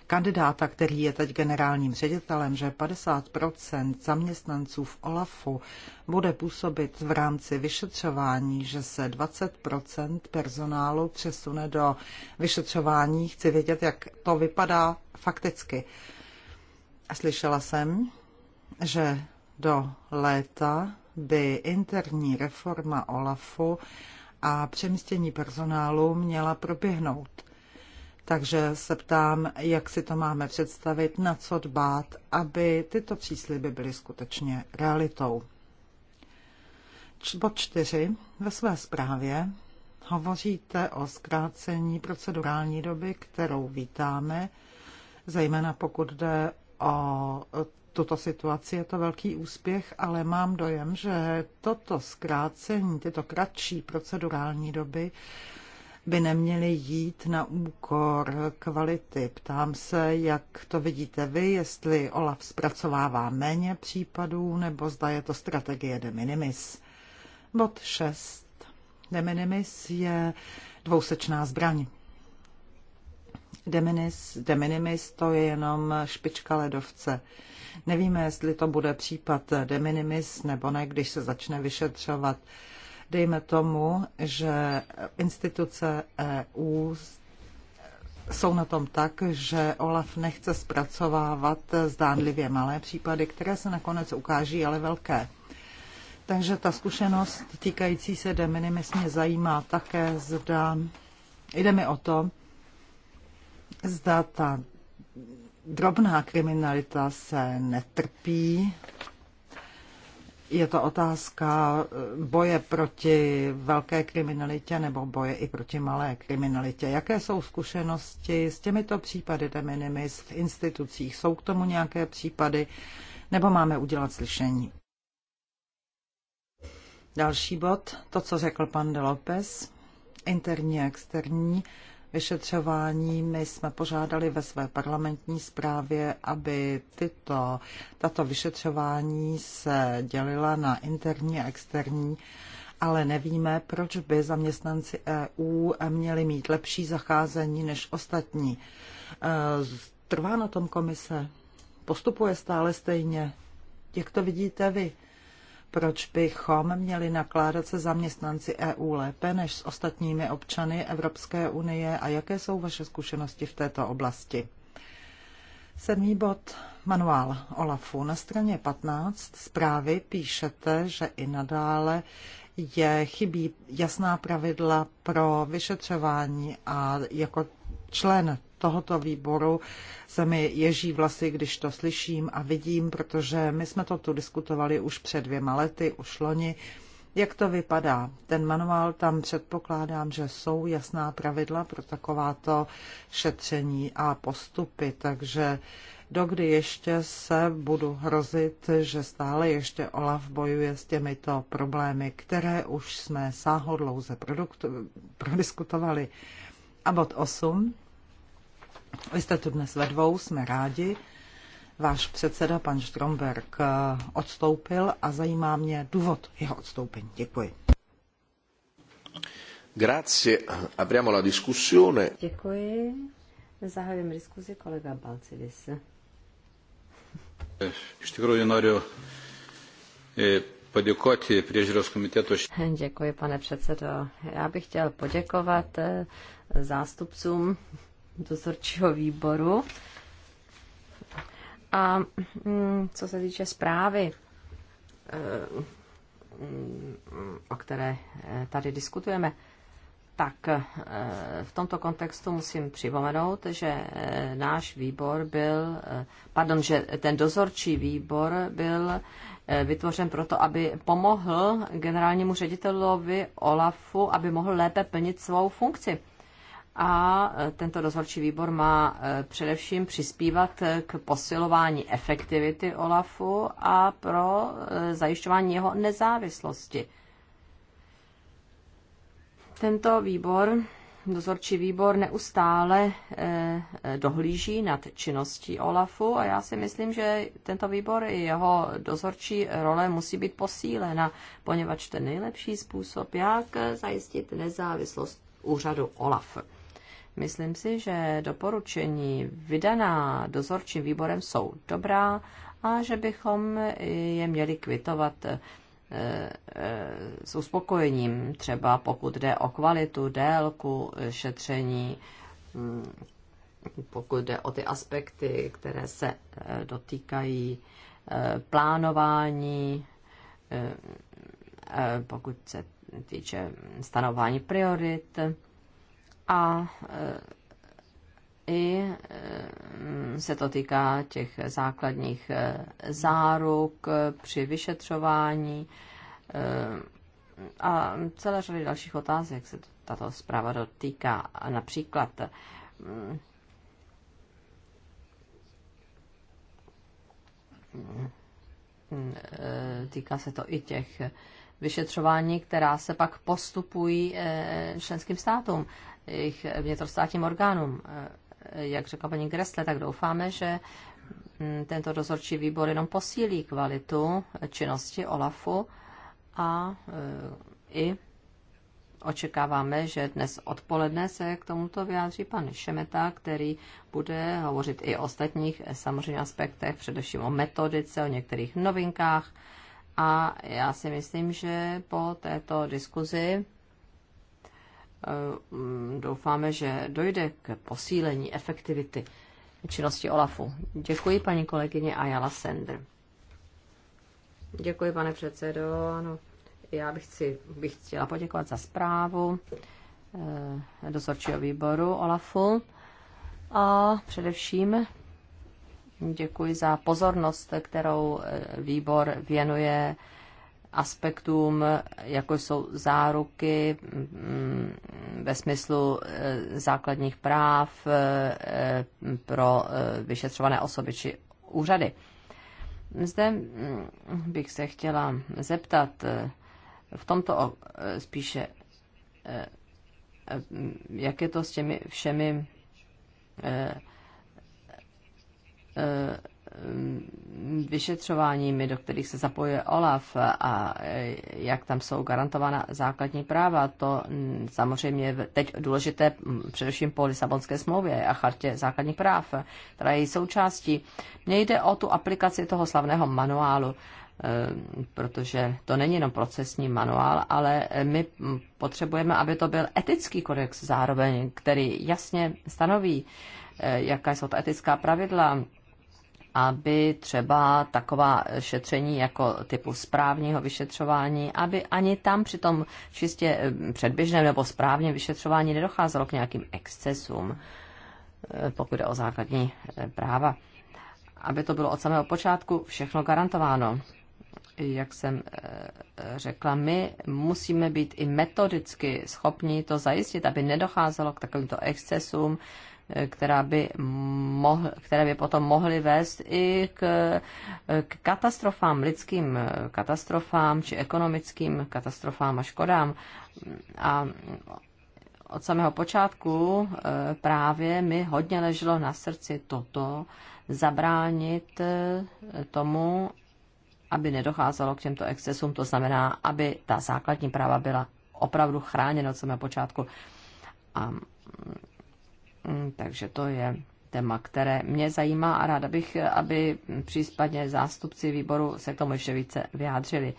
kandidáta, který je teď generálním ředitelem, že 50 zaměstnanců v OLAFu bude působit v rámci vyšetřování, že se 20 personálu přesune do vyšetřování. Chci vědět, jak to vypadá fakticky. A slyšela jsem, že do léta by interní reforma OLAFu a přemístění personálu měla proběhnout. Takže se ptám, jak si to máme představit, na co dbát, aby tyto přísliby byly skutečně realitou. Bod čtyři Ve své zprávě hovoříte o zkrácení procedurální doby, kterou vítáme, zejména pokud jde o tuto situaci. Je to velký úspěch, ale mám dojem, že toto zkrácení, tyto kratší procedurální doby by neměly jít na úkor kvality. Ptám se, jak to vidíte vy, jestli OLAF zpracovává méně případů, nebo zda je to strategie de minimis. Bod 6. De minimis je dvousečná zbraň. De minimis, de minimis to je jenom špička ledovce. Nevíme, jestli to bude případ de minimis nebo ne, když se začne vyšetřovat dejme tomu, že instituce EU jsou na tom tak, že OLAF nechce zpracovávat zdánlivě malé případy, které se nakonec ukáží ale velké. Takže ta zkušenost týkající se de minimis mě zajímá také, zda, jde mi o to, zda ta drobná kriminalita se netrpí je to otázka eh, boje proti velké kriminalitě nebo boje i proti malé kriminalitě. Jaké jsou zkušenosti s těmito případy de minimis v institucích? Jsou k tomu nějaké případy nebo máme udělat slyšení? Další bod, to, co řekl pan de Lopez, interní a externí vyšetřování. My jsme požádali ve své parlamentní zprávě, aby tyto, tato vyšetřování se dělila na interní a externí, ale nevíme, proč by zaměstnanci EU měli mít lepší zacházení než ostatní. E, trvá na tom komise? Postupuje stále stejně? Jak to vidíte vy? Proč bychom měli nakládat se zaměstnanci EU lépe než s ostatními občany Evropské unie a jaké jsou vaše zkušenosti v této oblasti? Sedmý bod, manuál OLAFu. Na straně 15 zprávy píšete, že i nadále je chybí jasná pravidla pro vyšetřování a jako člen tohoto výboru se mi ježí vlasy, když to slyším a vidím, protože my jsme to tu diskutovali už před dvěma lety, už loni. Jak to vypadá? Ten manuál tam předpokládám, že jsou jasná pravidla pro takováto šetření a postupy, takže dokdy ještě se budu hrozit, že stále ještě Olaf bojuje s těmito problémy, které už jsme sáhodlouze produktu- [LAUGHS] prodiskutovali. A bod 8. Vy jste tu dnes ve dvou, jsme rádi. Váš předseda, pan Stromberg, eh, odstoupil a zajímá mě důvod jeho odstoupení. Děkuji. Grazie. Apriamo la discussione. Děkuji. Zahajujeme diskuzi kolega Balcidis. Iš tikrųjų noriu e, poděkovat priežiūros komitetu. Děkuji, pane předsedo. Já bych chtěl poděkovat e, zástupcům dozorčího výboru. A mm, co se týče zprávy, eh, o které eh, tady diskutujeme, tak eh, v tomto kontextu musím připomenout, že náš výbor byl, pardon, že ten dozorčí výbor byl vytvořen proto, aby pomohl generálnímu ředitelovi Olafu, aby mohl lépe plnit svou funkci a e, tento dozorčí výbor má e, především přispívat e, k posilování efektivity OLAFu a pro zajišťování jeho nezávislosti. Tento výbor, dozorčí výbor, neustále dohlíží nad činností OLAFu a já si myslím, že tento výbor i jeho dozorčí role musí být posílena, poněvadž ten nejlepší způsob, jak zajistit nezávislost úřadu OLAF. Myslím si, že doporučení vydaná dozorčím výborem jsou dobrá a že bychom je měli kvitovat eh, eh, s uspokojením, třeba pokud jde o kvalitu, délku eh, šetření, hm, pokud jde o ty aspekty, které se dotýkají plánování, pokud se týče stanování priorit a e, i e, se to týká těch základních e, záruk při vyšetřování a celé řady dalších otázek se tato zpráva dotýká. Například týká se to i těch vyšetřování, která se pak postupují členským státům jejich vnitrostátním orgánům. Eh, jak řekla paní Gresle, tak doufáme, že mm, tento dozorčí výbor jenom posílí kvalitu činnosti OLAFu a eh, i očekáváme, že dnes odpoledne se k tomuto vyjádří pan Šemeta, který bude hovořit i o ostatních eh, samozřejmě aspektech, především o metodice, o některých novinkách. A já si myslím, že po této diskuzi Eh, mm, doufáme, že dojde k posílení efektivity činnosti OLAFu. Děkuji paní kolegyně Ayala Sender. Děkuji, pane předsedo. Ano, já bych, chci, bych chtěla poděkovat za zprávu e, dozorčího výboru OLAFu a především děkuji za pozornost, kterou eh, výbor věnuje aspektům, jako jsou záruky mm, ve smyslu eh, základních práv eh, pro eh, vyšetřované osoby či úřady. Zde mm, bych se chtěla zeptat v tomto spíše, jak je to s těmi všemi Eh, vyšetřováními, do kterých se zapojuje OLAF a eh, jak tam jsou garantována základní práva, to mm, samozřejmě je teď důležité mm, především po Lisabonské smlouvě a chartě základních práv, která je její součástí. Mně jde o tu aplikaci toho slavného manuálu, eh, protože to není jenom procesní manuál, ale my mm, potřebujeme, aby to byl etický kodex zároveň, který jasně stanoví, jaká jsou ta etická pravidla, aby třeba taková šetření jako typu správního vyšetřování, aby ani tam při tom čistě eh, předběžném nebo správním vyšetřování nedocházelo k nějakým excesům, eh, pokud je o základní eh, práva. Aby to bylo od samého počátku všechno garantováno. Jak jsem řekla, my musíme být i metodicky schopni to zajistit, aby nedocházelo k takovýmto excesům, která by mohl, které by potom mohly vést i k, k katastrofám, lidským katastrofám či ekonomickým katastrofám a škodám. A od samého počátku eh, právě mi hodně leželo na srdci toto, zabránit eh, tomu, aby nedocházelo k těmto excesům, to znamená, aby ta základní práva byla opravdu chráněna od samého počátku. A Mm, takže to je téma, které mě zajímá a ráda bych, aby případně zástupci výboru se k tomu ještě více vyjádřili.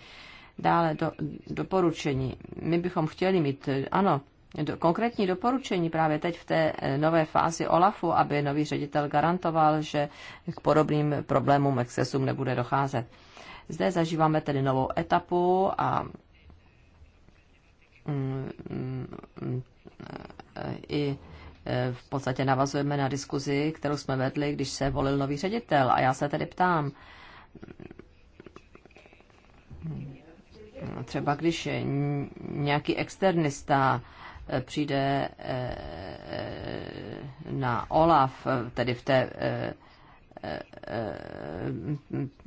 Dále do, doporučení. My bychom chtěli mít, ano, do, konkrétní doporučení právě teď v té eh, nové fázi OLAFu, aby nový ředitel garantoval, že k podobným problémům, excesům nebude docházet. Zde zažíváme tedy novou etapu a mm, mm, eh, i v podstatě navazujeme na diskuzi, kterou jsme vedli, když se volil nový ředitel. A já se tedy ptám, třeba když nějaký externista eh, přijde eh, na OLAF, tedy v té eh,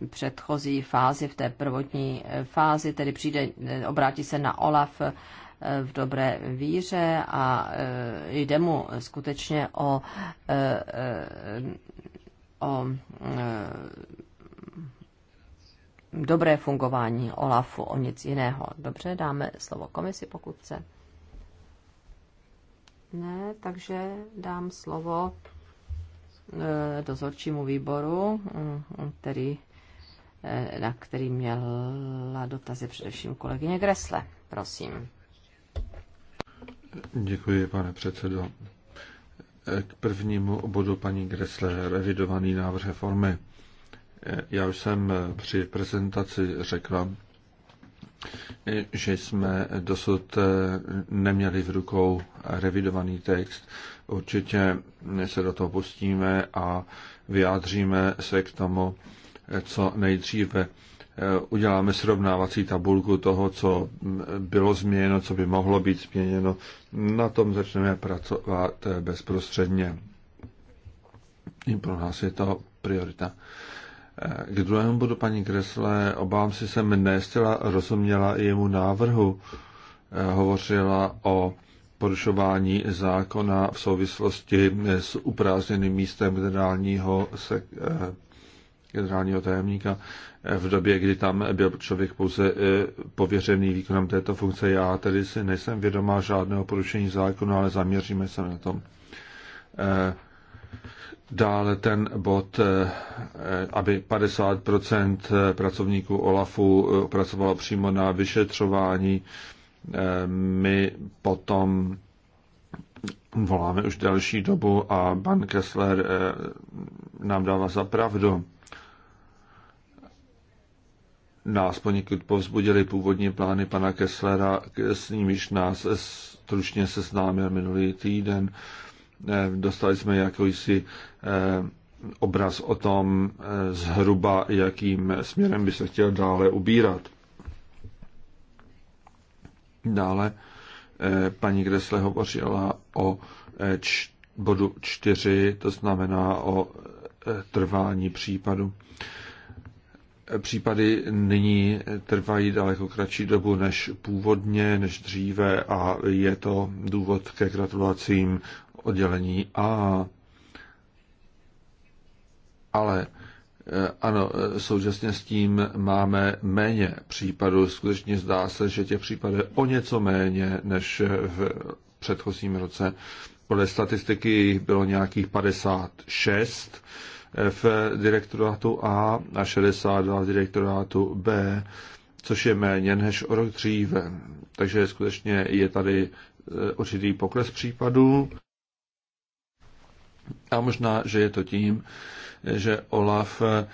předchozí fázi, v té prvotní fázi, tedy přijde, obrátí se na OLAF v dobré víře a e, jde mu skutečně o, e, e, o dobré fungování OLAFu, o nic jiného. Dobře, dáme slovo komisi, pokud se. Ne, takže dám slovo dozorčímu výboru, který, na který měla dotazy především kolegyně Gresle. Prosím. Děkuji, pane předsedo. K prvnímu bodu paní Gressle, revidovaný návrh reformy. Já už jsem při prezentaci řekla, že jsme dosud neměli v rukou revidovaný text. Určitě se do toho pustíme a vyjádříme se k tomu co nejdříve. Eh, uděláme srovnávací tabulku toho, co bylo změněno, co by mohlo být změněno. Na tom začneme pracovat eh, bezprostředně. I pro nás je to priorita. Eh, k druhému bodu paní Kresle, obávám si, jsem nestila rozuměla i jemu návrhu. Hovořila o porušování zákona v souvislosti s uprázdněným místem generálního, se, generálního tajemníka v době, kdy tam byl člověk pouze e, pověřený výkonem této funkce. Já tedy si nejsem vědomá žádného porušení zákonu, ale zaměříme se na tom. E, dále ten bod, e, aby 50 pracovníků OLAFu pracovalo přímo na vyšetřování. My potom voláme už delší dobu a pan Kessler nám dává za pravdu nás poněkud povzbudili původní plány pana Kesslera, s nimiž nás stručně seznámil minulý týden. Eh, dostali jsme jakýsi eh, obraz o tom eh, zhruba, jakým směrem by se chtěl dále ubírat. Dále paní Kressle hovořila o č- bodu 4, to znamená o trvání případu. Případy nyní trvají daleko kratší dobu než původně, než dříve a je to důvod ke gratulacím oddělení A. Ale eh, ano, eh, současně s tím máme méně případů. Skutečně zdá se, že těch případů je o něco méně než v předchozím roce. Podle statistiky bylo nějakých 56 v direktorátu A a 62 v direktorátu B, což je méně než o rok dříve. Takže skutečně je tady e, určitý pokles případů. A možná, že je to tím, že Olaf e,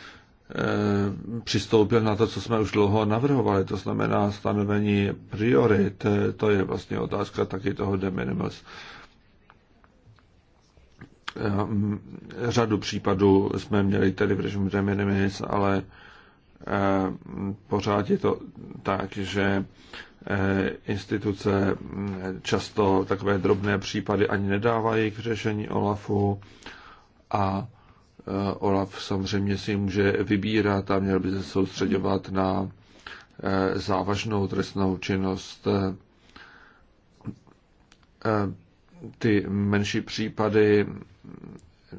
přistoupil na to, co jsme už dlouho navrhovali, to znamená stanovení priorit, to je vlastně otázka taky toho de minimis. Eh, řadu případů jsme měli tedy v režimu de minimis, ale eh, pořád je to tak, že eh, instituce hm, často takové drobné případy ani nedávají k řešení OLAFu a OLAF samozřejmě si může vybírat a měl by se soustředovat na závažnou trestnou činnost. Ty menší případy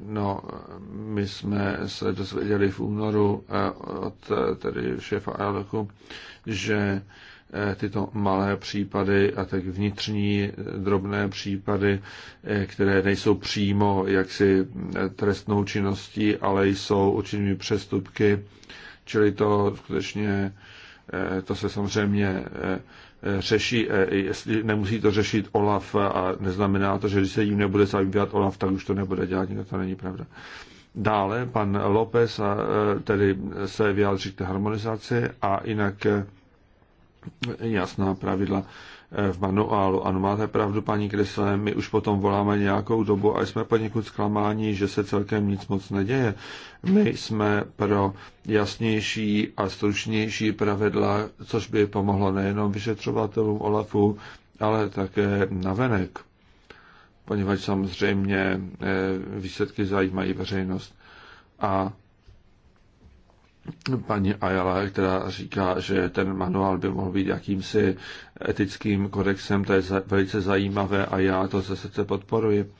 No, my jsme se dozvěděli v únoru eh, od eh, tedy šéfa Aeloku, že eh, tyto malé případy a tak vnitřní drobné případy, které nejsou přímo jaksi trestnou činností, ale jsou určitými přestupky, čili to skutečně, to se samozřejmě řeší, eh, jestli nemusí to řešit OLAF a neznamená to, že když se jim nebude zabývat OLAF, tak už to nebude dělat, nikdo to není pravda. Dále pan López a, eh, tedy se vyjádří k té harmonizaci a jinak eh, jasná pravidla v manuálu. Ano, máte pravdu, paní Kresle, my už potom voláme nějakou dobu a jsme poněkud zklamáni, že se celkem nic moc neděje. My jsme pro jasnější a stručnější pravidla, což by pomohlo nejenom vyšetřovatelům OLAFu, ale také navenek, poněvadž samozřejmě eh, výsledky zajímají veřejnost. A paní Ayala, která říká, že ten manuál by mohl být jakýmsi etickým kodexem, to je velice zajímavé a já to ze srdce podporuji.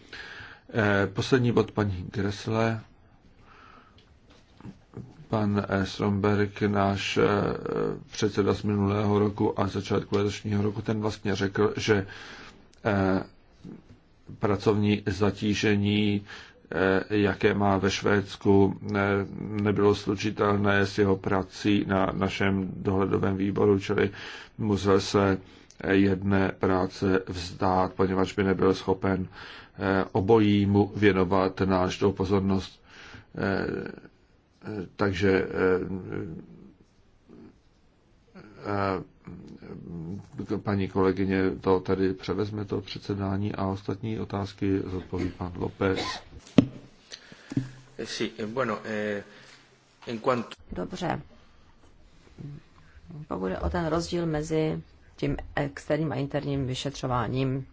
Eh, poslední bod paní Gressle. Pan eh, Stromberg, náš eh, předseda z minulého roku a začátku letošního roku, ten vlastně řekl, že pracovní zatížení Eh, jaké má ve Švédsku, eh, nebylo slučitelné s jeho prací na našem dohledovém výboru, čili musel se jedné práce vzdát, poněvadž by nebyl schopen eh, obojímu věnovat náležitou pozornost. Takže paní kolegyně to tady převezme to předsedání a ostatní otázky zodpoví pan López. Eh, eh, eh, Dobře. Pokud o ten rozdíl mezi tím externím a interním vyšetřováním,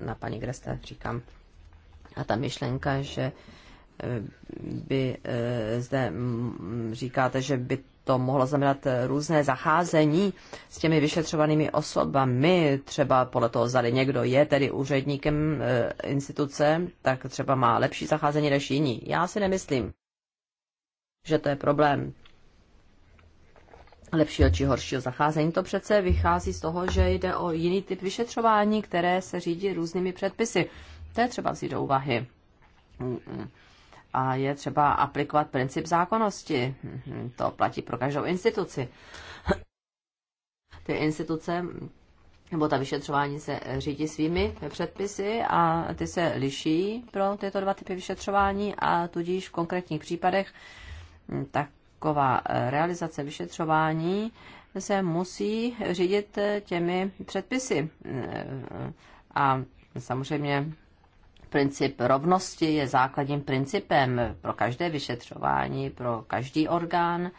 na paní Greste říkám, a ta myšlenka, že by zde říkáte, že by to mohlo znamenat různé zacházení s těmi vyšetřovanými osobami, třeba podle toho, zda někdo je tedy úředníkem eh, instituce, tak třeba má lepší zacházení než jiní. Já si nemyslím, že to je problém lepšího či horšího zacházení. To přece vychází z toho, že jde o jiný typ vyšetřování, které se řídí různými předpisy. To je třeba vzít do úvahy. Mm, mm a je třeba aplikovat princip zákonnosti. To platí pro každou instituci. Ty instituce nebo ta vyšetřování se řídí svými předpisy a ty se liší pro tyto dva typy vyšetřování a tudíž v konkrétních případech taková realizace vyšetřování se musí řídit těmi předpisy. A samozřejmě Princip rovnosti je základním principem pro každé vyšetřování, pro každý orgán,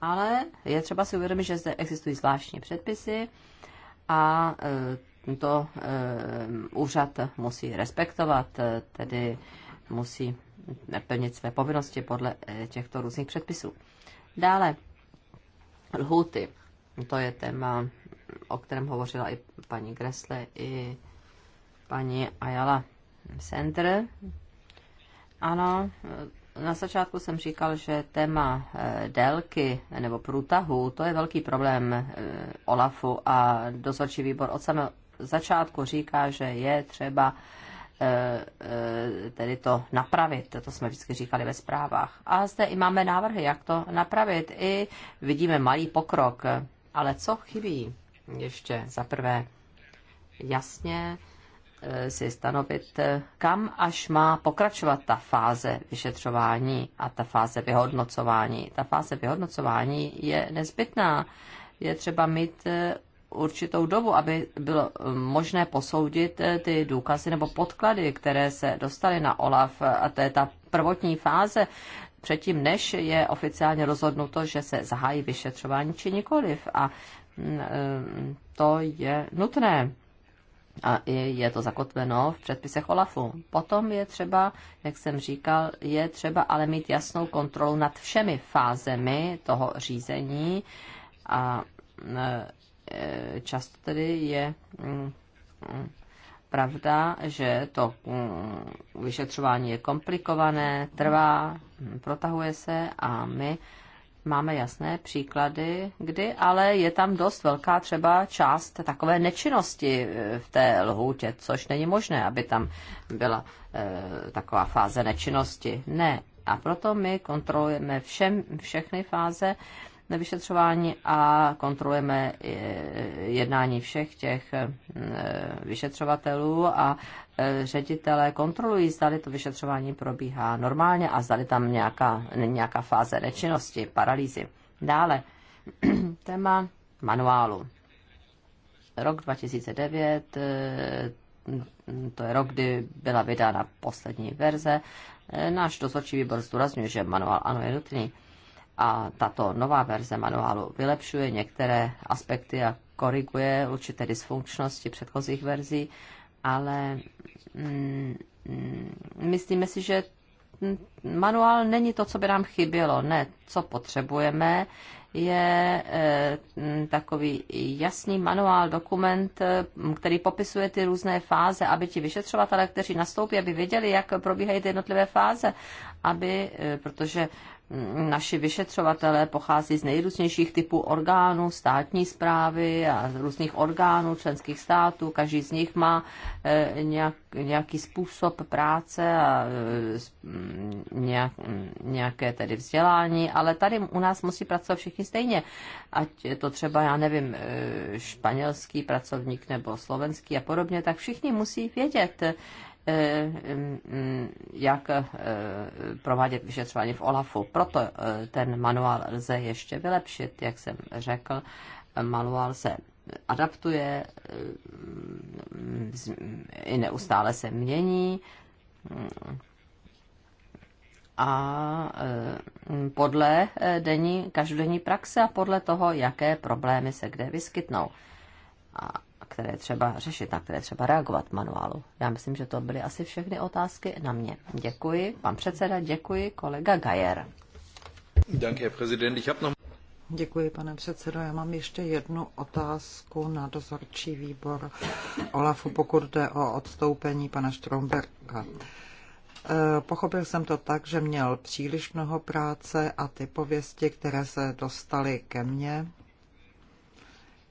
ale je třeba si uvědomit, že zde existují zvláštní předpisy a e, to e, úřad musí respektovat, e, tedy musí plnit své povinnosti podle těchto různých předpisů. Dále, lhuty. To je téma, o kterém hovořila i paní Gresle, i paní Ayala Center. Ano, na začátku jsem říkal, že téma eh, délky nebo průtahu, to je velký problém eh, OLAFu a dozorčí výbor od samého začátku říká, že je třeba eh, tedy to napravit. To jsme vždycky říkali ve zprávách. A zde i máme návrhy, jak to napravit. I vidíme malý pokrok. Ale co chybí ještě? Za prvé, jasně Eh, si stanovit, eh, kam až má pokračovat ta fáze vyšetřování a ta fáze vyhodnocování. Ta fáze vyhodnocování je nezbytná. Je třeba mít eh, určitou dobu, aby bylo možné posoudit ty důkazy nebo podklady, které se dostaly na OLAF a to je ta prvotní fáze, předtím než je oficiálně rozhodnuto, že se zahájí vyšetřování či nikoliv. A mm, to je nutné a je to zakotveno v předpisech OLAFu. Potom je třeba, jak jsem říkal, je třeba ale mít jasnou kontrolu nad všemi fázemi toho řízení a e, často tedy je mm, mm, pravda, že to mm, vyšetřování je komplikované, trvá, protahuje se a my máme jasné příklady, kdy, ale je tam dost velká třeba část takové nečinnosti eh, v té lhůtě, což není možné, aby tam byla e, taková fáze nečinnosti. Ne. A proto my kontrolujeme všem, všechny fáze vyšetřování a kontrolujeme eh, jednání všech těch eh, vyšetřovatelů a eh, ředitelé kontrolují, zdali to vyšetřování probíhá normálně a zdali tam nějaká, nějaká fáze nečinnosti, paralýzy. Dále, [CLEARS THROAT] téma manuálu. Rok 2009, to je rok, kdy byla vydána poslední verze. Náš dozorčí výbor zdůrazňuje, že manuál ano je nutný a tato nová verze manuálu vylepšuje některé aspekty a koriguje určité dysfunkčnosti předchozích verzí, ale mm, myslíme si, že manuál není to, co by nám chybělo. Ne, co potřebujeme, je e, mm, takový jasný manuál, dokument, e, který popisuje ty různé fáze, aby ti vyšetřovatelé, kteří nastoupí, aby věděli, jak probíhají ty jednotlivé fáze, aby, e, protože naši vyšetřovatelé pochází z nejrůznějších typů orgánů, státní zprávy a různých orgánů členských států. Každý z nich má eh, nějak, nějaký způsob práce a eh, mm, nějak, mm, nějaké tedy vzdělání, ale tady u nás musí pracovat všichni stejně. Ať je to třeba, já nevím, eh, španělský pracovník nebo slovenský a podobně, tak všichni musí vědět, Eh, mm, jak eh, provádět vyšetřování v OLAFu. Proto eh, ten manuál lze ještě vylepšit, jak jsem řekl. Manuál se adaptuje, i neustále se mění a podle denní, každodenní praxe a podle toho, jaké problémy se kde vyskytnou. A které třeba řešit, na které třeba reagovat manuálu. Já myslím, že to byly asi všechny otázky na mě. Děkuji, pan předseda, děkuji, kolega Gajer. Děkuji, pane předsedo. Já mám ještě jednu otázku na dozorčí výbor Olafu, pokud jde o odstoupení pana Štromberka. E, pochopil jsem to tak, že měl příliš mnoho práce a ty pověsti, které se dostaly ke mně,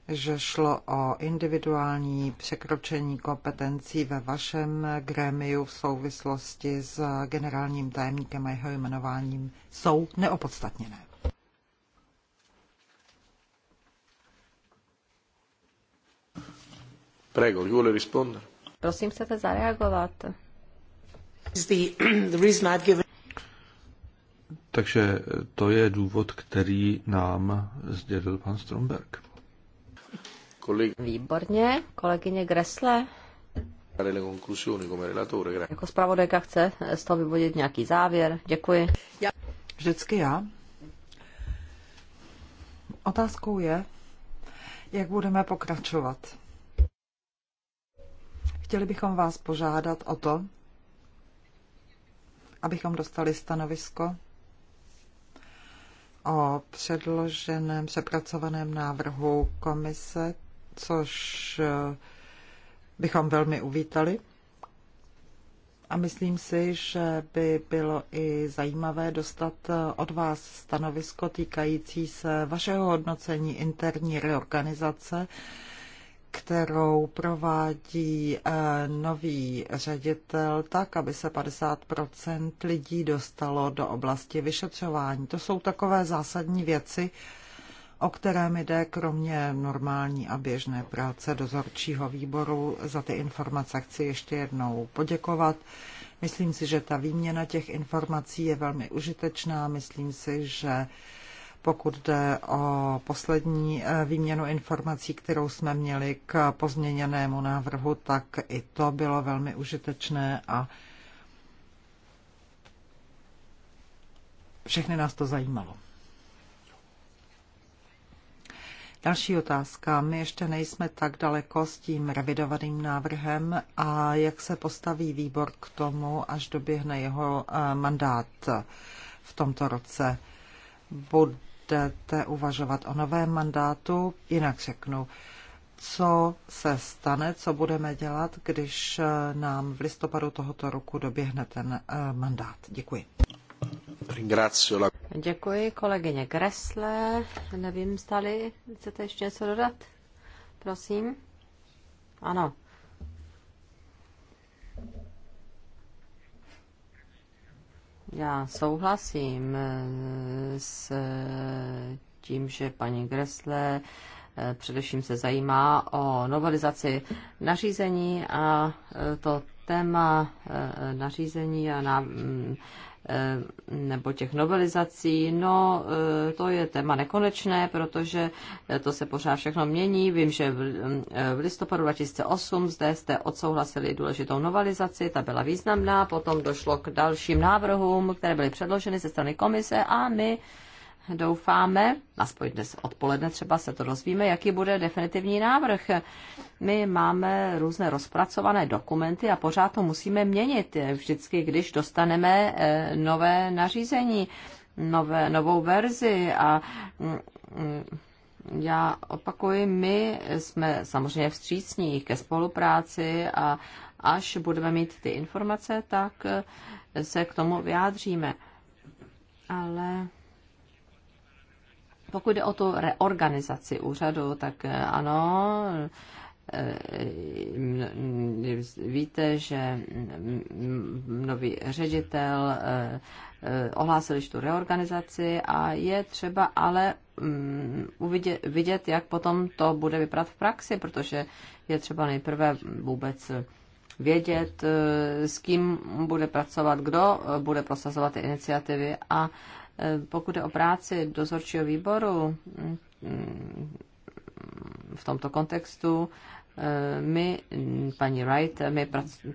že šlo o individuální překročení kompetencí ve vašem grémiu v souvislosti s generálním tajemníkem a jeho jmenováním jsou neopodstatněné. Prego, vuole rispondere? Prosím, chcete zareagovat? Takže to je důvod, který nám sdělil pan Stromberg. Výborně, kolegyně Gresle. Jako zpravodajka chce z toho vyvodit nějaký závěr. Děkuji. Vždycky já. Otázkou je, jak budeme pokračovat. Chtěli bychom vás požádat o to, abychom dostali stanovisko o předloženém přepracovaném návrhu komise což eh, bychom velmi uvítali. A myslím si, že by bylo i zajímavé dostat eh, od vás stanovisko týkající se vašeho hodnocení interní reorganizace, kterou provádí eh, nový ředitel tak, aby se 50 lidí dostalo do oblasti vyšetřování. To jsou takové zásadní věci, o které mi jde kromě normální a běžné práce dozorčího výboru. Za ty informace chci ještě jednou poděkovat. Myslím si, že ta výměna těch informací je velmi užitečná. Myslím si, že pokud jde o poslední eh, výměnu informací, kterou jsme měli k pozměněnému návrhu, tak i to bylo velmi užitečné a všechny nás to zajímalo. Další otázka. My ještě nejsme tak daleko s tím revidovaným návrhem a jak se postaví výbor k tomu, až doběhne jeho eh, mandát v tomto roce. Budete uvažovat o novém mandátu? Jinak řeknu, co se stane, co budeme dělat, když eh, nám v listopadu tohoto roku doběhne ten eh, mandát. Děkuji. Děkuji kolegyně Gressle. Nevím, stali, chcete ještě něco dodat? Prosím. Ano. Já souhlasím eh, s tím, že paní Gressle eh, především se zajímá o novelizaci nařízení a eh, to téma nařízení a na, Eh, nebo těch novelizací, no eh, to je téma nekonečné, protože eh, to se pořád všechno mění. Vím, že v listopadu 2008 zde jste odsouhlasili důležitou novelizaci, ta byla významná, potom došlo k dalším návrhům, které byly předloženy ze strany komise a my doufáme, aspoň dnes odpoledne třeba se to dozvíme, jaký bude definitivní návrh. My máme různé rozpracované dokumenty a pořád to musíme měnit eh, vždycky, když dostaneme eh, nové nařízení, nové, novou verzi a mm, mm, já opakuji, my jsme samozřejmě vstřícní ke spolupráci a až budeme mít ty informace, tak eh, se k tomu vyjádříme. Ale pokud jde o tu reorganizaci úřadu, tak eh, ano, eh, víte, že nový ředitel eh, ohlásil tu reorganizaci a je třeba ale mm, uvidět, vidět, jak potom to bude vypadat v praxi, protože je třeba nejprve vůbec vědět, s kým bude pracovat, kdo bude prosazovat ty iniciativy a Eh, pokud je o práci dozorčího výboru mm, v tomto kontextu, eh, my, paní Wright, my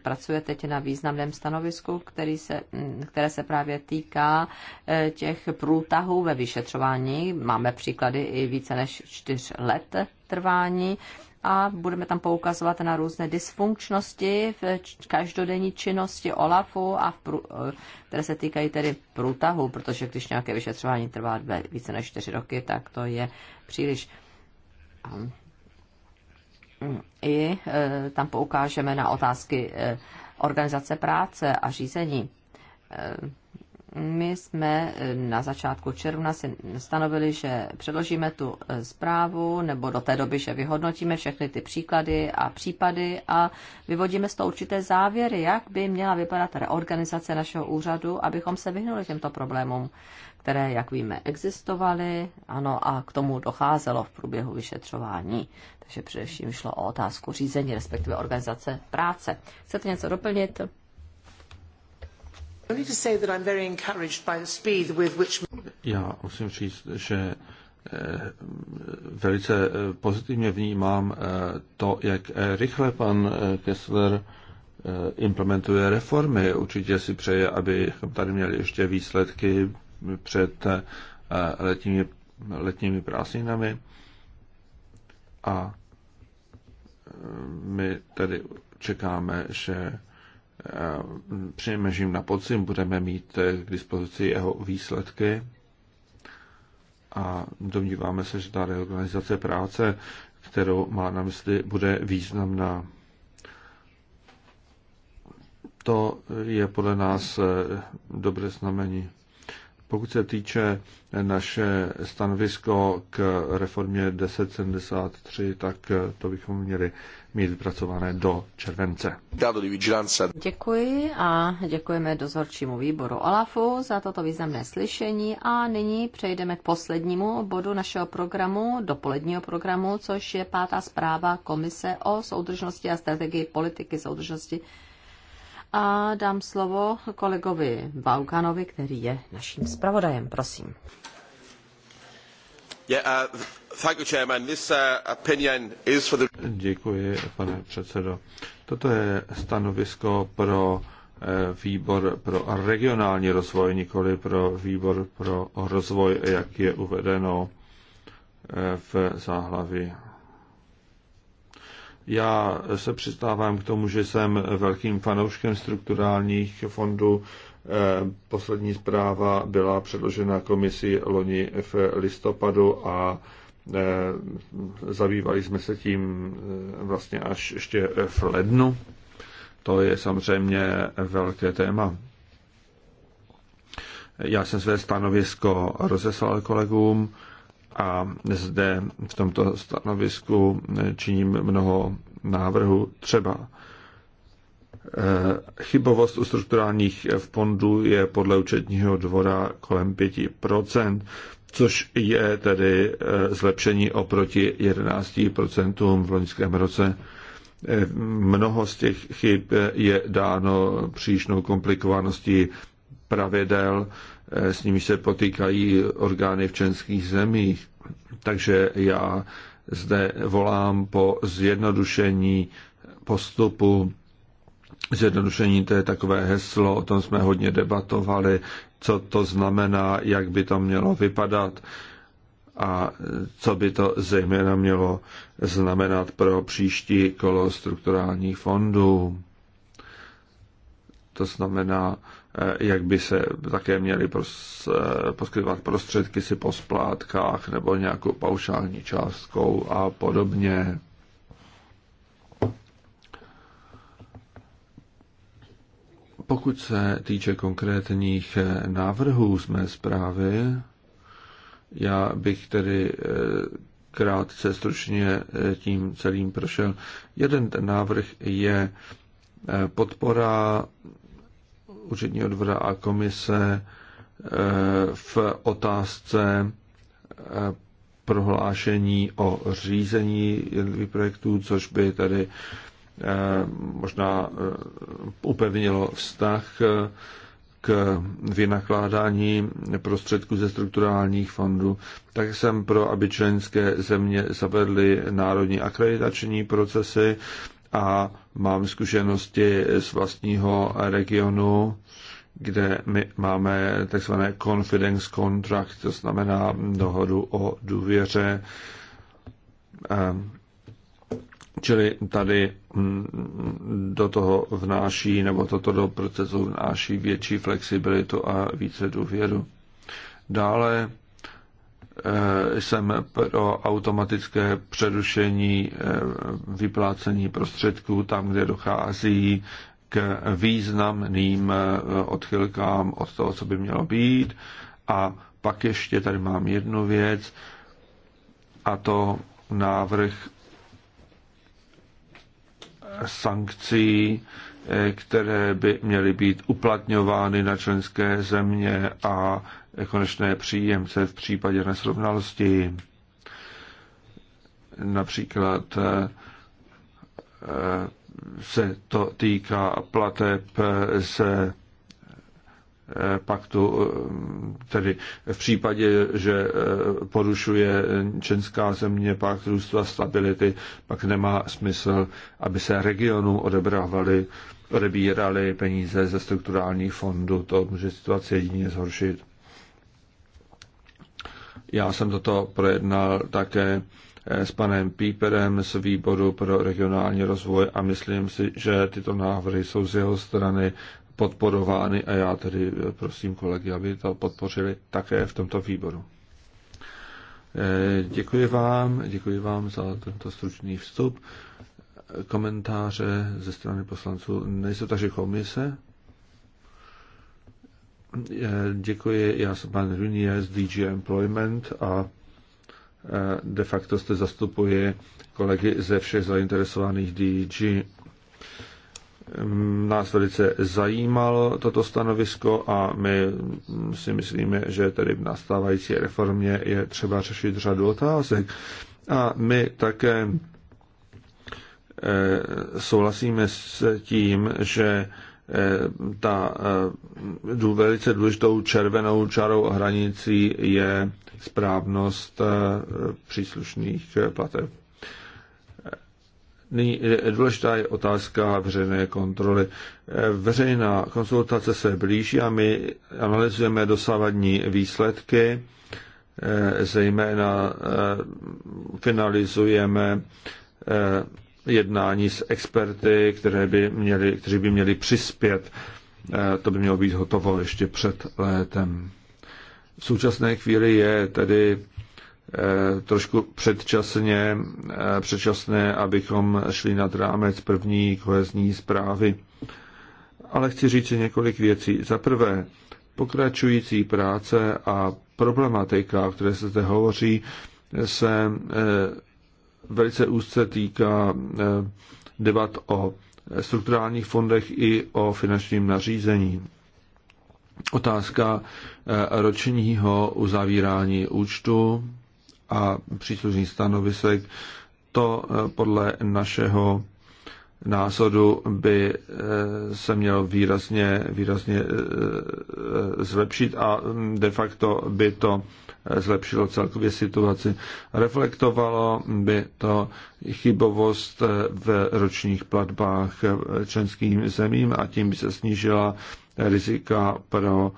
pracuje teď na významném stanovisku, který se, mm, které se právě týká eh, těch průtahů ve vyšetřování. Máme příklady i více než čtyř let trvání a budeme tam poukazovat na různé dysfunkčnosti v každodenní činnosti OLAFu, a v prů, eh, které se týkají tedy průtahu, protože když nějaké vyšetřování trvá dve, více než čtyři roky, tak to je příliš. I eh, tam poukážeme na otázky eh, organizace práce a řízení my jsme eh, na začátku června si stanovili, že předložíme tu eh, zprávu, nebo do té doby, že vyhodnotíme všechny ty příklady a případy a vyvodíme z toho určité závěry, jak by měla vypadat reorganizace našeho úřadu, abychom se vyhnuli těmto problémům, které, jak víme, existovaly, ano, a k tomu docházelo v průběhu vyšetřování. Takže především šlo o otázku řízení, respektive organizace práce. Chcete něco doplnit? Já musím říct, že eh, velice eh, pozitivně vnímám eh, to, jak rychle pan Kessler implementuje reformy. Určitě si přeje, aby tady měli ještě výsledky před letními, letními prázdninami. A my tady čekáme, že Přinejmenším na podzim budeme mít eh, k dispozici jeho výsledky a domníváme se, že ta reorganizace práce, kterou má na mysli, bude významná. To je podle nás eh, dobré znamení. Pokud se týče naše stanovisko k reformě 1073, tak to bychom měli mít vypracované do července. Děkuji a děkujeme dozorčímu výboru OLAFu za toto významné slyšení a nyní přejdeme k poslednímu bodu našeho programu, dopoledního programu, což je pátá zpráva Komise o soudržnosti a strategii politiky soudržnosti a dám slovo kolegovi Baukanovi, který je naším zpravodajem. Prosím. Uh, uh, Děkuji, pane předsedo. Toto je stanovisko pro eh, výbor pro regionální rozvoj, nikoli pro výbor pro rozvoj, jak je uvedeno eh, v záhlaví já se přistávám k tomu, že jsem velkým fanouškem strukturálních fondů. Eh, poslední zpráva byla předložena komisi loni v listopadu a eh, zabývali jsme se tím eh, vlastně až ještě v lednu. To je samozřejmě velké téma. Já jsem své stanovisko rozeslal kolegům a zde v tomto stanovisku činím mnoho návrhů. Třeba eh, chybovost u strukturálních fondů je podle účetního dvora kolem 5%, což je tedy eh, zlepšení oproti 11% v loňském roce. Eh, mnoho z těch chyb je dáno přílišnou komplikovaností pravidel, Eh, s nimi se potýkají orgány v členských zemích. Takže já zde volám po zjednodušení postupu. Zjednodušení to je takové heslo, o tom jsme hodně debatovali, co to znamená, jak by to mělo vypadat a co by to zejména mělo znamenat pro příští kolo strukturálních fondů. To znamená, Eh, jak by se také měly eh, poskytovat prostředky si po splátkách nebo nějakou paušální částkou a podobně. Pokud se týče konkrétních eh, návrhů z mé zprávy, já bych tedy krátce stručně tím celým prošel. Jeden ten návrh je podpora úředního dvora a komise eh, v otázce eh, prohlášení o řízení jednotlivých projektů, což by tedy eh, možná upevnilo vztah k vynakládání prostředků ze strukturálních fondů, tak jsem pro, aby členské země zavedly národní akreditační procesy, a mám zkušenosti z vlastního regionu, kde my máme takzvané confidence contract, to znamená dohodu o důvěře. Ehm, čili tady hm, do toho vnáší, nebo toto do procesu vnáší větší flexibilitu a více důvěru. Dále Eh, jsem pro automatické přerušení eh, vyplácení prostředků tam, kde dochází k významným eh, odchylkám od toho, co by mělo být. A pak ještě tady mám jednu věc, a to návrh sankcí, které by měly být uplatňovány na členské země a konečné příjemce v případě nesrovnalosti. Například eh, se to týká plateb se eh, paktu, eh, tedy v případě, že porušuje čenská země pakt růstu a stability, pak nemá smysl, aby se regionu odebrávali, odebírali peníze ze strukturálních fondů. To může situaci jedině zhoršit. Já jsem toto projednal také eh, s panem Píperem z výboru pro regionální rozvoj a myslím si, že tyto návrhy jsou z jeho strany podporovány a já tedy eh, prosím kolegy, aby to podpořili také v tomto výboru. Eh, děkuji vám, děkuji vám za tento stručný vstup. Komentáře ze strany poslanců nejsou, takže komise. Děkuji, já jsem pan Runie z DG Employment a e, de facto jste zastupuje kolegy ze všech zainteresovaných DG. Nás velice zajímalo toto stanovisko a my si myslíme, že tady v nastávající reformě je třeba řešit řadu otázek. A my také e, souhlasíme s tím, že Eh, ta eh, velice důležitou červenou čarou a hranicí je správnost eh, příslušných plateb. Nyní důležitá je otázka veřejné kontroly. Veřejná konsultace se blíží a my analyzujeme dosávadní výsledky, zejména finalizujeme jednání s experty, které by měli, kteří by měli přispět. Eh, to by mělo být hotovo ještě před létem. V současné chvíli je tedy eh, trošku předčasně, eh, předčasné, abychom šli nad rámec první kohezní zprávy. Ale chci říct několik věcí. Za prvé, pokračující práce a problematika, o které se zde hovoří, se velice úzce týká eh, debat o strukturálních fondech i o finančním nařízení. Otázka eh, ročního uzavírání účtu a příslušných stanovisek, to eh, podle našeho názoru by se mělo výrazně, výrazně zlepšit a mm, de facto by to zlepšilo celkově situaci. Reflektovalo by to chybovost v ročních platbách členským zemím a tím by se snížila rizika pro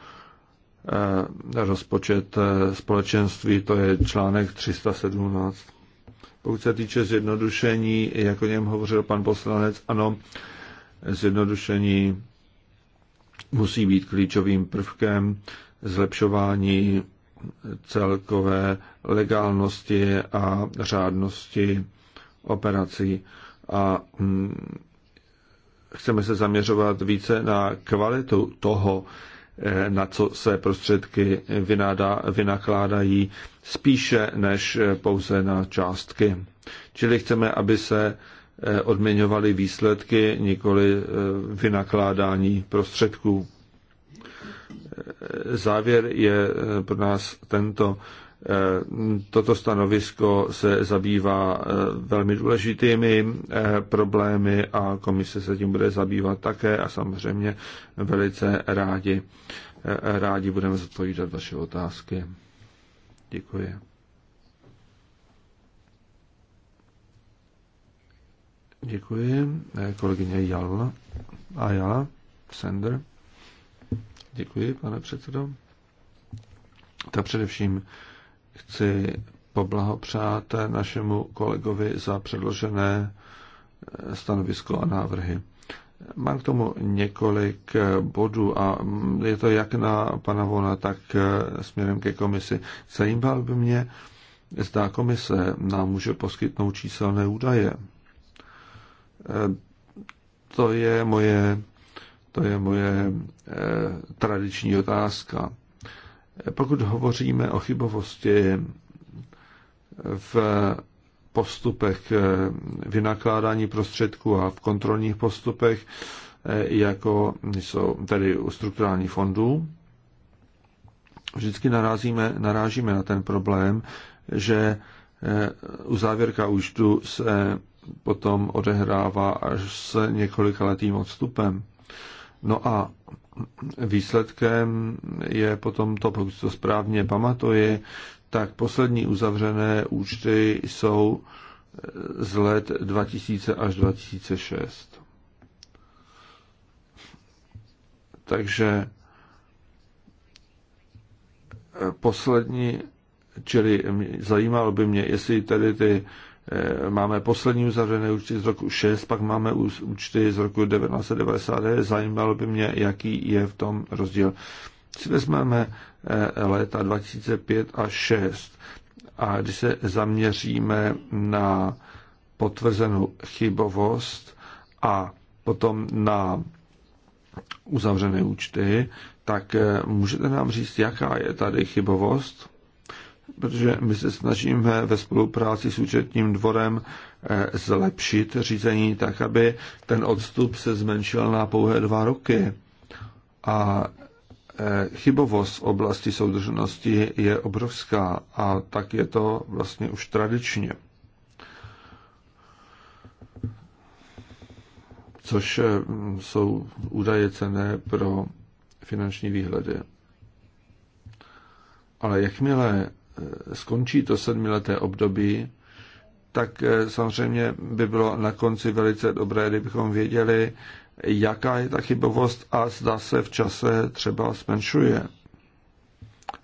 eh, rozpočet eh, společenství, to je článek 317. Pokud se týče zjednodušení, jak o něm hovořil pan poslanec, ano, zjednodušení musí být klíčovým prvkem zlepšování celkové legálnosti a řádnosti operací. A mm, chceme se zaměřovat více na kvalitu toho, eh, na co se prostředky vynáda, vynakládají, spíše než pouze na částky. Čili chceme, aby se eh, odměňovaly výsledky, nikoli eh, vynakládání prostředků. Závěr je eh, pro nás tento. Eh, toto stanovisko se zabývá eh, velmi důležitými problémy a komise se tím bude zabývat také a samozřejmě velice rádi, rádi budeme zodpovídat vaše otázky. Děkuji. Děkuji. Kolegyně Jal a Jala Sender. Děkuji, pane předsedo. Tak především chci poblahopřát našemu kolegovi za předložené eh, stanovisko a návrhy. Mám k tomu několik eh, bodů a mm, je to jak na pana Vona, tak eh, směrem ke komisi. Zajímal by mě, zda komise nám může poskytnout číselné údaje. To je moje to je moje eh, tradiční otázka. Pokud hovoříme o chybovosti eh, v postupech eh, vynakládání prostředků a v kontrolních postupech, jako jsou tedy u strukturálních fondů, vždycky narazíme, narážíme na ten problém, že u závěrka účtu se potom odehrává až s několikaletým odstupem. No a výsledkem je potom to, pokud to správně pamatuje, tak poslední uzavřené účty jsou z let 2000 až 2006. Takže poslední, čili zajímalo by mě, jestli tedy ty Eh, máme poslední uzavřené účty z roku 6, pak máme účty z roku 1999. Zajímalo by mě, jaký je v tom rozdíl. Si vezmeme eh, léta 2005 a 6 a když se zaměříme na potvrzenou chybovost a potom na uzavřené účty, tak eh, můžete nám říct, jaká je tady chybovost? protože my se snažíme ve spolupráci s účetním dvorem eh, zlepšit řízení tak, aby ten odstup se zmenšil na pouhé dva roky. A eh, chybovost v oblasti soudržnosti je obrovská a tak je to vlastně už tradičně. Což eh, jsou údaje cené pro finanční výhledy. Ale jakmile Eh, skončí to sedmileté období, tak eh, samozřejmě by bylo na konci velice dobré, kdybychom věděli, jaká je ta chybovost a zda se v čase třeba zmenšuje.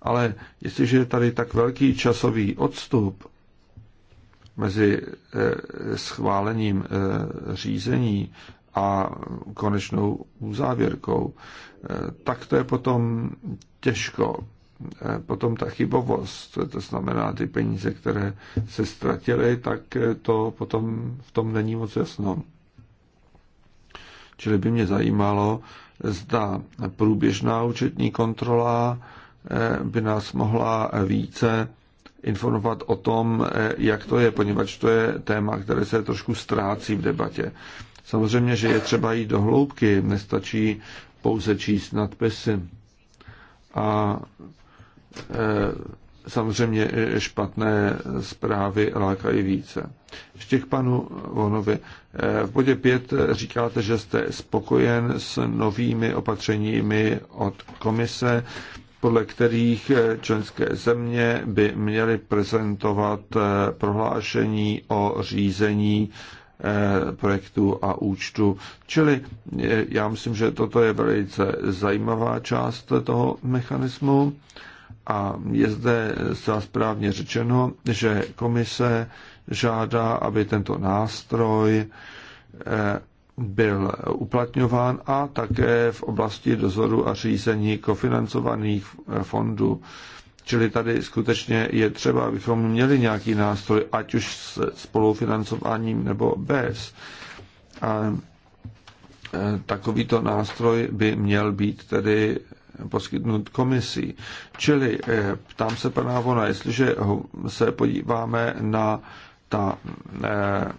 Ale jestliže je tady tak velký časový odstup mezi eh, schválením řízení a konečnou závěrkou, tak to je potom těžko Eh, potom ta chybovost, to znamená ty peníze, které se ztratily, tak eh, to potom v tom není moc jasno. Čili by mě zajímalo, zda průběžná účetní kontrola eh, by nás mohla více informovat o tom, jak to je, poněvadž to je téma, které se trošku ztrácí v debatě. Samozřejmě, že je třeba jít do hloubky, nestačí pouze číst nadpisy. A Eh, samozřejmě špatné zprávy lákají více. Ještě k panu Vonovi. Eh, v bodě 5 říkáte, že jste spokojen s novými opatřeními od komise, podle kterých eh, členské země by měly prezentovat prohlášení o řízení projektu a účtu. Čili já myslím, že toto je velice zajímavá část toho mechanismu. A je zde zcela správně řečeno, že komise žádá, aby tento nástroj eh, byl uplatňován a také v oblasti dozoru a řízení kofinancovaných eh, fondů. Čili tady skutečně je třeba, abychom měli nějaký nástroj, ať už s spolufinancováním nebo bez. A eh, takovýto nástroj by měl být tedy poskytnut komisí. Čili eh, ptám se pana Vona, jestliže se podíváme na ta, eh,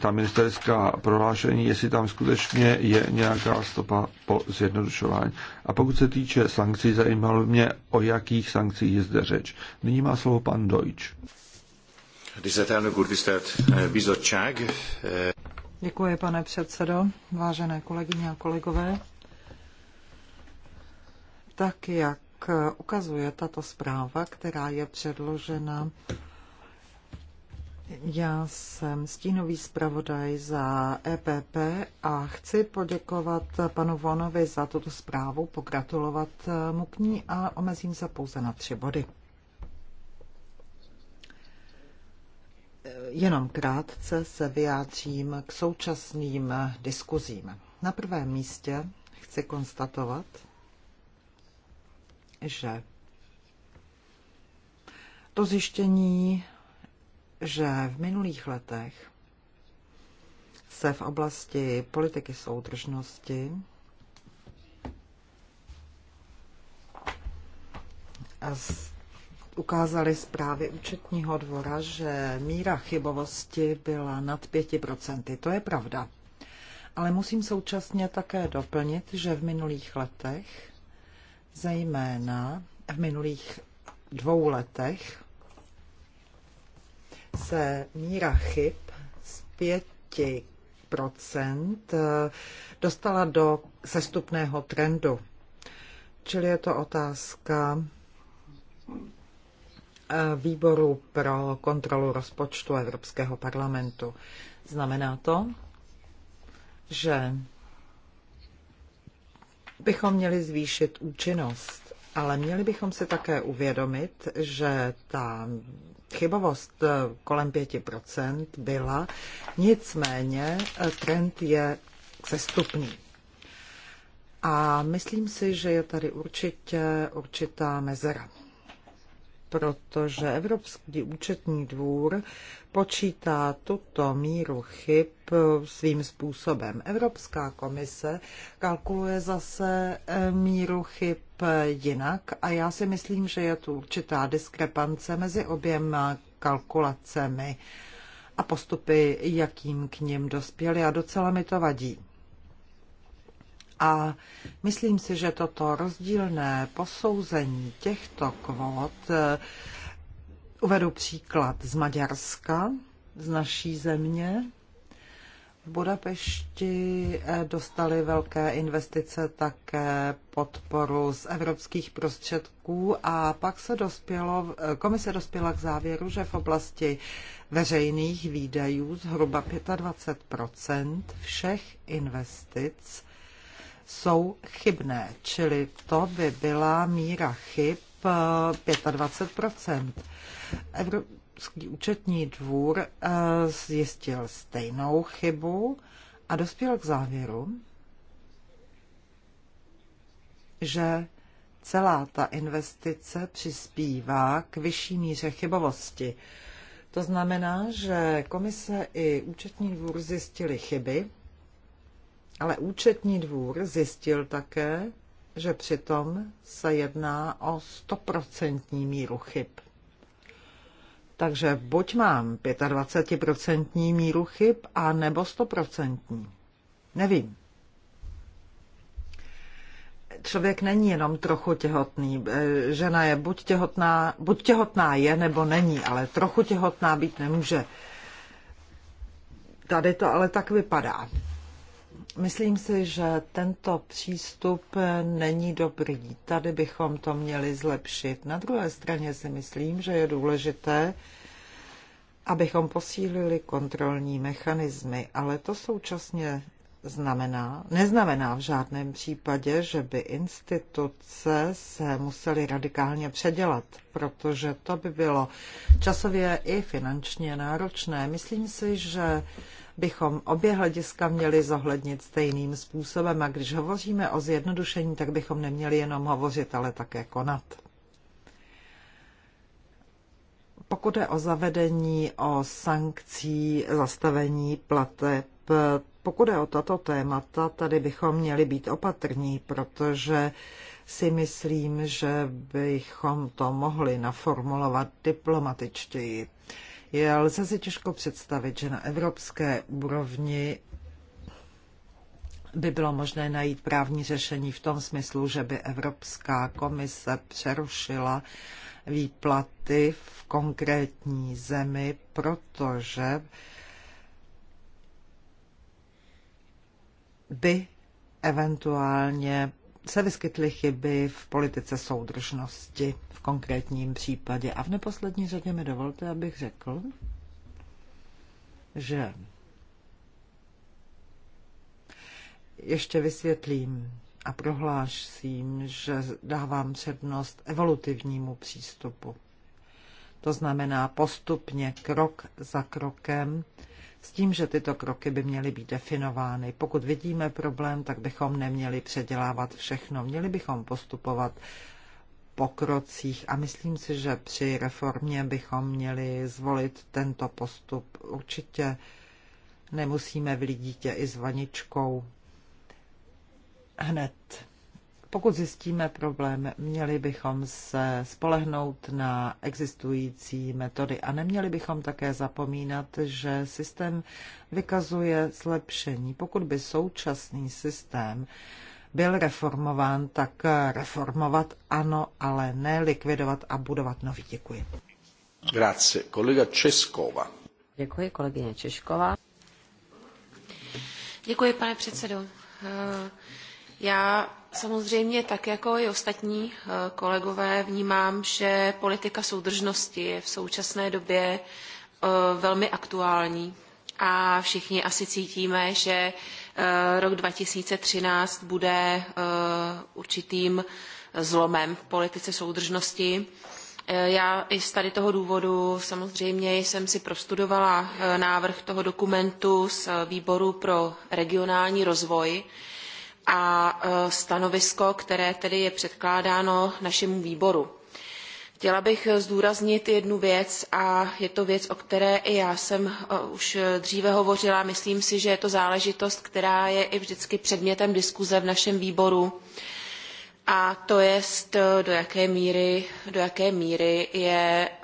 ta ministerská prohlášení, jestli tam skutečně je nějaká stopa po zjednodušování. A pokud se týče sankcí, zajímalo mě, o jakých sankcích je zde řeč. Nyní má slovo pan Deutsch. Eh, Děkuji, pane předsedo, vážené kolegyně a kolegové tak jak ukazuje tato zpráva, která je předložena, já jsem stínový zpravodaj za EPP a chci poděkovat panu Vonovi za tuto zprávu, pogratulovat mu k ní a omezím se pouze na tři body. Jenom krátce se vyjádřím k současným diskuzím. Na prvém místě chci konstatovat, že to zjištění, že v minulých letech se v oblasti politiky soudržnosti ukázaly zprávy účetního dvora, že míra chybovosti byla nad 5%. To je pravda. Ale musím současně také doplnit, že v minulých letech Zejména v minulých dvou letech se míra chyb z 5% eh, dostala do sestupného trendu. Čili je to otázka eh, výboru pro kontrolu rozpočtu Evropského parlamentu. Znamená to, že bychom měli zvýšit účinnost, ale měli bychom si také uvědomit, že ta chybovost eh, kolem 5% byla, nicméně eh, trend je sestupný. A myslím si, že je tady určitě určitá mezera protože Evropský účetní dvůr počítá tuto míru chyb svým způsobem. Evropská komise kalkuluje zase eh, míru chyb jinak a já si myslím, že je tu určitá diskrepance mezi oběma kalkulacemi a postupy, jakým k ním dospěli a docela mi to vadí. A myslím si, že toto rozdílné posouzení těchto kvót eh, uvedu příklad z Maďarska, z naší země. V Budapešti eh, dostali velké investice také podporu z evropských prostředků a pak se dospělo, eh, komise dospěla k závěru, že v oblasti veřejných výdajů zhruba 25 všech investic jsou chybné, čili to by byla míra chyb eh, 25 Evropský účetní dvůr eh, zjistil stejnou chybu a dospěl k závěru, že celá ta investice přispívá k vyšší míře chybovosti. To znamená, že komise i účetní dvůr zjistili chyby, ale účetní dvůr zjistil také, že přitom se jedná o stoprocentní míru chyb. Takže buď mám 25% míru chyb, a nebo 100%. Nevím. Člověk není jenom trochu těhotný. Eh, žena je buď těhotná, buď těhotná je, nebo není, ale trochu těhotná být nemůže. Tady to ale tak vypadá. Myslím si, že tento přístup není dobrý. Tady bychom to měli zlepšit. Na druhé straně si myslím, že je důležité, abychom posílili kontrolní mechanismy, ale to současně znamená, neznamená v žádném případě, že by instituce se musely radikálně předělat, protože to by bylo časově i finančně náročné. Myslím si, že bychom obě hlediska měli zohlednit stejným způsobem a když hovoříme o zjednodušení, tak bychom neměli jenom hovořit, ale také konat. Pokud je o zavedení o sankcí, zastavení plateb, pokud je o tato témata, tady bychom měli být opatrní, protože si myslím, že bychom to mohli naformulovat diplomatičtěji je lze si těžko představit, že na evropské úrovni by bylo možné najít právní řešení v tom smyslu, že by Evropská komise přerušila výplaty v konkrétní zemi, protože by eventuálně se vyskytly chyby v politice soudržnosti v konkrétním případě. A v neposlední řadě mi dovolte, abych řekl, že ještě vysvětlím a prohlásím, že dávám přednost evolutivnímu přístupu. To znamená postupně krok za krokem s tím, že tyto kroky by měly být definovány. Pokud vidíme problém, tak bychom neměli předělávat všechno. Měli bychom postupovat krocích a myslím si, že při reformě bychom měli zvolit tento postup. Určitě nemusíme vylít dítě i s vaničkou hned pokud zjistíme problém, měli bychom se spolehnout na existující metody a neměli bychom také zapomínat, že systém vykazuje zlepšení. Pokud by současný systém byl reformován, tak reformovat ano, ale ne likvidovat a budovat nový. Děkuji. Grazie. Kolega Českova. Děkuji, kolegyně Češková. Děkuji, pane předsedo. Eh, já Samozřejmě tak jako i ostatní eh, kolegové vnímám, že politika soudržnosti je v současné době eh, velmi aktuální a všichni asi cítíme, že eh, rok 2013 bude určitým zlomem v politice soudržnosti. Já i z tady toho důvodu samozřejmě jsem si prostudovala návrh toho dokumentu z výboru pro regionální rozvoj, a e, stanovisko, které tedy je předkládáno našemu výboru. Chtěla bych zdůraznit jednu věc a je to věc, o které i já jsem e, už dříve hovořila. Myslím si, že je to záležitost, která je i vždycky předmětem diskuze v našem výboru. Uh, a to je, eh, do jaké míry, do jaké míry je eh,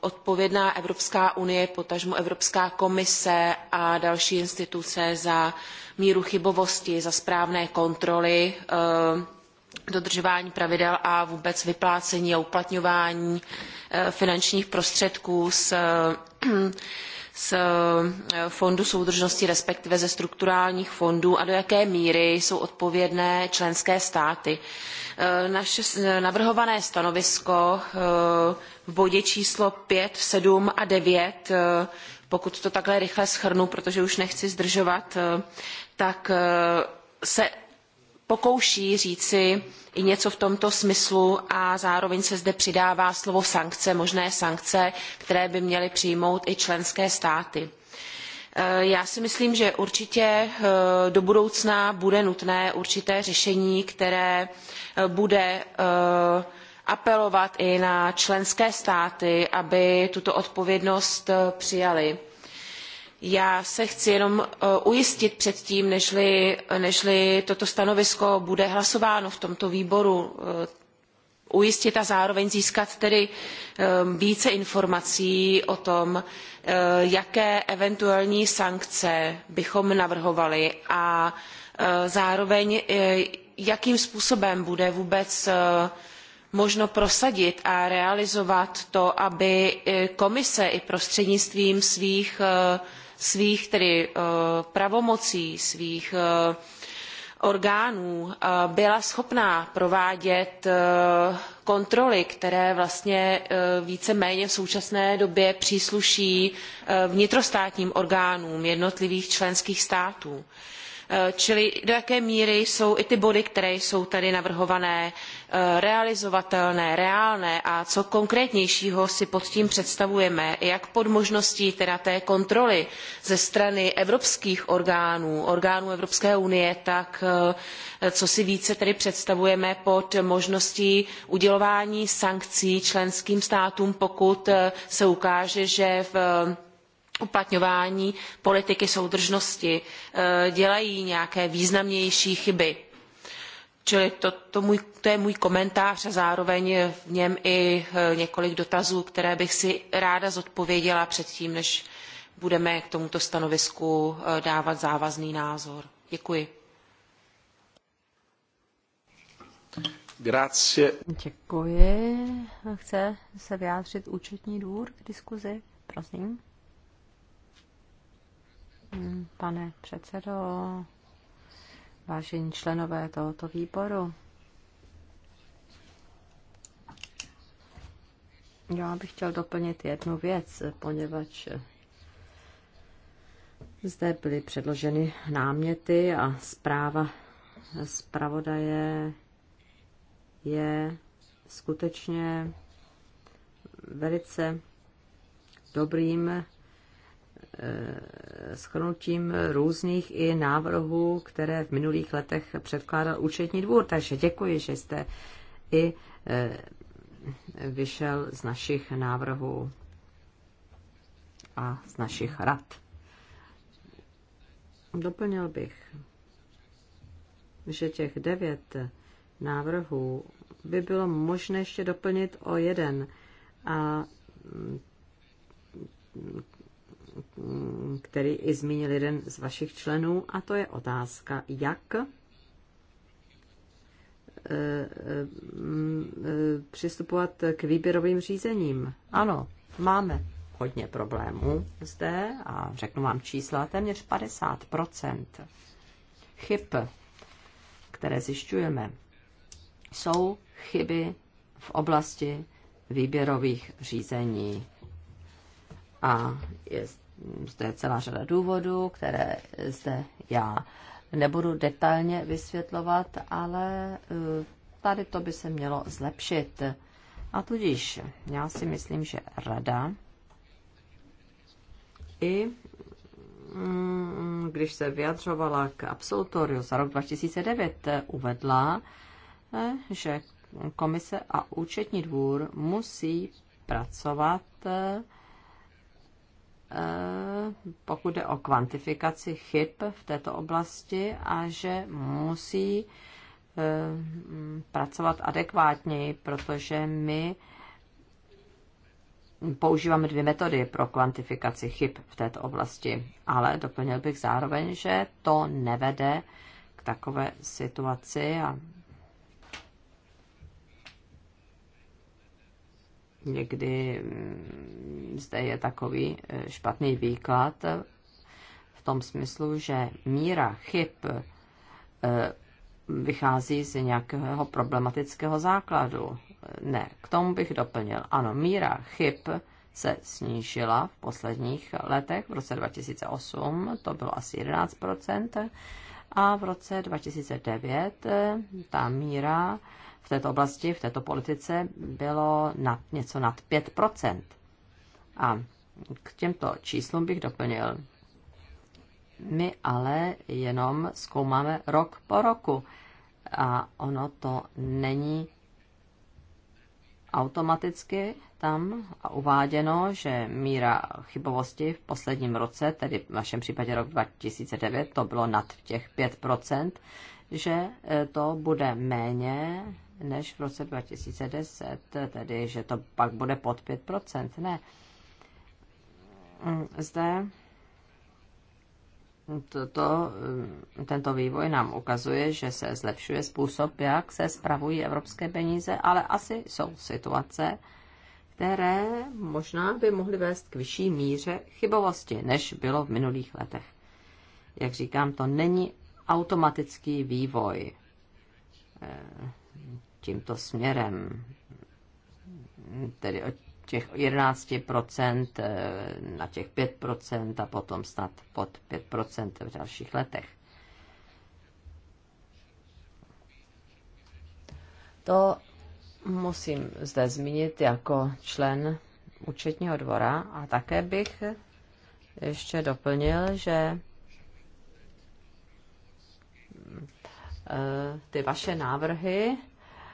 odpovědná Evropská unie, potažmo Evropská komise a další instituce za míru chybovosti, za správné kontroly, eh, dodržování pravidel a vůbec vyplácení a uplatňování finančních prostředků z z eh, fondu soudržnosti, respektive ze strukturálních fondů a do jaké míry jsou odpovědné členské státy. Eh, naše eh, navrhované stanovisko v bodě číslo 5, 7 a 9 pokud to takhle rychle schrnu, protože už nechci zdržovat, tak se pokouší říci, i něco v tomto smyslu a zároveň se zde přidává slovo sankce, možné sankce, které by měly přijmout i členské státy. E, já si myslím, že určitě e, do budoucna bude nutné určité řešení, které e, bude apelovat i na členské státy, aby tuto odpovědnost přijali já se chci jenom eh, ujistit před tím, nežli, nežli toto stanovisko bude hlasováno v tomto výboru, eh, ujistit a zároveň získat tedy eh, více informací o tom, jaké eventuální sankce bychom navrhovali a zároveň jakým způsobem bude vůbec možno prosadit a realizovat to, aby komise i prostřednictvím svých svých tedy eh, pravomocí, svých eh, orgánů eh, byla schopná provádět kontroly, které vlastně více-méně v současné době přísluší vnitrostátním orgánům jednotlivých členských států. Čili do jaké míry jsou i ty body, které jsou tady navrhované, realizovatelné, reálné a co konkrétnějšího si pod tím představujeme, jak pod možností té kontroly ze strany evropských orgánů, orgánů Evropské unie, tak eh, co si více tedy představujeme pod možností udělování sankcí členským státům, pokud eh, se ukáže, že v eh, uplatňování politiky soudržnosti dělají nějaké významnější chyby Čili to, to, můj, to je můj komentář a zároveň v něm i eh, několik dotazů, které bych si ráda zodpověděla předtím, než budeme k tomuto stanovisku eh, dávat závazný názor. Děkuji. Grazie. Děkuji. Chce se vyjádřit účetní důr k diskuzi? Prosím. Hmm, pane předsedo, vážení členové tohoto výboru. Já bych chtěl doplnit jednu věc, poněvadž zde byly předloženy náměty a zpráva zpravodaje je skutečně velice dobrým Eh, schrnutím různých i návrhů, které v minulých letech předkládal účetní dvůr. Takže děkuji, že jste i eh, vyšel z našich návrhů a z našich rad. Doplnil bych, že těch devět návrhů by bylo možné ještě doplnit o jeden a mm, který i zmínil jeden z vašich členů, a to je otázka, jak eh, eh, přistupovat k výběrovým řízením. Ano, máme hodně problémů zde a řeknu vám čísla, téměř 50 chyb, které zjišťujeme, jsou chyby v oblasti výběrových řízení. A je zde je celá řada důvodů, které zde já nebudu detailně vysvětlovat, ale eh, tady to by se mělo zlepšit. A tudíž já si myslím, že rada i mm, když se vyjadřovala k absolutoriu za rok 2009, uvedla, eh, že komise a účetní dvůr musí pracovat eh, Eh, pokud jde o kvantifikaci chyb v této oblasti a že musí eh, pracovat adekvátněji, protože my používáme dvě metody pro kvantifikaci chyb v této oblasti, ale doplnil bych zároveň, že to nevede k takové situaci a někdy mm, zde je takový e, špatný výklad v tom smyslu, že míra chyb e, vychází z nějakého problematického základu. Ne, k tomu bych doplnil. Ano, míra chyb se snížila v posledních letech. V roce 2008 to bylo asi 11 a v roce 2009 e, ta míra v této oblasti, v této politice bylo nad, něco nad 5%. A k těmto číslům bych doplnil. My ale jenom zkoumáme rok po roku a ono to není automaticky tam a uváděno, že míra chybovosti v posledním roce, tedy v našem případě rok 2009, to bylo nad těch 5%, že eh, to bude méně než v roce 2010, tedy že to pak bude pod 5%. Ne. Zde toto, tento vývoj nám ukazuje, že se zlepšuje způsob, jak se spravují evropské peníze, ale asi jsou situace, které možná by mohly vést k vyšší míře chybovosti, než bylo v minulých letech. Jak říkám, to není automatický vývoj tímto směrem, tedy od těch 11% eh, na těch 5% a potom snad pod 5% v dalších letech. To musím zde zmínit jako člen účetního dvora a také bych ještě doplnil, že eh, ty vaše návrhy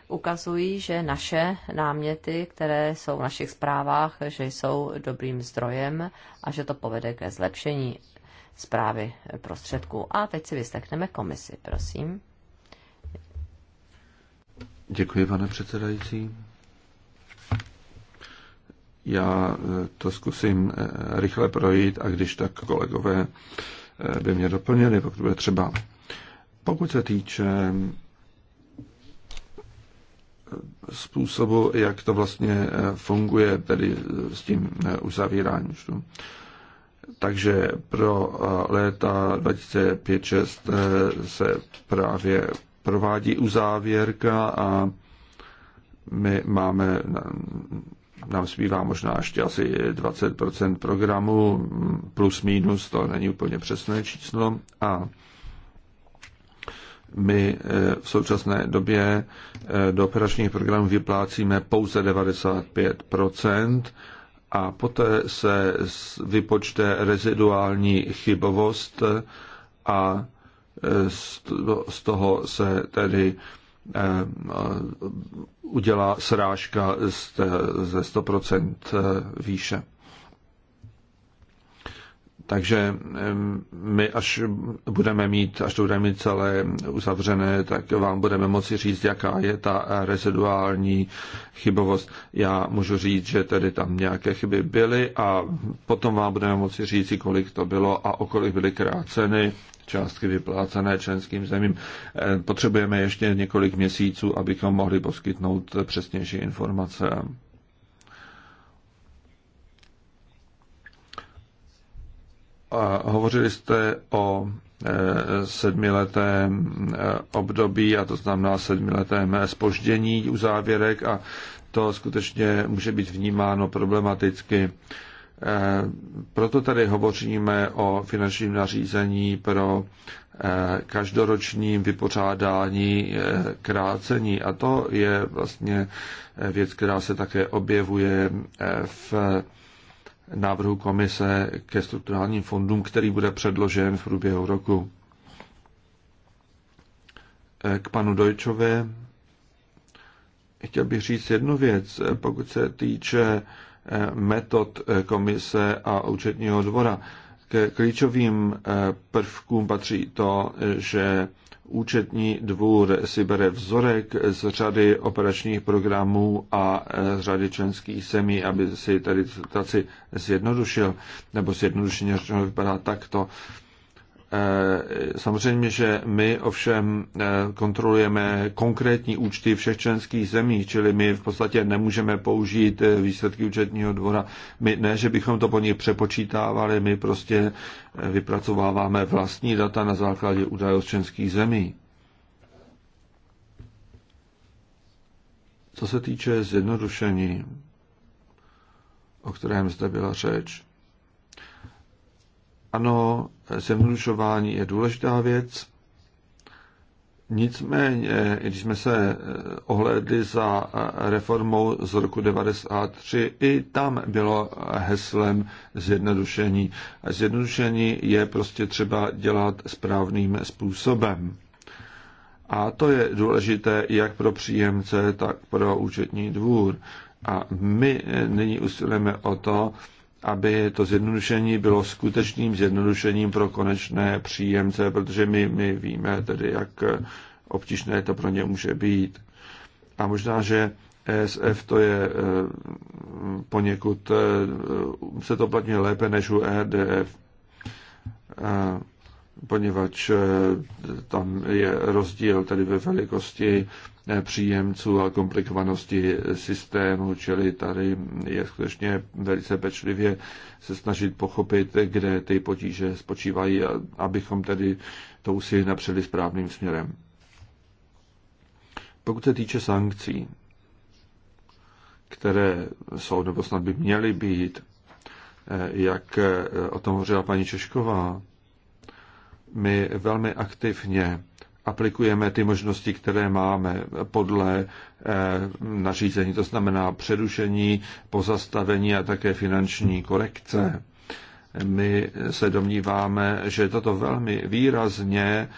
ukazují, že naše náměty, které jsou v našich zprávách, že jsou dobrým zdrojem a že to povede ke zlepšení zprávy prostředků. A teď si vystekneme komisi, prosím. Děkuji, pane předsedající. Já eh, to zkusím eh, rychle projít a když tak kolegové eh, by mě doplnili, pokud bude třeba. Pokud se týče způsobu, jak to vlastně eh, funguje, tedy eh, s tím eh, uzavíráním Takže pro léta 2005-2006 se právě provádí uzávěrka a my máme, nám zbývá možná ještě asi 20% programu, plus minus, to není úplně přesné číslo, a my eh, v současné době eh, do operačních programů vyplácíme pouze 95 a poté se vypočte reziduální chybovost eh, a z toho se tedy udělá srážka ze 100% výše. Takže my, až budeme mít, až to budeme mít celé uzavřené, tak vám budeme moci říct, jaká je ta reziduální chybovost. Já můžu říct, že tedy tam nějaké chyby byly a potom vám budeme moci říct, kolik to bylo a o kolik byly kráceny částky vyplácené členským zemím. Potřebujeme ještě několik měsíců, abychom mohli poskytnout přesnější informace. hovořili jste o e, sedmiletém e, období, a to znamená sedmiletém spoždění u závěrek a to skutečně může být vnímáno problematicky. E, proto tady hovoříme o finančním nařízení pro každoročním vypořádání krácení. A to je vlastně věc, která se také objevuje v návrhu komise ke strukturálním fondům, který bude předložen v průběhu roku. E, k panu Dojčové chtěl bych říct jednu věc, e, pokud se týče e, metod komise a účetního dvora. K klíčovým eh, prvkům patří to, že účetní dvůr si bere vzorek z řady operačních programů a z eh, řady členských semí, aby si tady citaci zjednodušil, nebo zjednodušeně řečeno vypadá takto. Eh, samozřejmě, že my ovšem eh, kontrolujeme konkrétní účty všech členských zemí, čili my v podstatě nemůžeme použít eh, výsledky účetního dvora. My ne, že bychom to po nich přepočítávali, my prostě vypracováváme vlastní data na základě údajů z členských zemí. Co se týče zjednodušení, o kterém zde byla řeč, ano, zjednodušování je důležitá věc. Nicméně, když jsme se eh, ohledli za eh, reformou z roku 1993, i tam bylo eh, heslem zjednodušení. A zjednodušení je prostě třeba dělat správným způsobem. A to je důležité jak pro příjemce, tak pro účetní dvůr. A my nyní usilujeme o to, aby to zjednodušení bylo skutečným zjednodušením pro konečné příjemce, protože my, my víme tedy, jak obtížné to pro ně může být. A možná, že ESF to je eh, poněkud, eh, se to platí lépe než u RDF, e eh, poněvadž tam je rozdíl tedy ve velikosti příjemců a komplikovanosti systému, čili tady je skutečně velice pečlivě se snažit pochopit, kde ty potíže spočívají, abychom tedy to úsilí napřeli správným směrem. Pokud se týče sankcí, které jsou nebo snad by měly být, eh, jak eh, o tom hovořila paní Češková, my velmi aktivně aplikujeme ty možnosti, které máme podle eh, nařízení, to znamená přerušení, pozastavení a také finanční korekce. My se domníváme, že toto velmi výrazně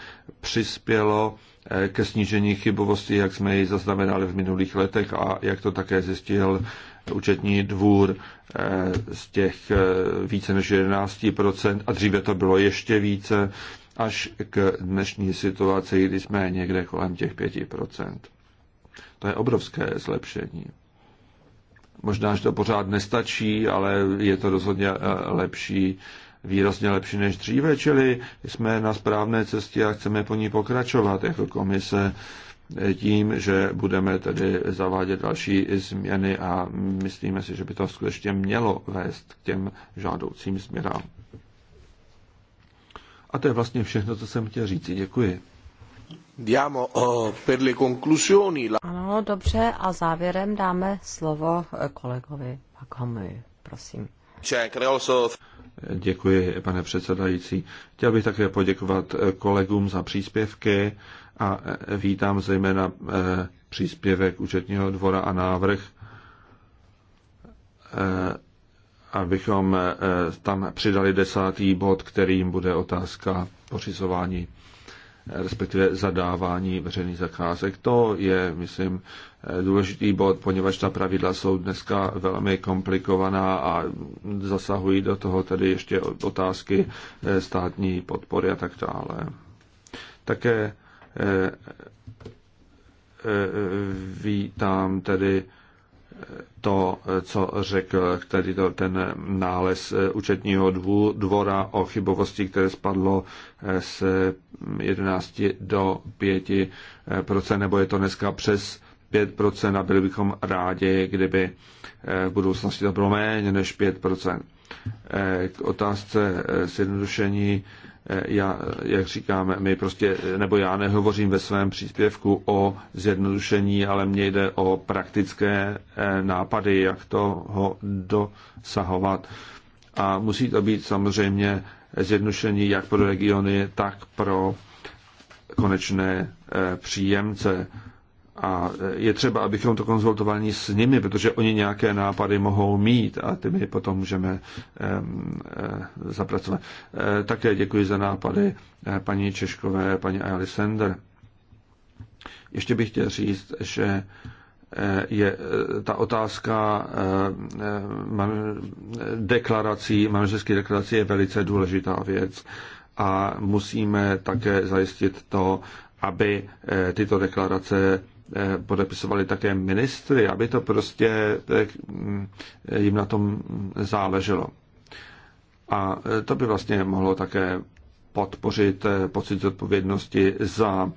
přispělo eh, ke snížení chybovosti, jak jsme ji zaznamenali v minulých letech a jak to také zjistil účetní dvůr eh, z těch více než 11%, a dříve to bylo ještě více, až k dnešní situaci, kdy jsme někde kolem těch 5%. To je obrovské zlepšení. Možná, že to pořád nestačí, ale je to rozhodně eh, lepší, výrazně lepší než dříve, čili jsme na správné cestě a chceme po ní pokračovat jako komise tím, že budeme tedy zavádět další změny a myslíme si, že by to skutečně mělo vést k těm žádoucím změnám. A to je vlastně všechno, co jsem chtěl říct. Děkuji. Eh, ano, dobře, a závěrem dáme slovo eh, kolegovi Pakamovi, prosím. Děkuji, pane předsedající. Chtěl bych také poděkovat eh, kolegům za příspěvky a vítám zejména příspěvek účetního dvora a návrh abychom eh, tam přidali desátý bod, kterým bude otázka pořizování eh, respektive zadávání veřejných zakázek. To je, myslím, eh, důležitý bod, poněvadž ta pravidla jsou dneska velmi komplikovaná a zasahují do toho tedy ještě otázky státní podpory a tak dále. Také vítám tedy to, co řekl tedy to, ten nález eh, účetního dvů, dvora o chybovosti, které spadlo eh, z 11 do 5 eh, nebo je to dneska přes 5 a byli bychom rádi, kdyby v budoucnosti to bylo méně než 5 K otázce zjednodušení Eh, já, jak říkám, my prostě, eh, nebo já nehovořím ve svém příspěvku o zjednodušení, ale mně jde o praktické eh, nápady, jak toho dosahovat. A musí to být samozřejmě zjednodušení jak pro regiony, tak pro konečné příjemce a je třeba, abychom to konzultovali s nimi, protože oni nějaké nápady mohou mít a ty my potom můžeme eh, zapracovat. Eh, také děkuji za nápady eh, paní Češkové, paní Ayali Sender. Ještě bych chtěl říct, že je ta otázka deklarací, manželské deklarací je velice důležitá věc a musíme také zajistit to, aby tyto deklarace Eh, podepisovali také ministry, aby to prostě eh, mm, jim na tom záleželo. A eh, to by vlastně mohlo také podpořit pocit zodpovědnosti za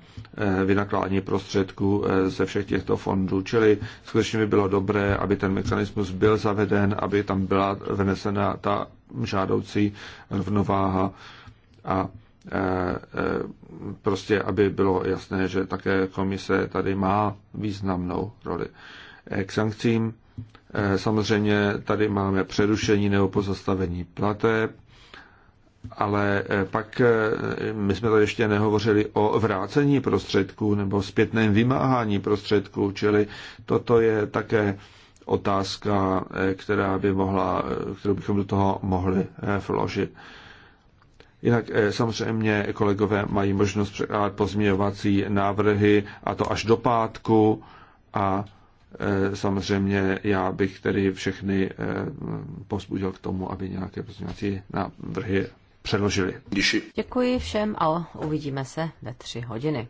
vynakládání prostředků ze všech těchto fondů. Čili skutečně by bylo dobré, aby ten mechanismus byl zaveden, aby tam byla vnesena ta žádoucí rovnováha a Eh, eh, prostě aby bylo jasné, že také komise tady má významnou roli. Eh, k sankcím samozřejmě tady máme přerušení nebo pozastavení plateb, ale pak my jsme tady ještě nehovořili o vrácení prostředků nebo zpětném vymáhání prostředků, čili toto je také otázka, která by mohla, kterou bychom do toho mohli vložit. Jinak eh, samozřejmě kolegové mají možnost překládat pozměňovací návrhy a to až do pátku a eh, samozřejmě já bych tedy všechny eh, pozbudil k tomu, aby nějaké pozměňovací návrhy předložili. Děkuji všem a uvidíme se ve tři hodiny.